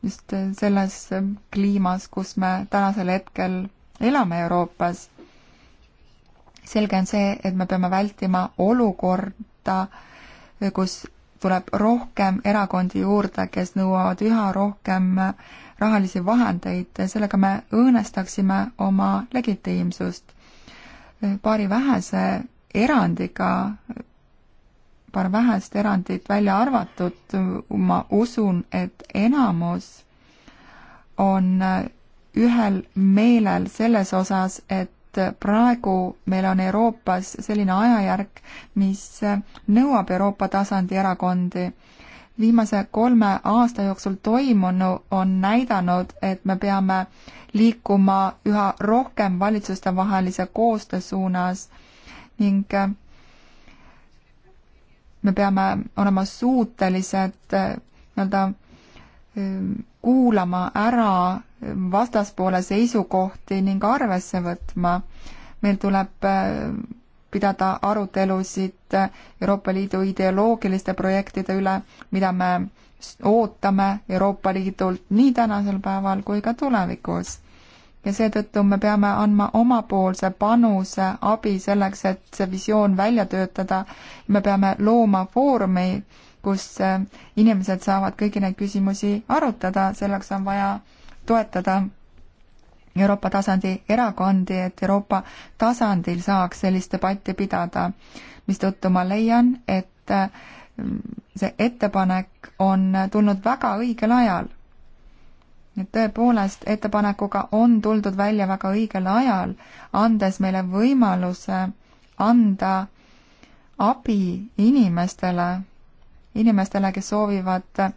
just selles kliimas, kus me tänasel hetkel elame Euroopas selge on see, et me peame vältima olukorda, kus tuleb rohkem erakondi juurde, kes nõuavad üha rohkem rahalisi vahendeid, sellega me õõnestaksime oma legitiimsust. paari vähese erandiga, paar vähest erandit välja arvatud, ma usun, et enamus on ühel meelel selles osas, et et praegu meil on Euroopas selline ajajärk, mis nõuab Euroopa tasandi erakondi. viimase kolme aasta jooksul toimunu on näidanud, et me peame liikuma üha rohkem valitsustevahelise koostöö suunas ning äh, me peame olema suutelised äh, nii-öelda äh, kuulama ära vastaspoole seisukohti ning arvesse võtma. meil tuleb äh, pidada arutelusid Euroopa Liidu ideoloogiliste projektide üle, mida me ootame Euroopa Liidult nii tänasel päeval kui ka tulevikus. ja seetõttu me peame andma omapoolse panuse, abi selleks, et see visioon välja töötada. me peame looma foorumi, kus inimesed saavad kõiki neid küsimusi arutada, selleks on vaja toetada Euroopa tasandi erakondi, et Euroopa tasandil saaks sellist debatti pidada, mistõttu ma leian, et mm, see ettepanek on tulnud väga õigel ajal. et tõepoolest, ettepanekuga on tuldud välja väga õigel ajal, andes meile võimaluse anda abi inimestele, inimestele, kes soovivad äh,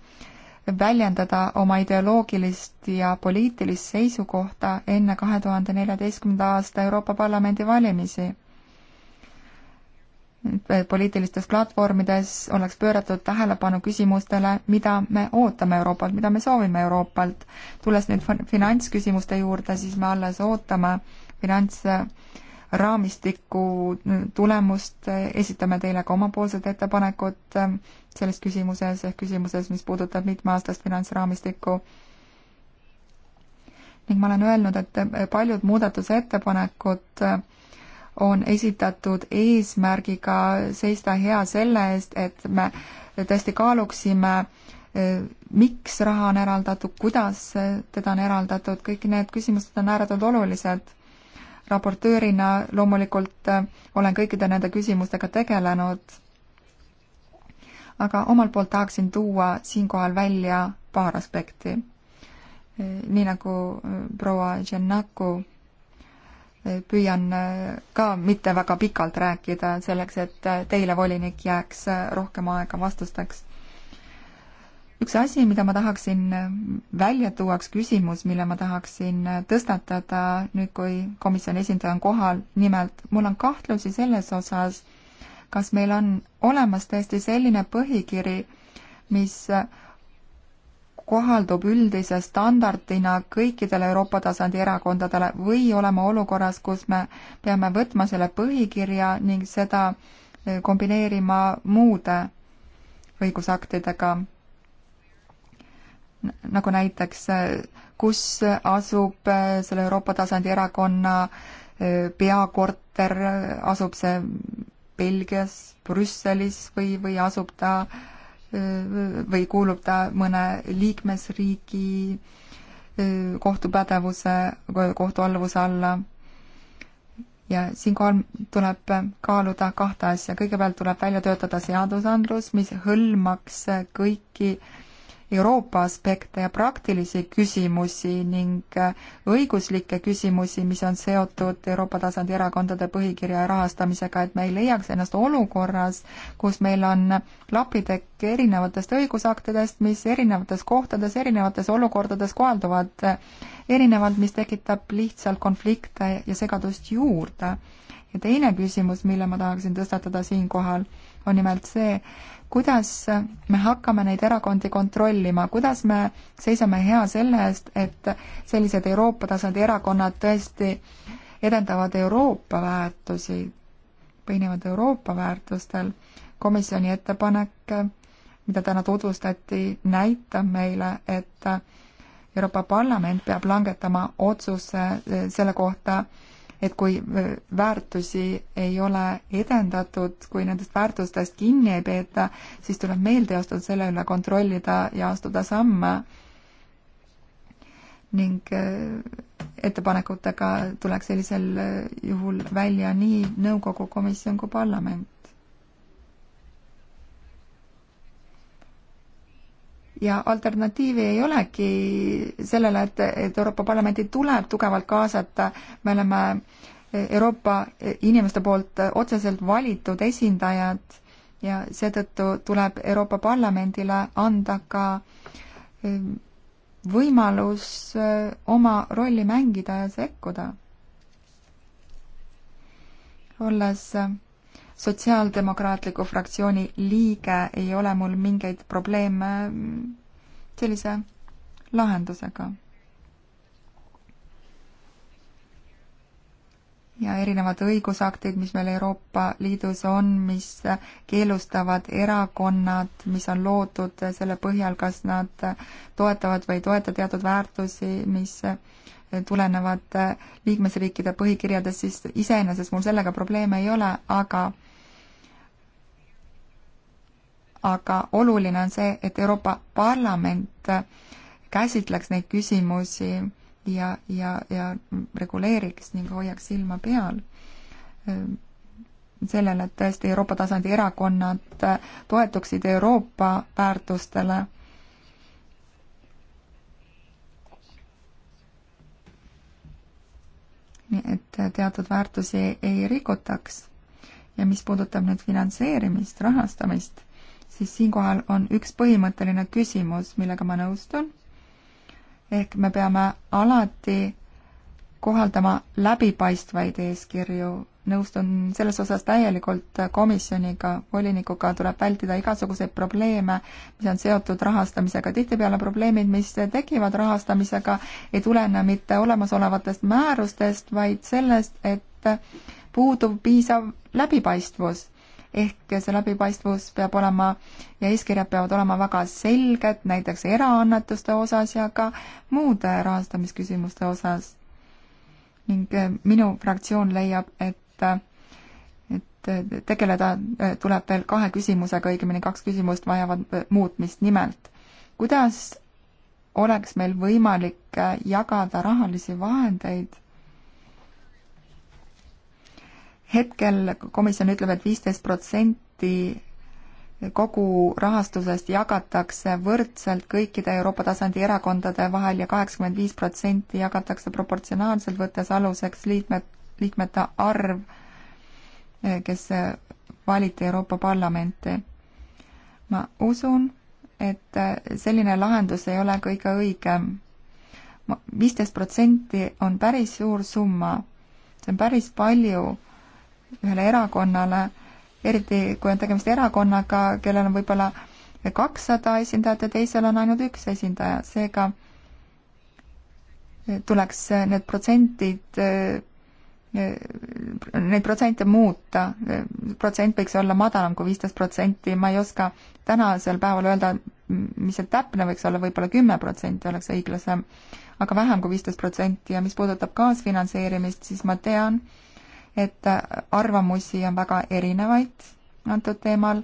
väljendada oma ideoloogilist ja poliitilist seisukohta enne kahe tuhande neljateistkümnenda aasta Euroopa Parlamendi valimisi. poliitilistes platvormides oleks pööratud tähelepanu küsimustele, mida me ootame Euroopalt, mida me soovime Euroopalt. tulles nüüd finantsküsimuste juurde, siis me alles ootame finants raamistiku tulemust, esitame teile ka omapoolsed ettepanekud ähm, selles küsimuses ehk küsimuses, mis puudutab mitmeaastast finantsraamistikku. ning ma olen öelnud, et äh, paljud muudatusettepanekud äh, on esitatud eesmärgiga seista hea selle eest, et me tõesti kaaluksime, äh, miks raha on eraldatud, kuidas teda on eraldatud, kõik need küsimused on ääretult olulised raportöörina loomulikult äh, olen kõikide nende küsimustega tegelenud, aga omalt poolt tahaksin tuua siinkohal välja paar aspekti. Äh, nii nagu äh, proua Tšernaku püüan ka mitte väga pikalt rääkida, selleks et teile, volinik, jääks rohkem aega vastusteks üks asi, mida ma tahaksin äh, välja tuua, üks küsimus, mille ma tahaksin äh, tõstatada nüüd, kui komisjoni esindaja on kohal, nimelt mul on kahtlusi selles osas, kas meil on olemas tõesti selline põhikiri, mis äh, kohaldub üldise standardina kõikidele Euroopa tasandi erakondadele või olema olukorras, kus me peame võtma selle põhikirja ning seda kombineerima muude õigusaktidega nagu näiteks, kus asub äh, selle Euroopa tasandi erakonna äh, peakorter, asub see Belgias, Brüsselis või, või asub ta äh, või kuulub ta mõne liikmesriigi kohtupädevuse, kohtualluvuse alla ja siinkohal tuleb kaaluda kahte asja, kõigepealt tuleb välja töötada seadusandlus, mis hõlmaks kõiki äh, Euroopa aspekte ja praktilisi küsimusi ning äh, õiguslikke küsimusi, mis on seotud Euroopa tasandi erakondade põhikirja rahastamisega, et me ei leiaks ennast olukorras, kus meil on lapitekk erinevatest õigusaktidest, mis erinevates kohtades, erinevates olukordades kohalduvad äh, erinevalt, mis tekitab lihtsalt konflikte ja segadust juurde. ja teine küsimus, mille ma tahaksin tõstatada siinkohal, on nimelt see, kuidas me hakkame neid erakondi kontrollima, kuidas me seisame hea selle eest, et sellised Euroopa tasandi erakonnad tõesti edendavad Euroopa väärtusi, põhinevad Euroopa väärtustel. komisjoni ettepanek, mida täna tutvustati, näitab meile, et Euroopa Parlament peab langetama otsuse selle kohta, et kui väärtusi ei ole edendatud, kui nendest väärtustest kinni ei peeta, siis tuleb meil teostada selle üle, kontrollida ja astuda samme. ning ettepanekutega tuleks sellisel juhul välja nii nõukogu komisjon kui parlament. ja alternatiivi ei olegi sellele, et, et Euroopa Parlamenti tuleb tugevalt kaasata, me oleme Euroopa inimeste poolt otseselt valitud esindajad ja seetõttu tuleb Euroopa Parlamendile anda ka ehm, võimalus eh, oma rolli mängida ja sekkuda. olles sotsiaaldemokraatliku fraktsiooni liige, ei ole mul mingeid probleeme sellise lahendusega. ja erinevad õigusaktid, mis meil Euroopa Liidus on, mis keelustavad erakonnad, mis on loodud selle põhjal, kas nad toetavad või ei toeta teatud väärtusi, mis tulenevad liikmesriikide põhikirjadest, siis iseenesest mul sellega probleeme ei ole, aga aga oluline on see, et Euroopa Parlament käsitleks neid küsimusi ja, ja, ja reguleeriks ning hoiaks silma peal ehm, sellele, et tõesti Euroopa tasandi erakonnad toetuksid Euroopa väärtustele. nii et teatud väärtusi ei rikutaks. ja mis puudutab nüüd finantseerimist, rahastamist siis siinkohal on üks põhimõtteline küsimus, millega ma nõustun. ehk me peame alati kohaldama läbipaistvaid eeskirju, nõustun selles osas täielikult komisjoniga, volinikuga tuleb vältida igasuguseid probleeme, mis on seotud rahastamisega. tihtipeale probleemid, mis tekivad rahastamisega, ei tulene mitte olemasolevatest määrustest, vaid sellest, et puudub piisav läbipaistvus ehk see läbipaistvus peab olema ja eeskirjad peavad olema väga selged, näiteks eraannetuste osas ja ka muude rahastamisküsimuste osas. ning eh, minu fraktsioon leiab, et et tegeleda eh, tuleb veel kahe küsimusega, õigemini kaks küsimust vajavad eh, muutmist, nimelt kuidas oleks meil võimalik jagada rahalisi vahendeid hetkel komisjon ütleb et, et viisteist protsenti kogu rahastusest jagatakse võrdselt kõikide Euroopa tasandi erakondade vahel ja kaheksakümmend viis protsenti jagatakse proportsionaalselt, võttes aluseks liikmed, liikmete arv, kes valiti Euroopa Parlamenti. ma usun, et selline lahendus ei ole kõige õigem. viisteist protsenti on päris suur summa, see on päris palju ühele erakonnale, eriti kui on tegemist erakonnaga, kellel on võib-olla kakssada esindajat ja teisel on ainult üks esindaja, seega eh, tuleks eh, need protsentid, eh, neid protsente muuta, protsent võiks olla madalam kui viisteist protsenti, ma ei oska tänasel päeval öelda, mis see täpne võiks olla võib, võib-olla kümme protsenti oleks õiglasem, aga vähem kui viisteist protsenti ja mis puudutab kaasfinantseerimist, siis ma tean, et arvamusi on väga erinevaid antud teemal,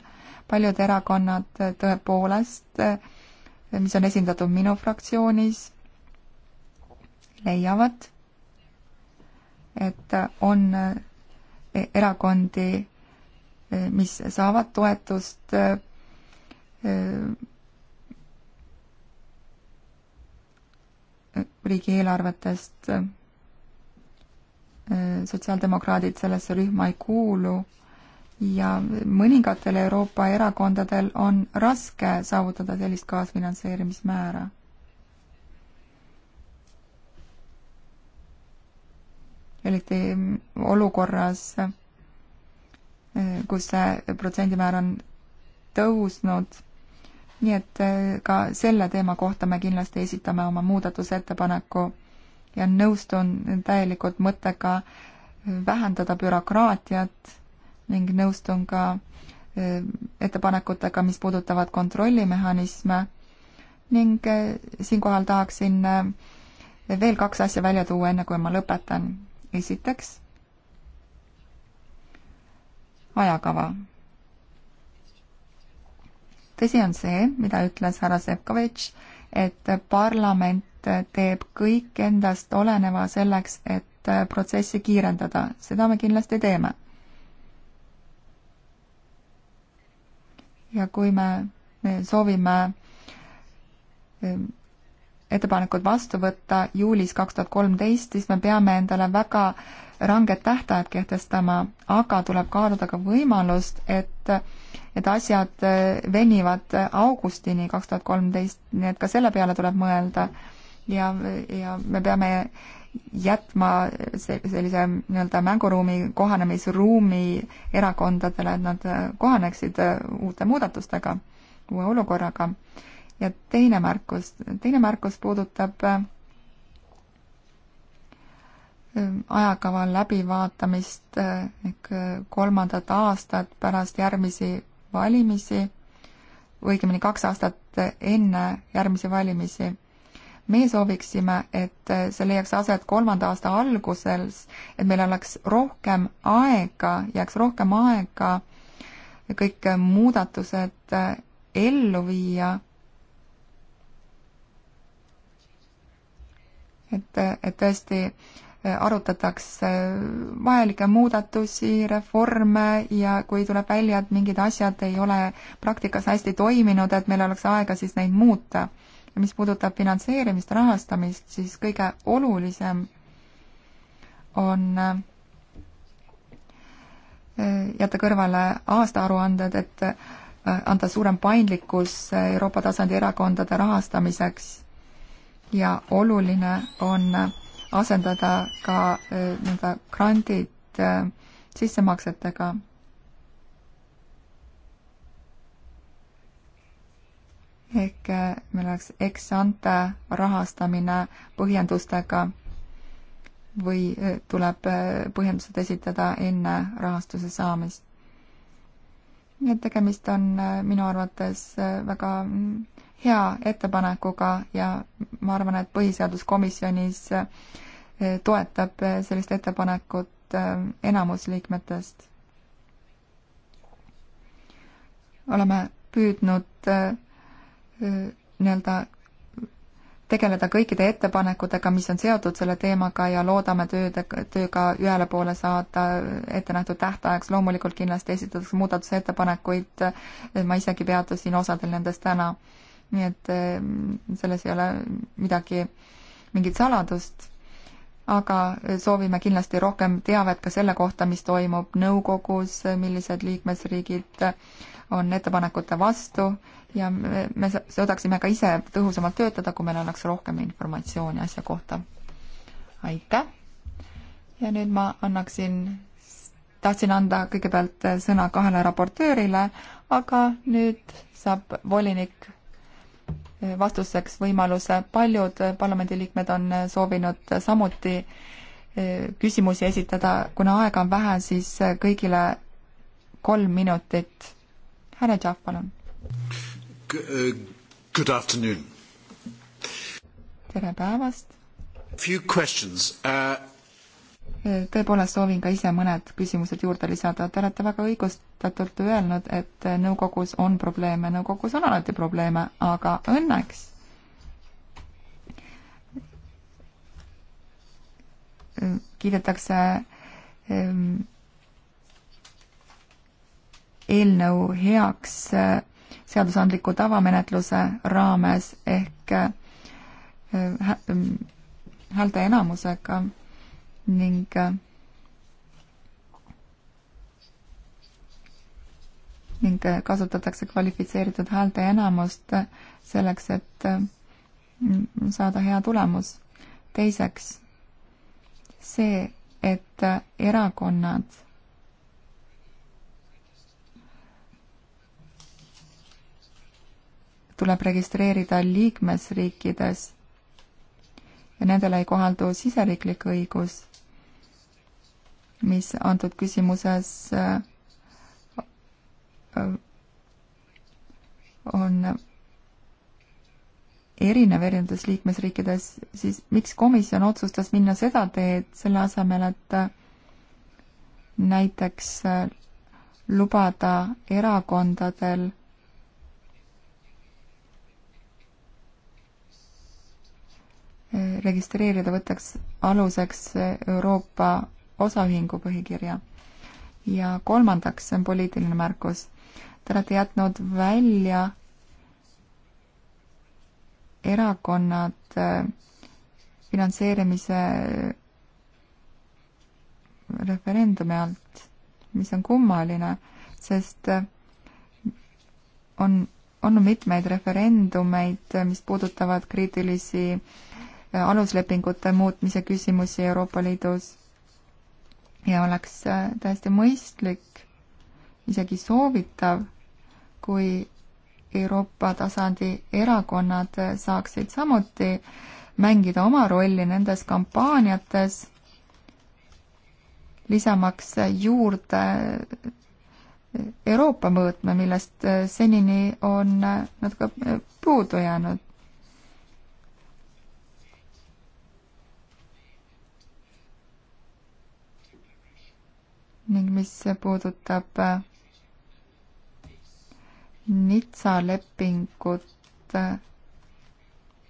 paljud erakonnad tõepoolest, mis on esindatud minu fraktsioonis, leiavad, et on erakondi, mis saavad toetust riigieelarvetest sotsiaaldemokraadid sellesse rühma ei kuulu ja mõningatel Euroopa erakondadel on raske saavutada sellist kaasfinantseerimismäära. eriti olukorras, kus see protsendimäär on tõusnud, nii et ka selle teema kohta me kindlasti esitame oma muudatusettepaneku ja nõustun täielikult mõttega vähendada bürokraatiat ning nõustun ka e, ettepanekutega, mis puudutavad kontrollimehhanisme ning e, siinkohal tahaksin e, veel kaks asja välja tuua, enne kui ma lõpetan. esiteks, ajakava. tõsi on see, mida ütles härra Sefkovitš, et parlament teeb kõik endast oleneva selleks, et äh, protsessi kiirendada, seda me kindlasti teeme. ja kui me soovime ähm, ettepanekud vastu võtta juulis kaks tuhat kolmteist, siis me peame endale väga ranged tähtajad kehtestama, aga tuleb kaaluda ka võimalust, et, et asjad äh, venivad äh, augustini kaks tuhat kolmteist, nii et ka selle peale tuleb mõelda ja, ja me peame jätma sellise nii-öelda mänguruumi, kohanemisruumi erakondadele, et nad kohaneksid uute muudatustega, uue olukorraga. ja teine märkus, teine märkus puudutab äh, ajakava läbivaatamist äh, ehk kolmandat aastat pärast järgmisi valimisi, õigemini kaks aastat enne järgmisi valimisi meie sooviksime, et see leiaks aset kolmanda aasta alguses, et meil oleks rohkem aega, jääks rohkem aega kõik muudatused ellu viia. et, et tõesti arutatakse vajalikke muudatusi, reforme ja kui tuleb välja, et mingid asjad ei ole praktikas hästi toiminud, et meil oleks aega siis neid muuta mis puudutab finantseerimist, rahastamist, siis kõige olulisem on äh, jätta kõrvale aastaaruanded, et äh, anda suurem paindlikkus Euroopa tasandi erakondade rahastamiseks ja oluline on asendada ka äh, nii-öelda grandid sissemaksetega ehk eh, meil oleks ex-ante rahastamine põhjendustega või eh, tuleb eh, põhjendused esitada enne rahastuse saamist. nii et tegemist on minu arvates väga mm, hea ettepanekuga ja ma arvan, et põhiseaduskomisjonis toetab sellist ettepanekut enamus liikmetest. oleme püüdnud nii-öelda tegeleda kõikide ettepanekutega, mis on seotud selle teemaga ja loodame tööde, tööga ühele poole saada ettenähtud tähtajaks. loomulikult kindlasti esitatakse muudatusettepanekuid, ma isegi peatusin osadel nendest täna. nii et eh, selles ei ole midagi, mingit saladust, aga soovime kindlasti rohkem teavet ka selle kohta, mis toimub nõukogus, millised liikmesriigid on ettepanekute vastu ja me, me suudaksime ka ise tõhusamalt töötada, kui meil oleks rohkem informatsiooni asja kohta. aitäh! ja nüüd ma annaksin, tahtsin anda kõigepealt sõna kahele raportöörile, aga nüüd saab volinik vastuseks võimaluse, paljud parlamendiliikmed on soovinud samuti e, küsimusi esitada, kuna aega on vähe, siis kõigile kolm minutit. härra Tšahv, palun
Uh, good afternoon.
tere päevast.
Few questions uh....
Eh, tõepoolest soovin ka ise mõned küsimused juurde lisada. Te olete väga õigustatult öelnud, et eh, nõukogus on probleeme, nõukogus on alati probleeme, aga õnneks eh, kiidetakse eelnõu heaks seadusandliku tavamenetluse raames ehk äh, mm, häälte enamusega ning äh, ning äh, kasutatakse kvalifitseeritud häälte enamust selleks, et mm, saada hea tulemus. teiseks, see, et erakonnad tuleb registreerida liikmesriikides ja nendele ei kohaldu siseriiklik õigus, mis antud küsimuses äh, äh, on erinev erinevates liikmesriikides, siis miks komisjon otsustas minna seda teed, selle asemel, et äh, näiteks lubada erakondadel Eh, registreerida võtaks aluseks Euroopa osaühingu põhikirja. ja kolmandaks, see on poliitiline märkus, te olete jätnud välja erakonnad eh, finantseerimise eh, referendumi alt, mis on kummaline, sest on olnud mitmeid referendumeid, mis puudutavad kriitilisi äh, aluslepingute muutmise küsimusi Euroopa Liidus ja oleks äh, täiesti mõistlik, isegi soovitav, kui Euroopa tasandi erakonnad saaksid samuti mängida oma rolli nendes kampaaniates, lisamaks juurde Euroopa mõõtme, millest äh, senini on äh, natuke puudu jäänud. ning mis puudutab äh, Nitsa lepingut äh,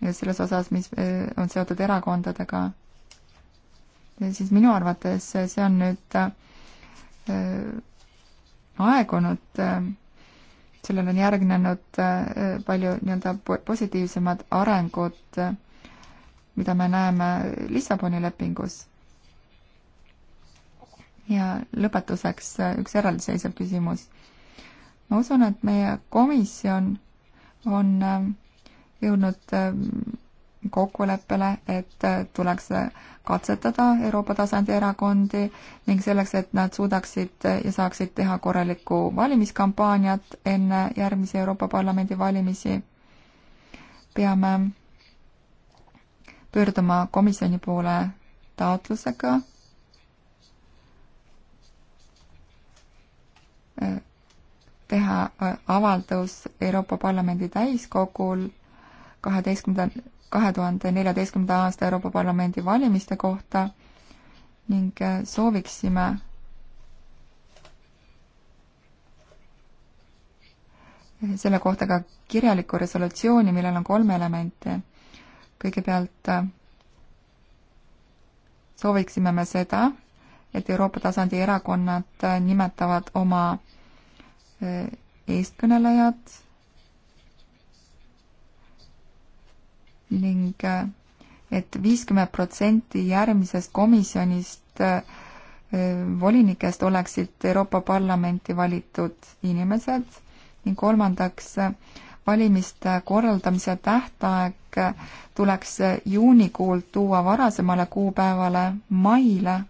ja selles osas, mis äh, on seotud erakondadega, siis minu arvates see on nüüd aegunud, sellele on järgnenud palju nii-öelda positiivsemad arengud, mida me näeme Lissaboni lepingus ja lõpetuseks äh, üks eraldiseisev küsimus. ma usun, et meie komisjon on äh, jõudnud äh, kokkuleppele, et tuleks katsetada Euroopa tasandi erakondi ning selleks, et nad suudaksid ja saaksid teha korralikku valimiskampaaniat enne järgmisi Euroopa Parlamendi valimisi, peame pöörduma komisjoni poole taotlusega teha äh, avaldus Euroopa Parlamendi täiskogul kaheteistkümnenda, kahe tuhande neljateistkümnenda aasta Euroopa Parlamendi valimiste kohta ning äh, sooviksime äh, selle kohta ka kirjalikku resolutsiooni, millel on kolm elementi. kõigepealt sooviksime me seda, et Euroopa tasandi erakonnad nimetavad oma eestkõnelejad ning et viiskümmend protsenti järgmisest komisjonist volinikest oleksid Euroopa Parlamenti valitud inimesed ning kolmandaks, valimiste korraldamise tähtaeg tuleks juunikuult tuua varasemale kuupäevale maile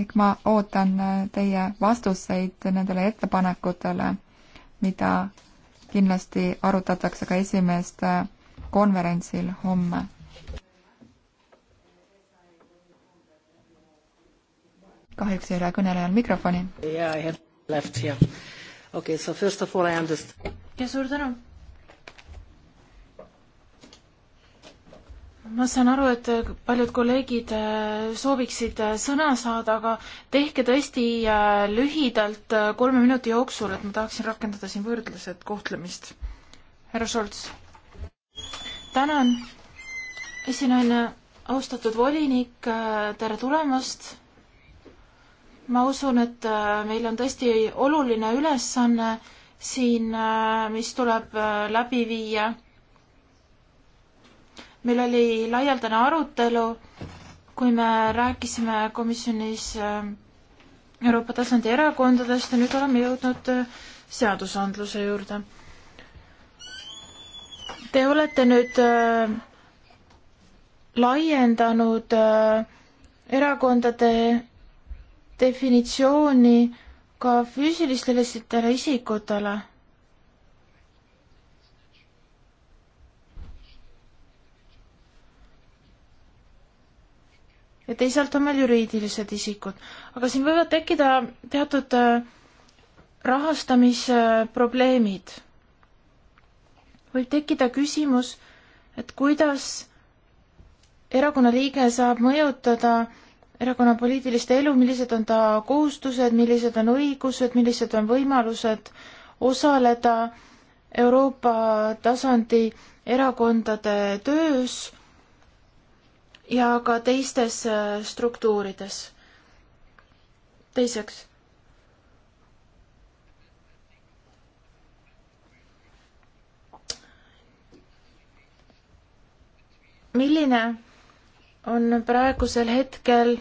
ehk ma ootan äh, teie vastuseid nendele ettepanekutele, mida kindlasti arutatakse ka esimeeste äh, konverentsil homme. kahjuks ei ole kõnelejal mikrofoni.
ja suur tänu ma saan aru, et äh, paljud kolleegid äh, sooviksid äh, sõna saada, aga tehke tõesti lühidalt kolme minuti jooksul, et ma tahaksin rakendada siin võrdlused kohtlemist. härra Šolts. tänan, esinaine, austatud volinik, tere tulemast. ma usun, et meil on tõesti oluline ülesanne siin, mis tuleb läbi viia meil oli laialdane arutelu, kui me rääkisime komisjonis äh, Euroopa tasandi erakondadest ja nüüd oleme jõudnud äh, seadusandluse juurde. Te olete nüüd äh, laiendanud äh, erakondade definitsiooni ka füüsilistele isikutele ja teisalt on meil juriidilised isikud. aga siin võivad tekkida teatud äh, rahastamisprobleemid. võib tekkida küsimus, et kuidas erakonna liige saab mõjutada erakonna poliitilist elu, millised on ta kohustused, millised on õigused, millised on võimalused osaleda Euroopa tasandi erakondade töös ja ka teistes äh, struktuurides. teiseks. milline on praegusel hetkel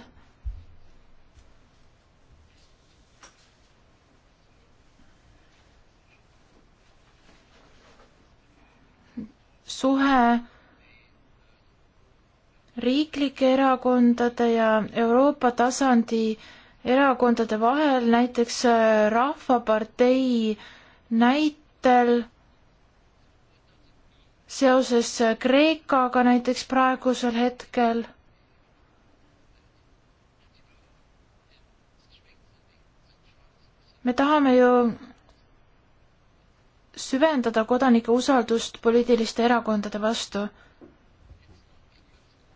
suhe riiklike erakondade ja Euroopa tasandi erakondade vahel, näiteks äh, Rahvapartei näitel seoses äh, Kreekaga näiteks praegusel hetkel. me tahame ju süvendada kodanike usaldust poliitiliste erakondade vastu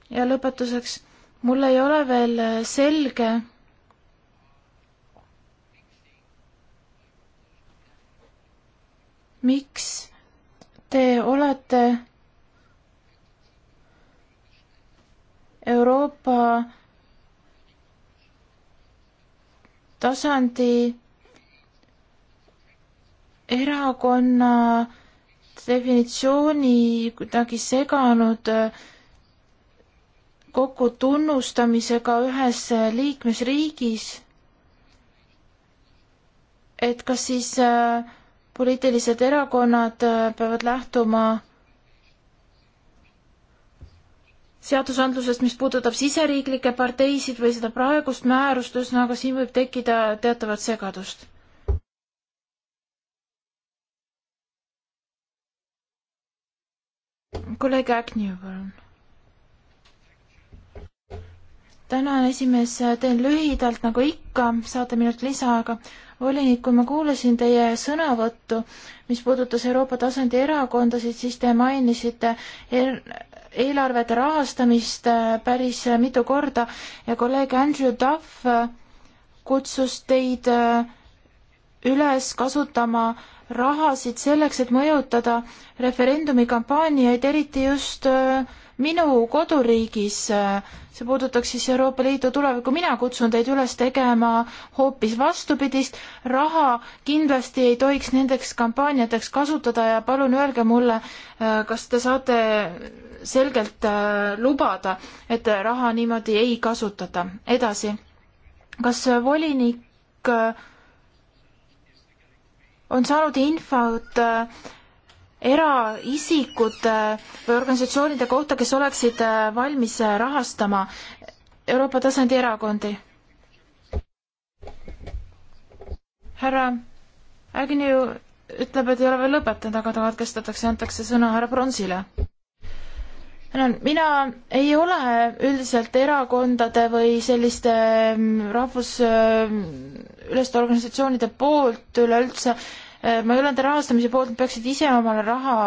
ja lõpetuseks, mul ei ole veel äh, selge, miks te olete Euroopa tasandi erakonna definitsiooni kuidagi seganud äh, kokku tunnustamisega ühes liikmesriigis, et kas siis äh, poliitilised erakonnad äh, peavad lähtuma seadusandlusest, mis puudutab siseriiklikke parteisid või seda praegust määrust, ühesõnaga siin võib tekkida teatavat segadust. kolleeg Äkni, palun tänan, esimees, teen lühidalt, nagu ikka, saate minut lisaaega. volinik, kui ma kuulasin teie sõnavõttu, mis puudutas Euroopa tasandi erakondasid, siis te mainisite er eelarvete rahastamist äh, päris äh, mitu korda ja kolleeg Andrew Duff äh, kutsus teid üles kasutama rahasid selleks, et mõjutada referendumi kampaaniaid, eriti just minu koduriigis, see puudutaks siis Euroopa Liidu tulevikku, mina kutsun teid üles tegema hoopis vastupidist, raha kindlasti ei tohiks nendeks kampaaniateks kasutada ja palun öelge mulle, kas te saate selgelt äh, lubada, et raha niimoodi ei kasutata. edasi, kas volinik äh, on saanud infot äh, eraisikute äh, või organisatsioonide kohta, kes oleksid äh, valmis äh, rahastama Euroopa tasandi erakondi? härra Agnew ütleb, et ei ole veel lõpetanud, aga ta katkestatakse ja antakse sõna härra Bronsile no mina ei ole üldiselt erakondade või selliste mm, rahvusüleste mm, organisatsioonide poolt üleüldse, Äh, Majulande rahastamise poolt peaksid ise omale raha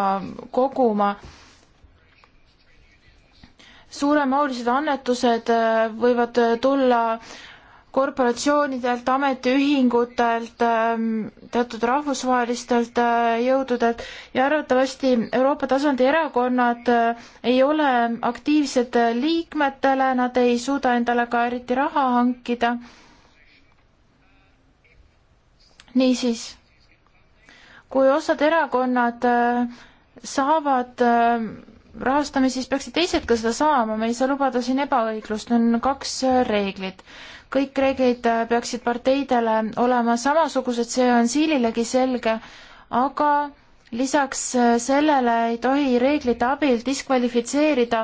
koguma. suuremahulised annetused äh, võivad äh, tulla korporatsioonidelt, ametiühingutelt, ähm, teatud rahvusvahelistelt jõududelt ja arvatavasti Euroopa tasandi erakonnad ei ole aktiivsed liikmetele, nad ei suuda endale ka eriti raha hankida. niisiis kui osad erakonnad äh, saavad äh, rahastamist, siis peaksid teised ka seda saama, me ei saa lubada siin ebaõiglust, on kaks äh, reeglit. kõik reeglid peaksid parteidele olema samasugused, see on Siililegi selge, aga lisaks äh, sellele ei tohi reeglite abil diskvalifitseerida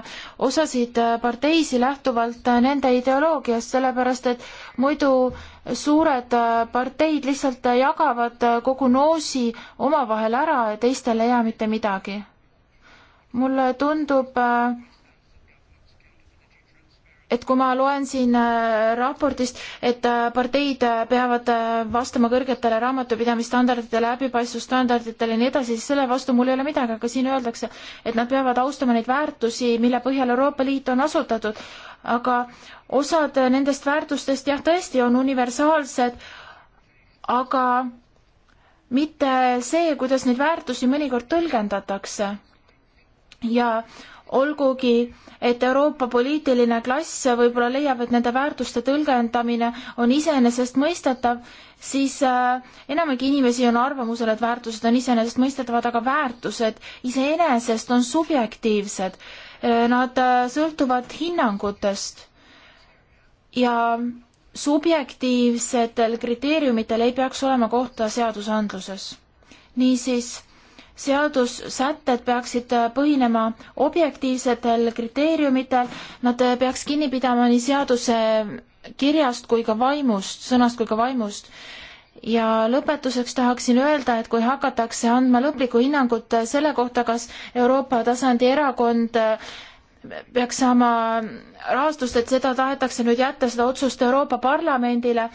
osasid äh, parteisi lähtuvalt äh, nende ideoloogiast, sellepärast et muidu suured parteid lihtsalt jagavad kogu noosi omavahel ära ja teistele ei jää mitte midagi. mulle tundub äh, et kui ma loen siin äh, raportist, et äh, parteid äh, peavad vastama kõrgetele raamatupidamisstandarditele, läbipaistvusstandarditele ja nii edasi, siis selle vastu mul ei ole midagi, aga siin öeldakse, et nad peavad austama neid väärtusi, mille põhjal Euroopa Liit on asutatud. aga osad nendest väärtustest jah, tõesti on universaalsed, aga mitte see, kuidas neid väärtusi mõnikord tõlgendatakse. ja olgugi, et Euroopa poliitiline klass võib-olla leiab, et nende väärtuste tõlgendamine on iseenesestmõistetav, siis äh, enamik inimesi on arvamusel, et väärtused on iseenesestmõistetavad, aga väärtused iseenesest on subjektiivsed. Äh, nad äh, sõltuvad hinnangutest ja subjektiivsetel kriteeriumitel ei peaks olema kohta seadusandluses. niisiis seadussätted peaksid äh, põhinema objektiivsetel kriteeriumitel, nad äh, peaks kinni pidama nii seaduse äh, kirjast kui ka vaimust, sõnast kui ka vaimust. ja lõpetuseks tahaksin öelda, et kui hakatakse andma lõplikku hinnangut selle kohta, kas Euroopa tasandi erakond äh, peaks saama rahastust, et seda tahetakse nüüd jätta, seda otsust Euroopa Parlamendile,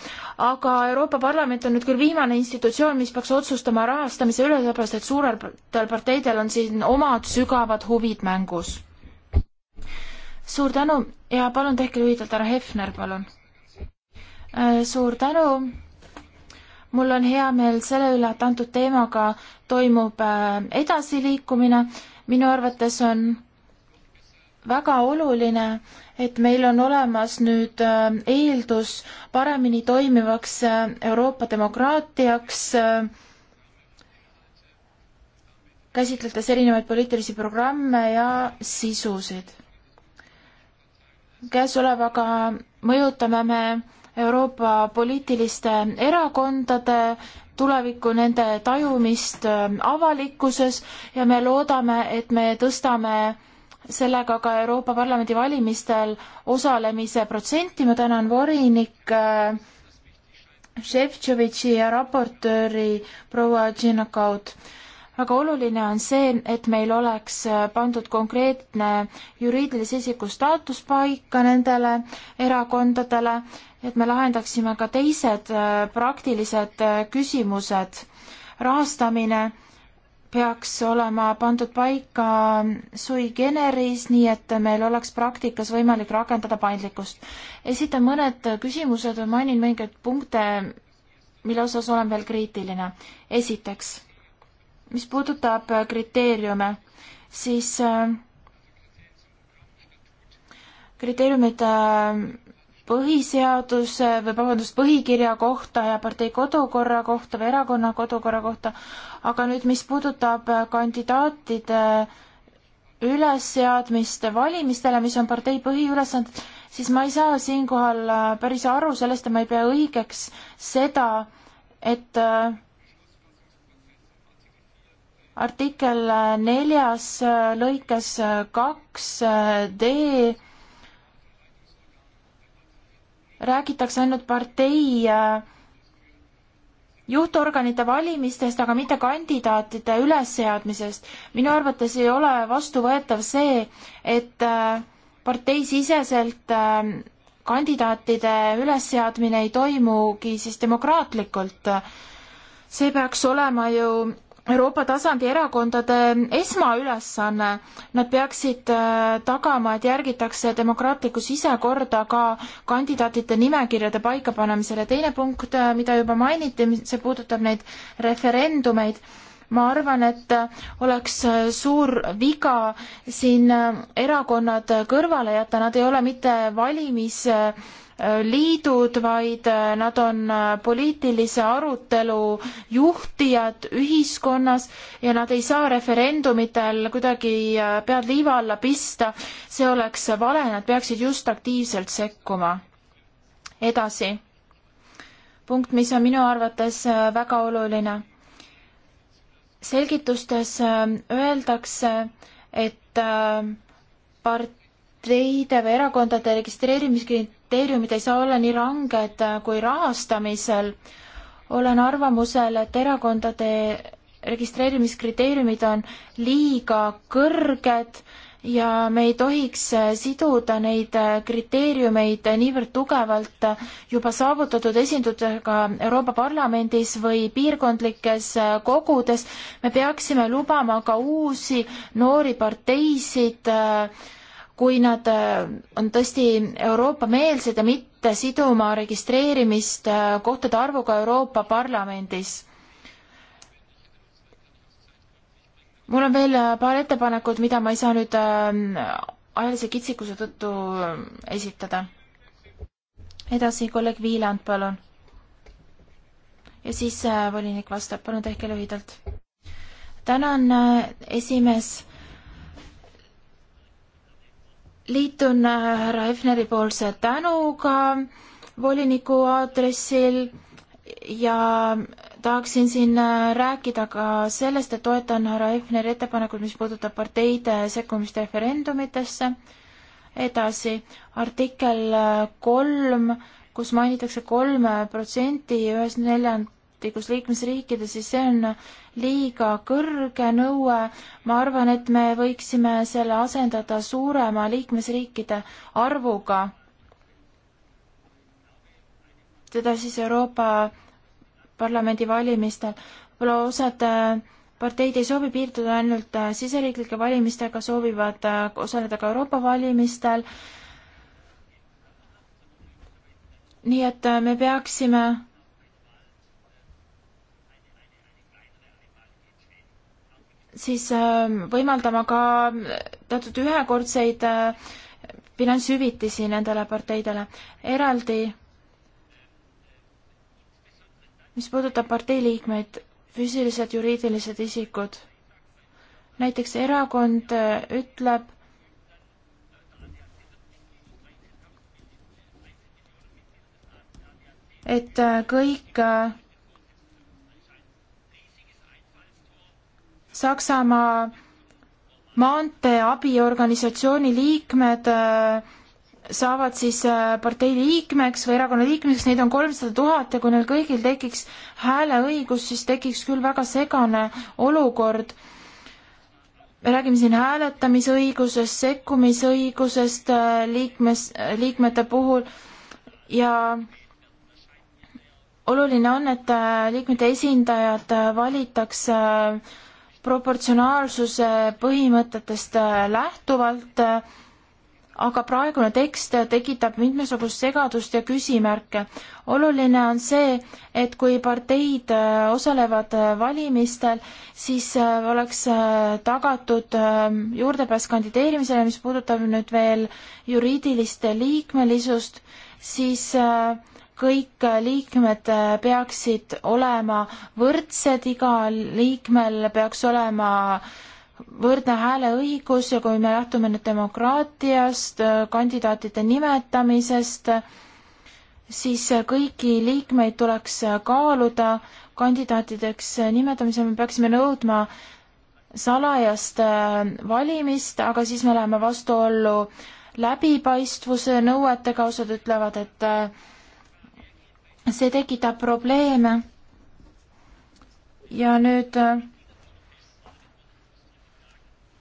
aga Euroopa Parlament on nüüd küll viimane institutsioon, mis peaks otsustama rahastamise üle, sellepärast et suurtel parteidel on siin omad sügavad huvid mängus. suur tänu ja palun tehke lühidalt, härra Hefner, palun. Äh, suur tänu. mul on hea meel selle üle, et antud teemaga toimub äh, edasiliikumine. minu arvates on väga oluline, et meil on olemas nüüd äh, eeldus paremini toimivaks äh, Euroopa demokraatiaks, äh, käsitledes erinevaid poliitilisi programme ja sisusid. käesolevaga mõjutame me Euroopa poliitiliste erakondade tulevikku, nende tajumist avalikkuses ja me loodame, et me tõstame sellega ka Euroopa Parlamendi valimistel osalemise protsenti, ma tänan volinik äh, Šefčovitši ja raportööri proua Tšinokaud. väga oluline on see, et meil oleks äh, pandud konkreetne juriidilise isiku staatus paika nendele erakondadele, et me lahendaksime ka teised äh, praktilised küsimused. rahastamine peaks olema pandud paika sui generis, nii et meil oleks praktikas võimalik rakendada paindlikkust. esitan mõned küsimused või mainin mõningaid punkte, mille osas olen veel kriitiline. esiteks, mis puudutab kriteeriume, siis äh, kriteeriumid äh, põhiseaduse või vabandust, põhikirja kohta ja partei kodukorra kohta või erakonna kodukorra kohta, aga nüüd, mis puudutab kandidaatide ülesseadmist valimistele, mis on partei põhiülesanded, siis ma ei saa siinkohal päris aru sellest ja ma ei pea õigeks seda, et äh, artikkel neljas äh, lõikes kaks äh, D räägitakse ainult partei äh, juhtorganite valimistest, aga mitte kandidaatide ülesseadmisest. minu arvates ei ole vastuvõetav see, et äh, parteisiseselt äh, kandidaatide ülesseadmine ei toimugi siis demokraatlikult. see peaks olema ju Euroopa tasandi erakondade esmaülesanne, nad peaksid äh, tagama, et järgitakse demokraatlikku sisekorda ka kandidaatide nimekirjade paikapanemisel ja teine punkt, äh, mida juba mainiti, see puudutab neid referendumeid ma arvan, et oleks suur viga siin erakonnad kõrvale jätta, nad ei ole mitte valimisliidud, vaid nad on poliitilise arutelu juhtijad ühiskonnas ja nad ei saa referendumitel kuidagi pead liiva alla pista. see oleks vale, nad peaksid just aktiivselt sekkuma. edasi punkt, mis on minu arvates väga oluline selgitustes äh, öeldakse, et äh, parteide või erakondade registreerimiskriteeriumid ei saa olla nii ranged äh, kui rahastamisel. olen arvamusel, et erakondade registreerimiskriteeriumid on liiga kõrged ja me ei tohiks äh, siduda neid äh, kriteeriumeid äh, niivõrd tugevalt juba saavutatud esindusega Euroopa Parlamendis või piirkondlikes kogudes. me peaksime lubama ka uusi noori parteisid, kui nad on tõesti Euroopa-meelsed ja mitte siduma registreerimist kohtade arvuga Euroopa Parlamendis mul on veel äh, paar ettepanekut, mida ma ei saa nüüd ähm, ajalise kitsikuse tõttu ähm, esitada. edasi kolleeg Viiland, palun. ja siis äh, volinik vastab, palun tehke lühidalt. tänan, äh, esimees. liitun härra Hefneri poolse tänuga voliniku aadressil ja tahaksin siin äh, rääkida ka sellest, et toetan härra Efneri ettepanekut, mis puudutab parteide äh, sekkumist referendumitesse. edasi, artikkel äh, kolm, kus mainitakse kolme protsenti ühes neljandikus liikmesriikides, siis see on liiga kõrge nõue. ma arvan, et me võiksime selle asendada suurema liikmesriikide arvuga. seda siis Euroopa parlamendivalimistel. võib-olla osad äh, parteid ei soovi piirduda ainult äh, siseriiklike valimistega, soovivad äh, osaleda ka Euroopa valimistel. nii et me peaksime siis ähm, võimaldama ka teatud ühekordseid finantshüvitisi nendele parteidele. eraldi mis puudutab parteiliikmeid, füüsilised, juriidilised isikud, näiteks erakond äh, ütleb, et äh, kõik äh, Saksamaa maantee abiorganisatsiooni liikmed äh, saavad siis äh, partei liikmeks või erakonna liikmeks, neid on kolmsada tuhat ja kui neil kõigil tekiks hääleõigus, siis tekiks küll väga segane olukord. me räägime siin hääletamisõigusest, sekkumisõigusest äh, liikmes, äh, liikmete puhul ja oluline on, et liikmete esindajad valitakse proportsionaalsuse põhimõtetest lähtuvalt äh, aga praegune tekst tekitab mitmesugust segadust ja küsimärke. oluline on see, et kui parteid äh, osalevad äh, valimistel, siis äh, oleks tagatud ähm, juurdepääs kandideerimisele, mis puudutab nüüd veel juriidilist liikmelisust, siis kõik liikmed peaksid olema võrdsed, igal liikmel peaks olema äh, võrdne hääleõigus ja kui me lähtume nüüd demokraatiast, kandidaatide nimetamisest, siis kõiki liikmeid tuleks kaaluda, kandidaatideks nimetamisel me peaksime nõudma salajast valimist, aga siis me läheme vastuollu läbipaistvuse nõuetega, osad ütlevad, et see tekitab probleeme. ja nüüd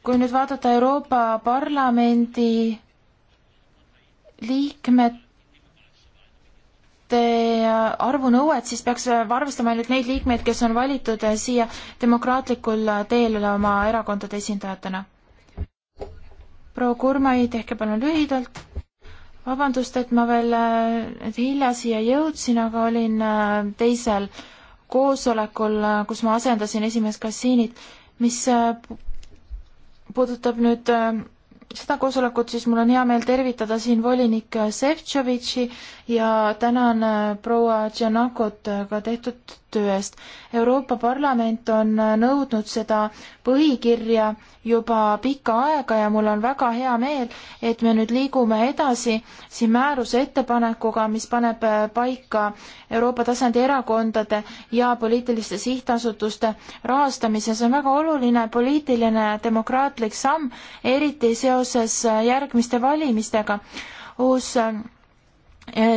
kui nüüd vaadata Euroopa Parlamendi liikmete arvu nõuet, siis peaks arvestama ainult neid liikmeid, kes on valitud siia demokraatlikul teel oma erakondade esindajatena. proua Kurmai, tehke palun lühidalt. vabandust, et ma veel äh, hilja siia jõudsin, aga olin äh, teisel koosolekul, äh, kus ma asendasin esimees Kassiinit, mis puudutab nüüd äh, seda koosolekut, siis mul on hea meel tervitada siin volinik Šefčovitši ja tänan äh, proua Tšernakot äh, ka tehtud töö eest. Euroopa Parlament on nõudnud seda põhikirja juba pikka aega ja mul on väga hea meel, et me nüüd liigume edasi siin määruse ettepanekuga, mis paneb paika Euroopa tasandi erakondade ja poliitiliste sihtasutuste rahastamise. see on väga oluline poliitiline demokraatlik samm, eriti seoses järgmiste valimistega. uus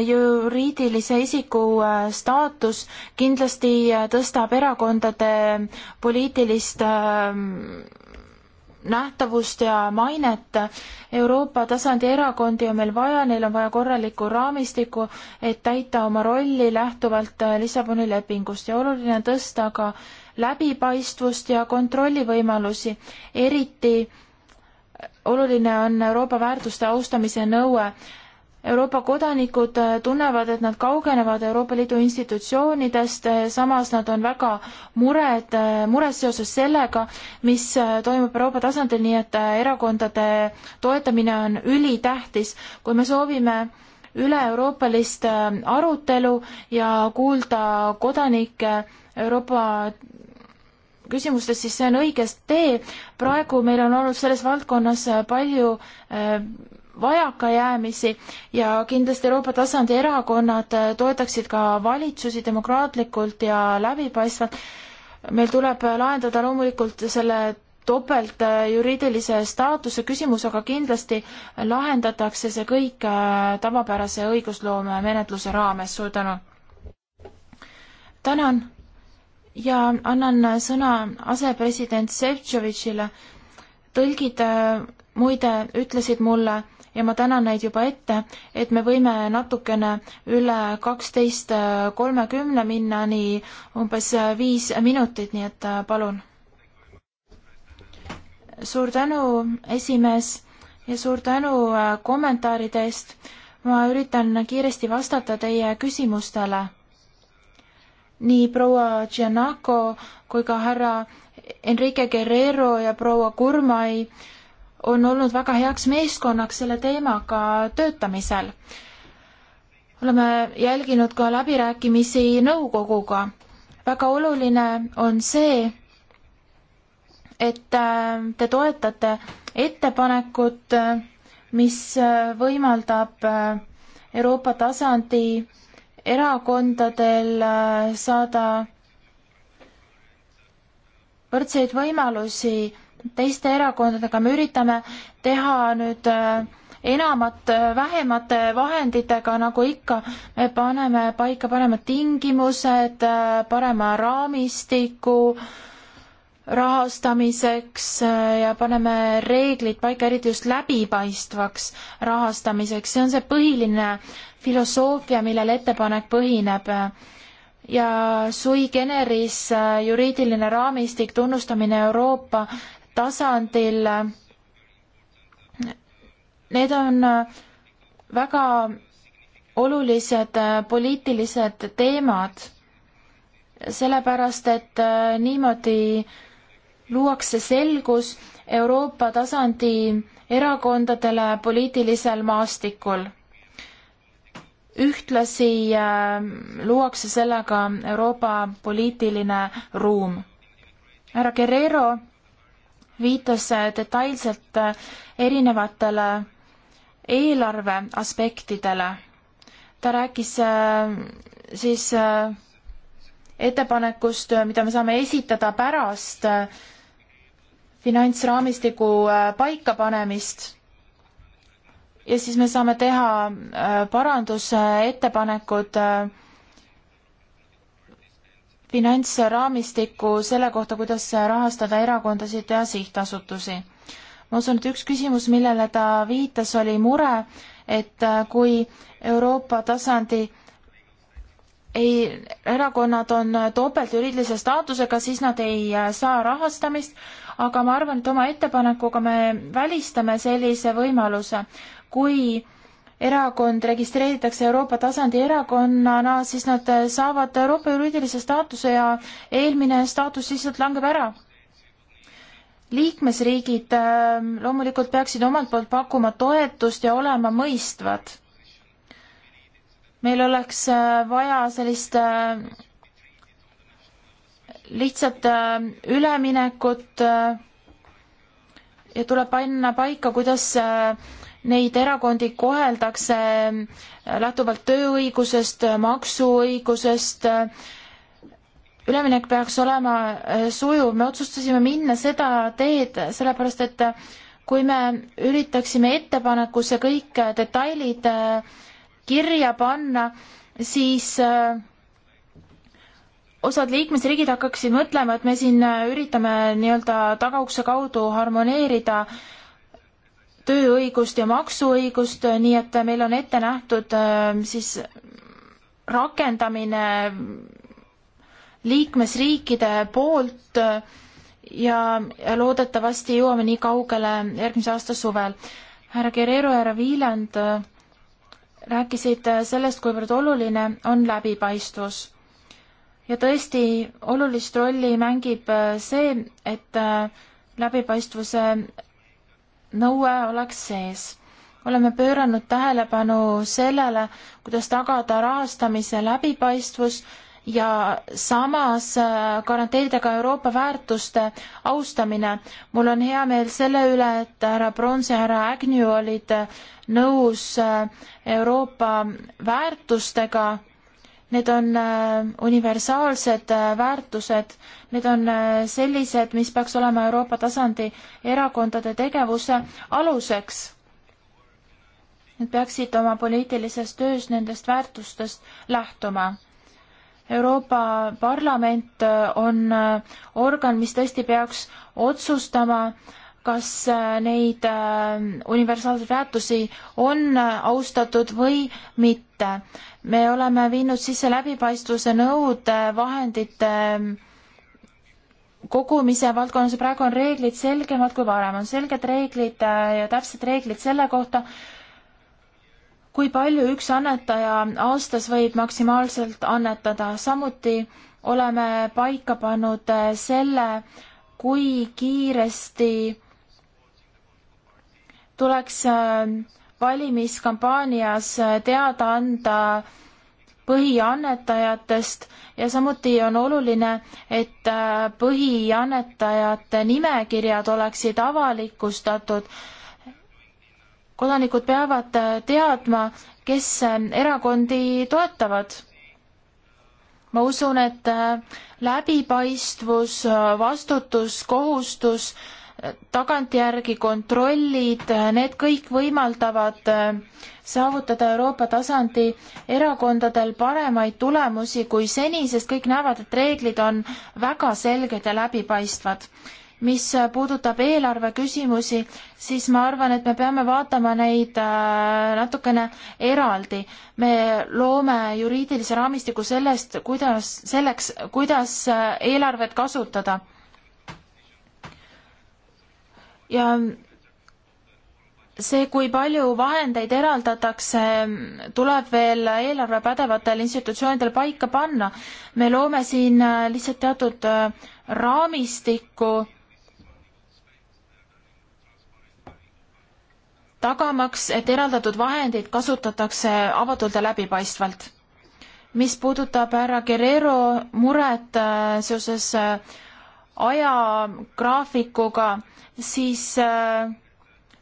juriidilise isiku äh, staatus kindlasti äh, tõstab erakondade poliitilist ähm, nähtavust ja mainet. Euroopa tasandi erakondi on meil vaja, neil on vaja korralikku raamistikku, et täita oma rolli lähtuvalt äh, Lissaboni lepingust ja oluline on tõsta ka läbipaistvust ja kontrollivõimalusi, eriti oluline on Euroopa väärtuste austamise nõue Euroopa kodanikud äh, tunnevad, et nad kaugenevad Euroopa Liidu institutsioonidest, äh, samas nad on väga mured, äh, mures seoses sellega, mis toimub Euroopa tasandil, nii et erakondade toetamine on ülitähtis. kui me soovime üle-euroopalist arutelu ja kuulda kodanikke Euroopa küsimustes, siis see on õiges tee. praegu meil on olnud selles valdkonnas palju vajakajäämisi ja kindlasti Euroopa tasandi erakonnad äh, toetaksid ka valitsusi demokraatlikult ja läbipaistvalt. meil tuleb lahendada loomulikult selle topelt äh, juriidilise staatuse küsimus, aga kindlasti lahendatakse see kõik äh, tavapärase õigusloome menetluse raames. suur tänu! tänan ja annan sõna asepresident Šefčovičile. tõlgid muide ütlesid mulle, ja ma tänan neid juba ette, et me võime natukene üle kaksteist kolmekümne minna, nii umbes viis minutit, nii et äh, palun. suur tänu, esimees, ja suur tänu äh, kommentaaride eest. ma üritan kiiresti vastata teie küsimustele. nii proua Giannaco kui ka härra Enrique Guerrero ja proua Kurmai äh, on olnud väga heaks meeskonnaks selle teemaga töötamisel. oleme jälginud ka läbirääkimisi nõukoguga. väga oluline on see, et äh, te toetate ettepanekut, äh, mis äh, võimaldab Euroopa tasandi erakondadel saada võrdseid võimalusi teiste erakondadega, me üritame teha nüüd äh, enamat äh, vähemate äh, vahenditega, nagu ikka, me paneme paika paremad tingimused, parema raamistiku rahastamiseks ja paneme reeglid paika eriti just läbipaistvaks rahastamiseks, see on see põhiline filosoofia, millel ettepanek põhineb ja sui generis juriidiline raamistik tunnustamine Euroopa tasandil. Need on väga olulised poliitilised teemad, sellepärast et niimoodi luuakse selgus Euroopa tasandi erakondadele poliitilisel maastikul. ühtlasi äh, luuakse sellega Euroopa poliitiline ruum. härra Guerrero viitas äh, detailselt äh, erinevatele eelarve aspektidele. ta rääkis äh, siis ettepanekust, mida me saame esitada pärast finantsraamistiku paikapanemist ja siis me saame teha parandusettepanekud äh, finantsraamistikku selle kohta, kuidas rahastada erakondasid ja sihtasutusi. ma usun, et üks küsimus, millele ta viitas, oli mure, et kui Euroopa tasandi ei, erakonnad on topeltjuriidilise staatusega, siis nad ei saa rahastamist, aga ma arvan, et oma ettepanekuga me välistame sellise võimaluse, kui erakond registreeritakse Euroopa tasandi erakonnana, siis nad saavad Euroopa juriidilise staatuse ja eelmine staatus lihtsalt langeb ära. liikmesriigid ähm, loomulikult peaksid omalt poolt pakkuma toetust ja olema mõistvad. meil oleks äh, vaja sellist äh, lihtsat äh, üleminekut ja tuleb panna paika, kuidas neid erakondi koheldakse ähm, lähtuvalt tööõigusest, maksuõigusest. üleminek peaks olema äh, sujuv, me otsustasime minna seda teed, sellepärast et äh, kui me üritaksime ettepanekusse kõik äh, detailid kirja panna, siis osad liikmesriigid hakkaksid mõtlema, et me siin üritame nii-öelda tagaukse kaudu harmoneerida tööõigust ja maksuõigust, nii et meil on ette nähtud ähm, siis rakendamine liikmesriikide poolt äh, ja loodetavasti jõuame nii kaugele järgmise aasta suvel. härra Guerrero, härra Viiland äh, rääkisid äh, sellest, kuivõrd oluline on läbipaistvus. ja tõesti, olulist rolli mängib see, et läbipaistvuse nõue oleks sees. oleme pööranud tähelepanu sellele, kuidas tagada rahastamise läbipaistvus ja samas äh, garanteerida ka Euroopa väärtuste austamine. mul on hea meel selle üle, et härra Brons ja härra Agnew olid äh, nõus äh, Euroopa väärtustega Need on äh, universaalsed äh, väärtused, need on äh, sellised, mis peaks olema Euroopa tasandi erakondade tegevuse aluseks. Nad peaksid oma poliitilises töös nendest väärtustest lähtuma Euroopa Parlament on organ, mis tõesti peaks otsustama, kas neid universaalseid väärtusi on austatud või mitte me oleme viinud sisse läbipaistvuse nõude eh, vahendite mm, kogumise valdkonnas ja praegu on reeglid selgemad kui varem, on selged reeglid eh, ja täpsed reeglid selle kohta, kui palju üks annetaja aastas võib maksimaalselt annetada, samuti oleme paika pannud eh, selle, kui kiiresti tuleks valimiskampaanias teada anda põhiannetajatest ja samuti on oluline, et äh, põhiannetajate nimekirjad oleksid avalikustatud. kodanikud peavad äh, teadma, kes äh, erakondi toetavad ma usun, et läbipaistvus, vastutus, kohustus tagantjärgi kontrollid, need kõik võimaldavad äh, saavutada Euroopa tasandi erakondadel paremaid tulemusi kui seni, sest kõik näevad, et reeglid on väga selged ja läbipaistvad. mis puudutab eelarve küsimusi, siis ma arvan, et me peame vaatama neid äh, natukene eraldi. me loome juriidilise raamistiku sellest, kuidas, selleks, kuidas äh, eelarvet kasutada ja see, kui palju vahendeid eraldatakse, tuleb veel eelarve pädevatel institutsioonidel paika panna. me loome siin lihtsalt teatud äh, raamistikku, tagamaks, et eraldatud vahendeid kasutatakse avatult ja läbipaistvalt. mis puudutab härra Guerrero muret äh, seoses äh, ajagraafikuga, siis äh,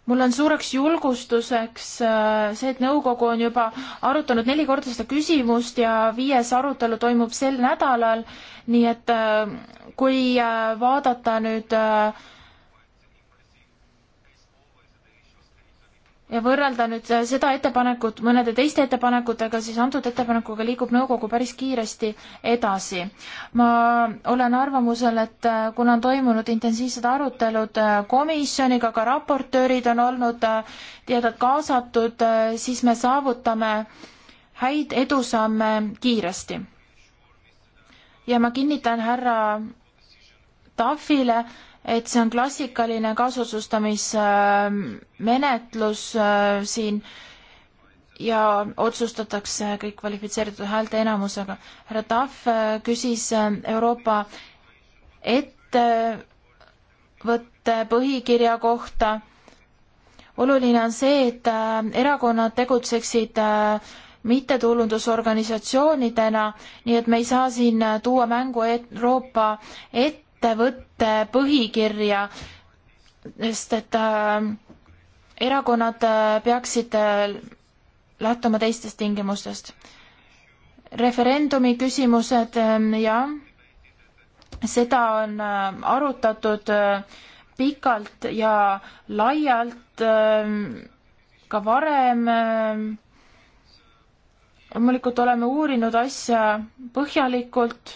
mul on suureks julgustuseks äh, see, et nõukogu on juba arutanud neli korda seda küsimust ja viies arutelu toimub sel nädalal, nii et äh, kui äh, vaadata nüüd äh, ja võrrelda nüüd äh, seda ettepanekut mõnede teiste ettepanekutega, siis antud ettepanekuga liigub nõukogu päris kiiresti edasi. ma olen arvamusel, et äh, kuna on toimunud intensiivsed arutelud äh, komisjoniga, ka raportöörid on olnud teadvalt kaasatud, siis me saavutame häid edusamme kiiresti. ja ma kinnitan härra Tahvile, et see on klassikaline kaasotsustamismenetlus äh, siin ja otsustatakse kõik kvalifitseeritud häälte enamusega. härra Tahv äh, küsis äh, Euroopa ettevõtte põhikirja kohta. oluline on see, et erakonnad tegutseksid mittetulundusorganisatsioonidena, nii et me ei saa siin tuua mängu Euroopa et-, ettevõtte põhikirja, sest et äh, erakonnad äh, peaksid äh, lähtuma teistest tingimustest. referendumi küsimused, ähm, jah, seda on arutatud pikalt ja laialt ähm, ka varem. Ähm, loomulikult oleme uurinud asja põhjalikult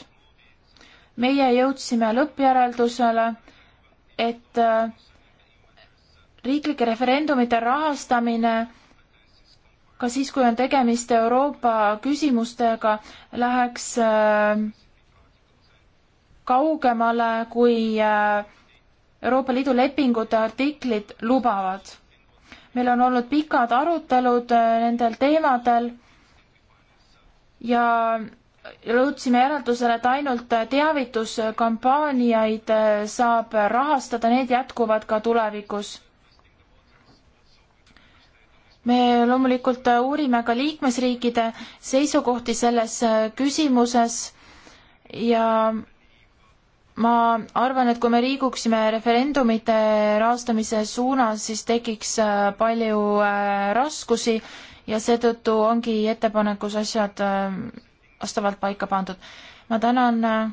meie jõudsime lõppjäreldusele, et äh, riiklike referendumite rahastamine ka siis, kui on tegemist Euroopa küsimustega, läheks äh, kaugemale, kui äh, Euroopa Liidu lepingute artiklid lubavad. meil on olnud pikad arutelud nendel teemadel ja jõudsime järeldusele, et ainult teavituskampaaniaid äh, saab rahastada, need jätkuvad ka tulevikus. me loomulikult äh, uurime ka liikmesriikide seisukohti selles äh, küsimuses ja ma arvan, et kui me liiguksime referendumite rahastamise suunas, siis tekiks palju raskusi ja seetõttu ongi ettepanekus asjad vastavalt paika pandud. ma tänan äh,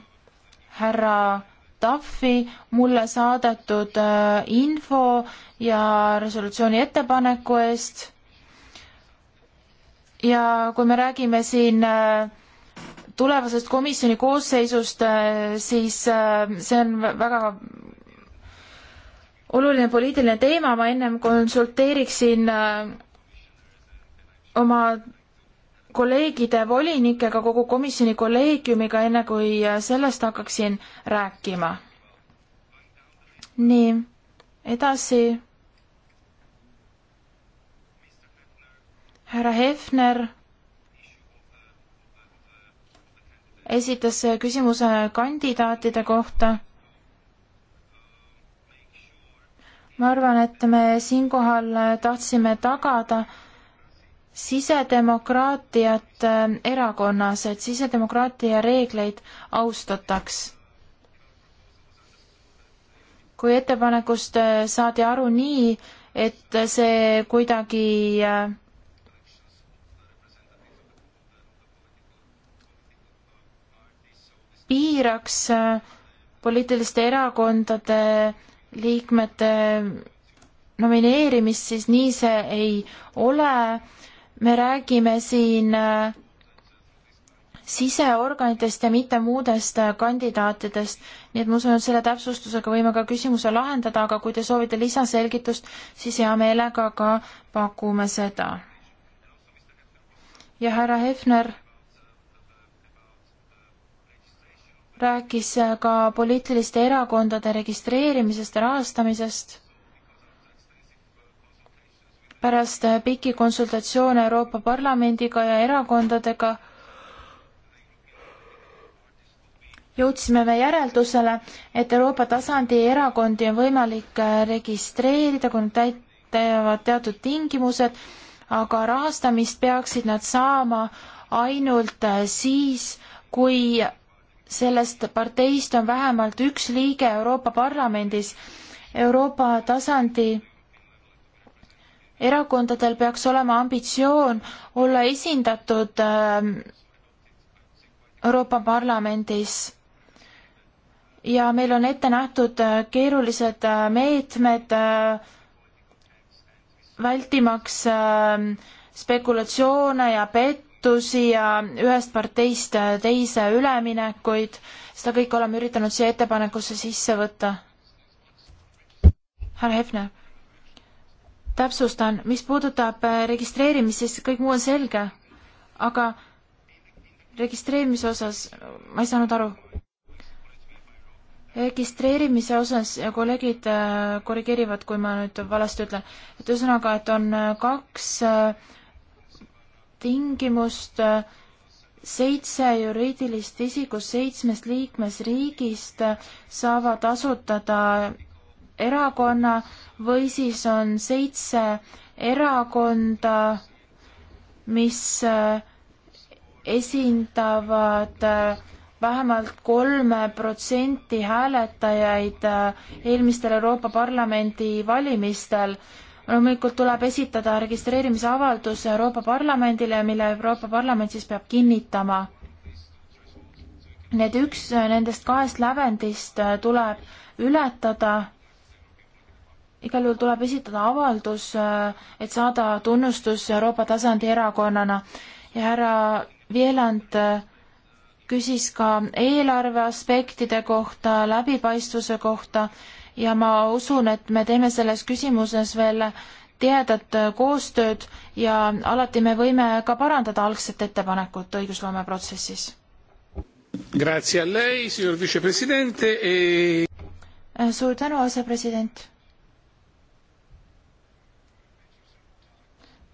härra TAFi mulle saadetud äh, info ja resolutsiooni ettepaneku eest. ja kui me räägime siin äh, tulevasest komisjoni koosseisust, siis see on väga oluline poliitiline teema, ma ennem konsulteeriksin oma kolleegide volinikega, kogu komisjoni kolleegiumiga, enne kui äh, sellest hakkaksin rääkima. nii, edasi. härra Hefner esitas äh, küsimuse kandidaatide kohta. ma arvan, et me siinkohal äh, tahtsime tagada, sisedemokraatiat äh, erakonnas, et sisedemokraatia reegleid austataks. kui ettepanekust äh, saadi aru nii, et see kuidagi äh, piiraks poliitiliste erakondade liikmete nomineerimist, siis nii see ei ole me räägime siin äh, siseorganitest ja mitte muudest äh, kandidaatidest. nii et ma usun, et selle täpsustusega võime ka küsimuse lahendada, aga kui te soovite lisaselgitust, siis hea meelega ka pakume seda. ja härra Hefner rääkis äh, ka poliitiliste erakondade registreerimisest ja rahastamisest pärast pikki konsultatsioone Euroopa Parlamendiga ja erakondadega jõudsime me järeldusele, et Euroopa tasandi erakondi on võimalik äh, registreerida, kui nad täitavad teatud tingimused, aga rahastamist peaksid nad saama ainult äh, siis, kui sellest parteist on vähemalt üks liige Euroopa Parlamendis. Euroopa tasandi erakondadel peaks olema ambitsioon olla esindatud ähm, Euroopa Parlamendis ja meil on ette nähtud äh, keerulised äh, meetmed äh, vältimaks ähm, spekulatsioone ja pettusi ja ühest parteist teise üleminekuid. seda kõike oleme üritanud siia ettepanekusse sisse võtta. härra Hefner täpsustan, mis puudutab äh, registreerimist, siis kõik muu on selge, aga registreerimise osas ma ei saanud aru. registreerimise osas ja äh, kolleegid äh, korrigeerivad, kui ma nüüd valesti ütlen, et ühesõnaga, et on kaks tingimust, seitse juriidilist isikust seitsmest liikmesriigist saavad asutada erakonna või siis on seitse erakonda, mis äh, esindavad äh, vähemalt kolme protsenti hääletajaid äh, eelmistel Euroopa Parlamendi valimistel. loomulikult tuleb esitada registreerimisavaldus Euroopa Parlamendile, mille Euroopa Parlament siis peab kinnitama. Need üks nendest kahest lävendist tuleb ületada igal juhul tuleb esitada avaldus, äh, et saada tunnustus Euroopa tasandi erakonnana ja härra Vieland äh, küsis ka eelarve aspektide kohta, läbipaistvuse kohta ja ma usun, et me teeme selles küsimuses veel tihedat äh, koostööd ja alati me võime ka parandada algset ettepanekut õigusloome protsessis. E... suur tänu, asepresident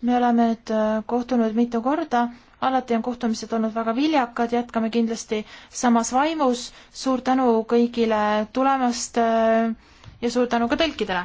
me oleme nüüd äh, kohtunud mitu korda, alati on kohtumised olnud väga viljakad, jätkame kindlasti samas vaimus. suur tänu kõigile tulemast äh, ja suur tänu ka tõlkidele.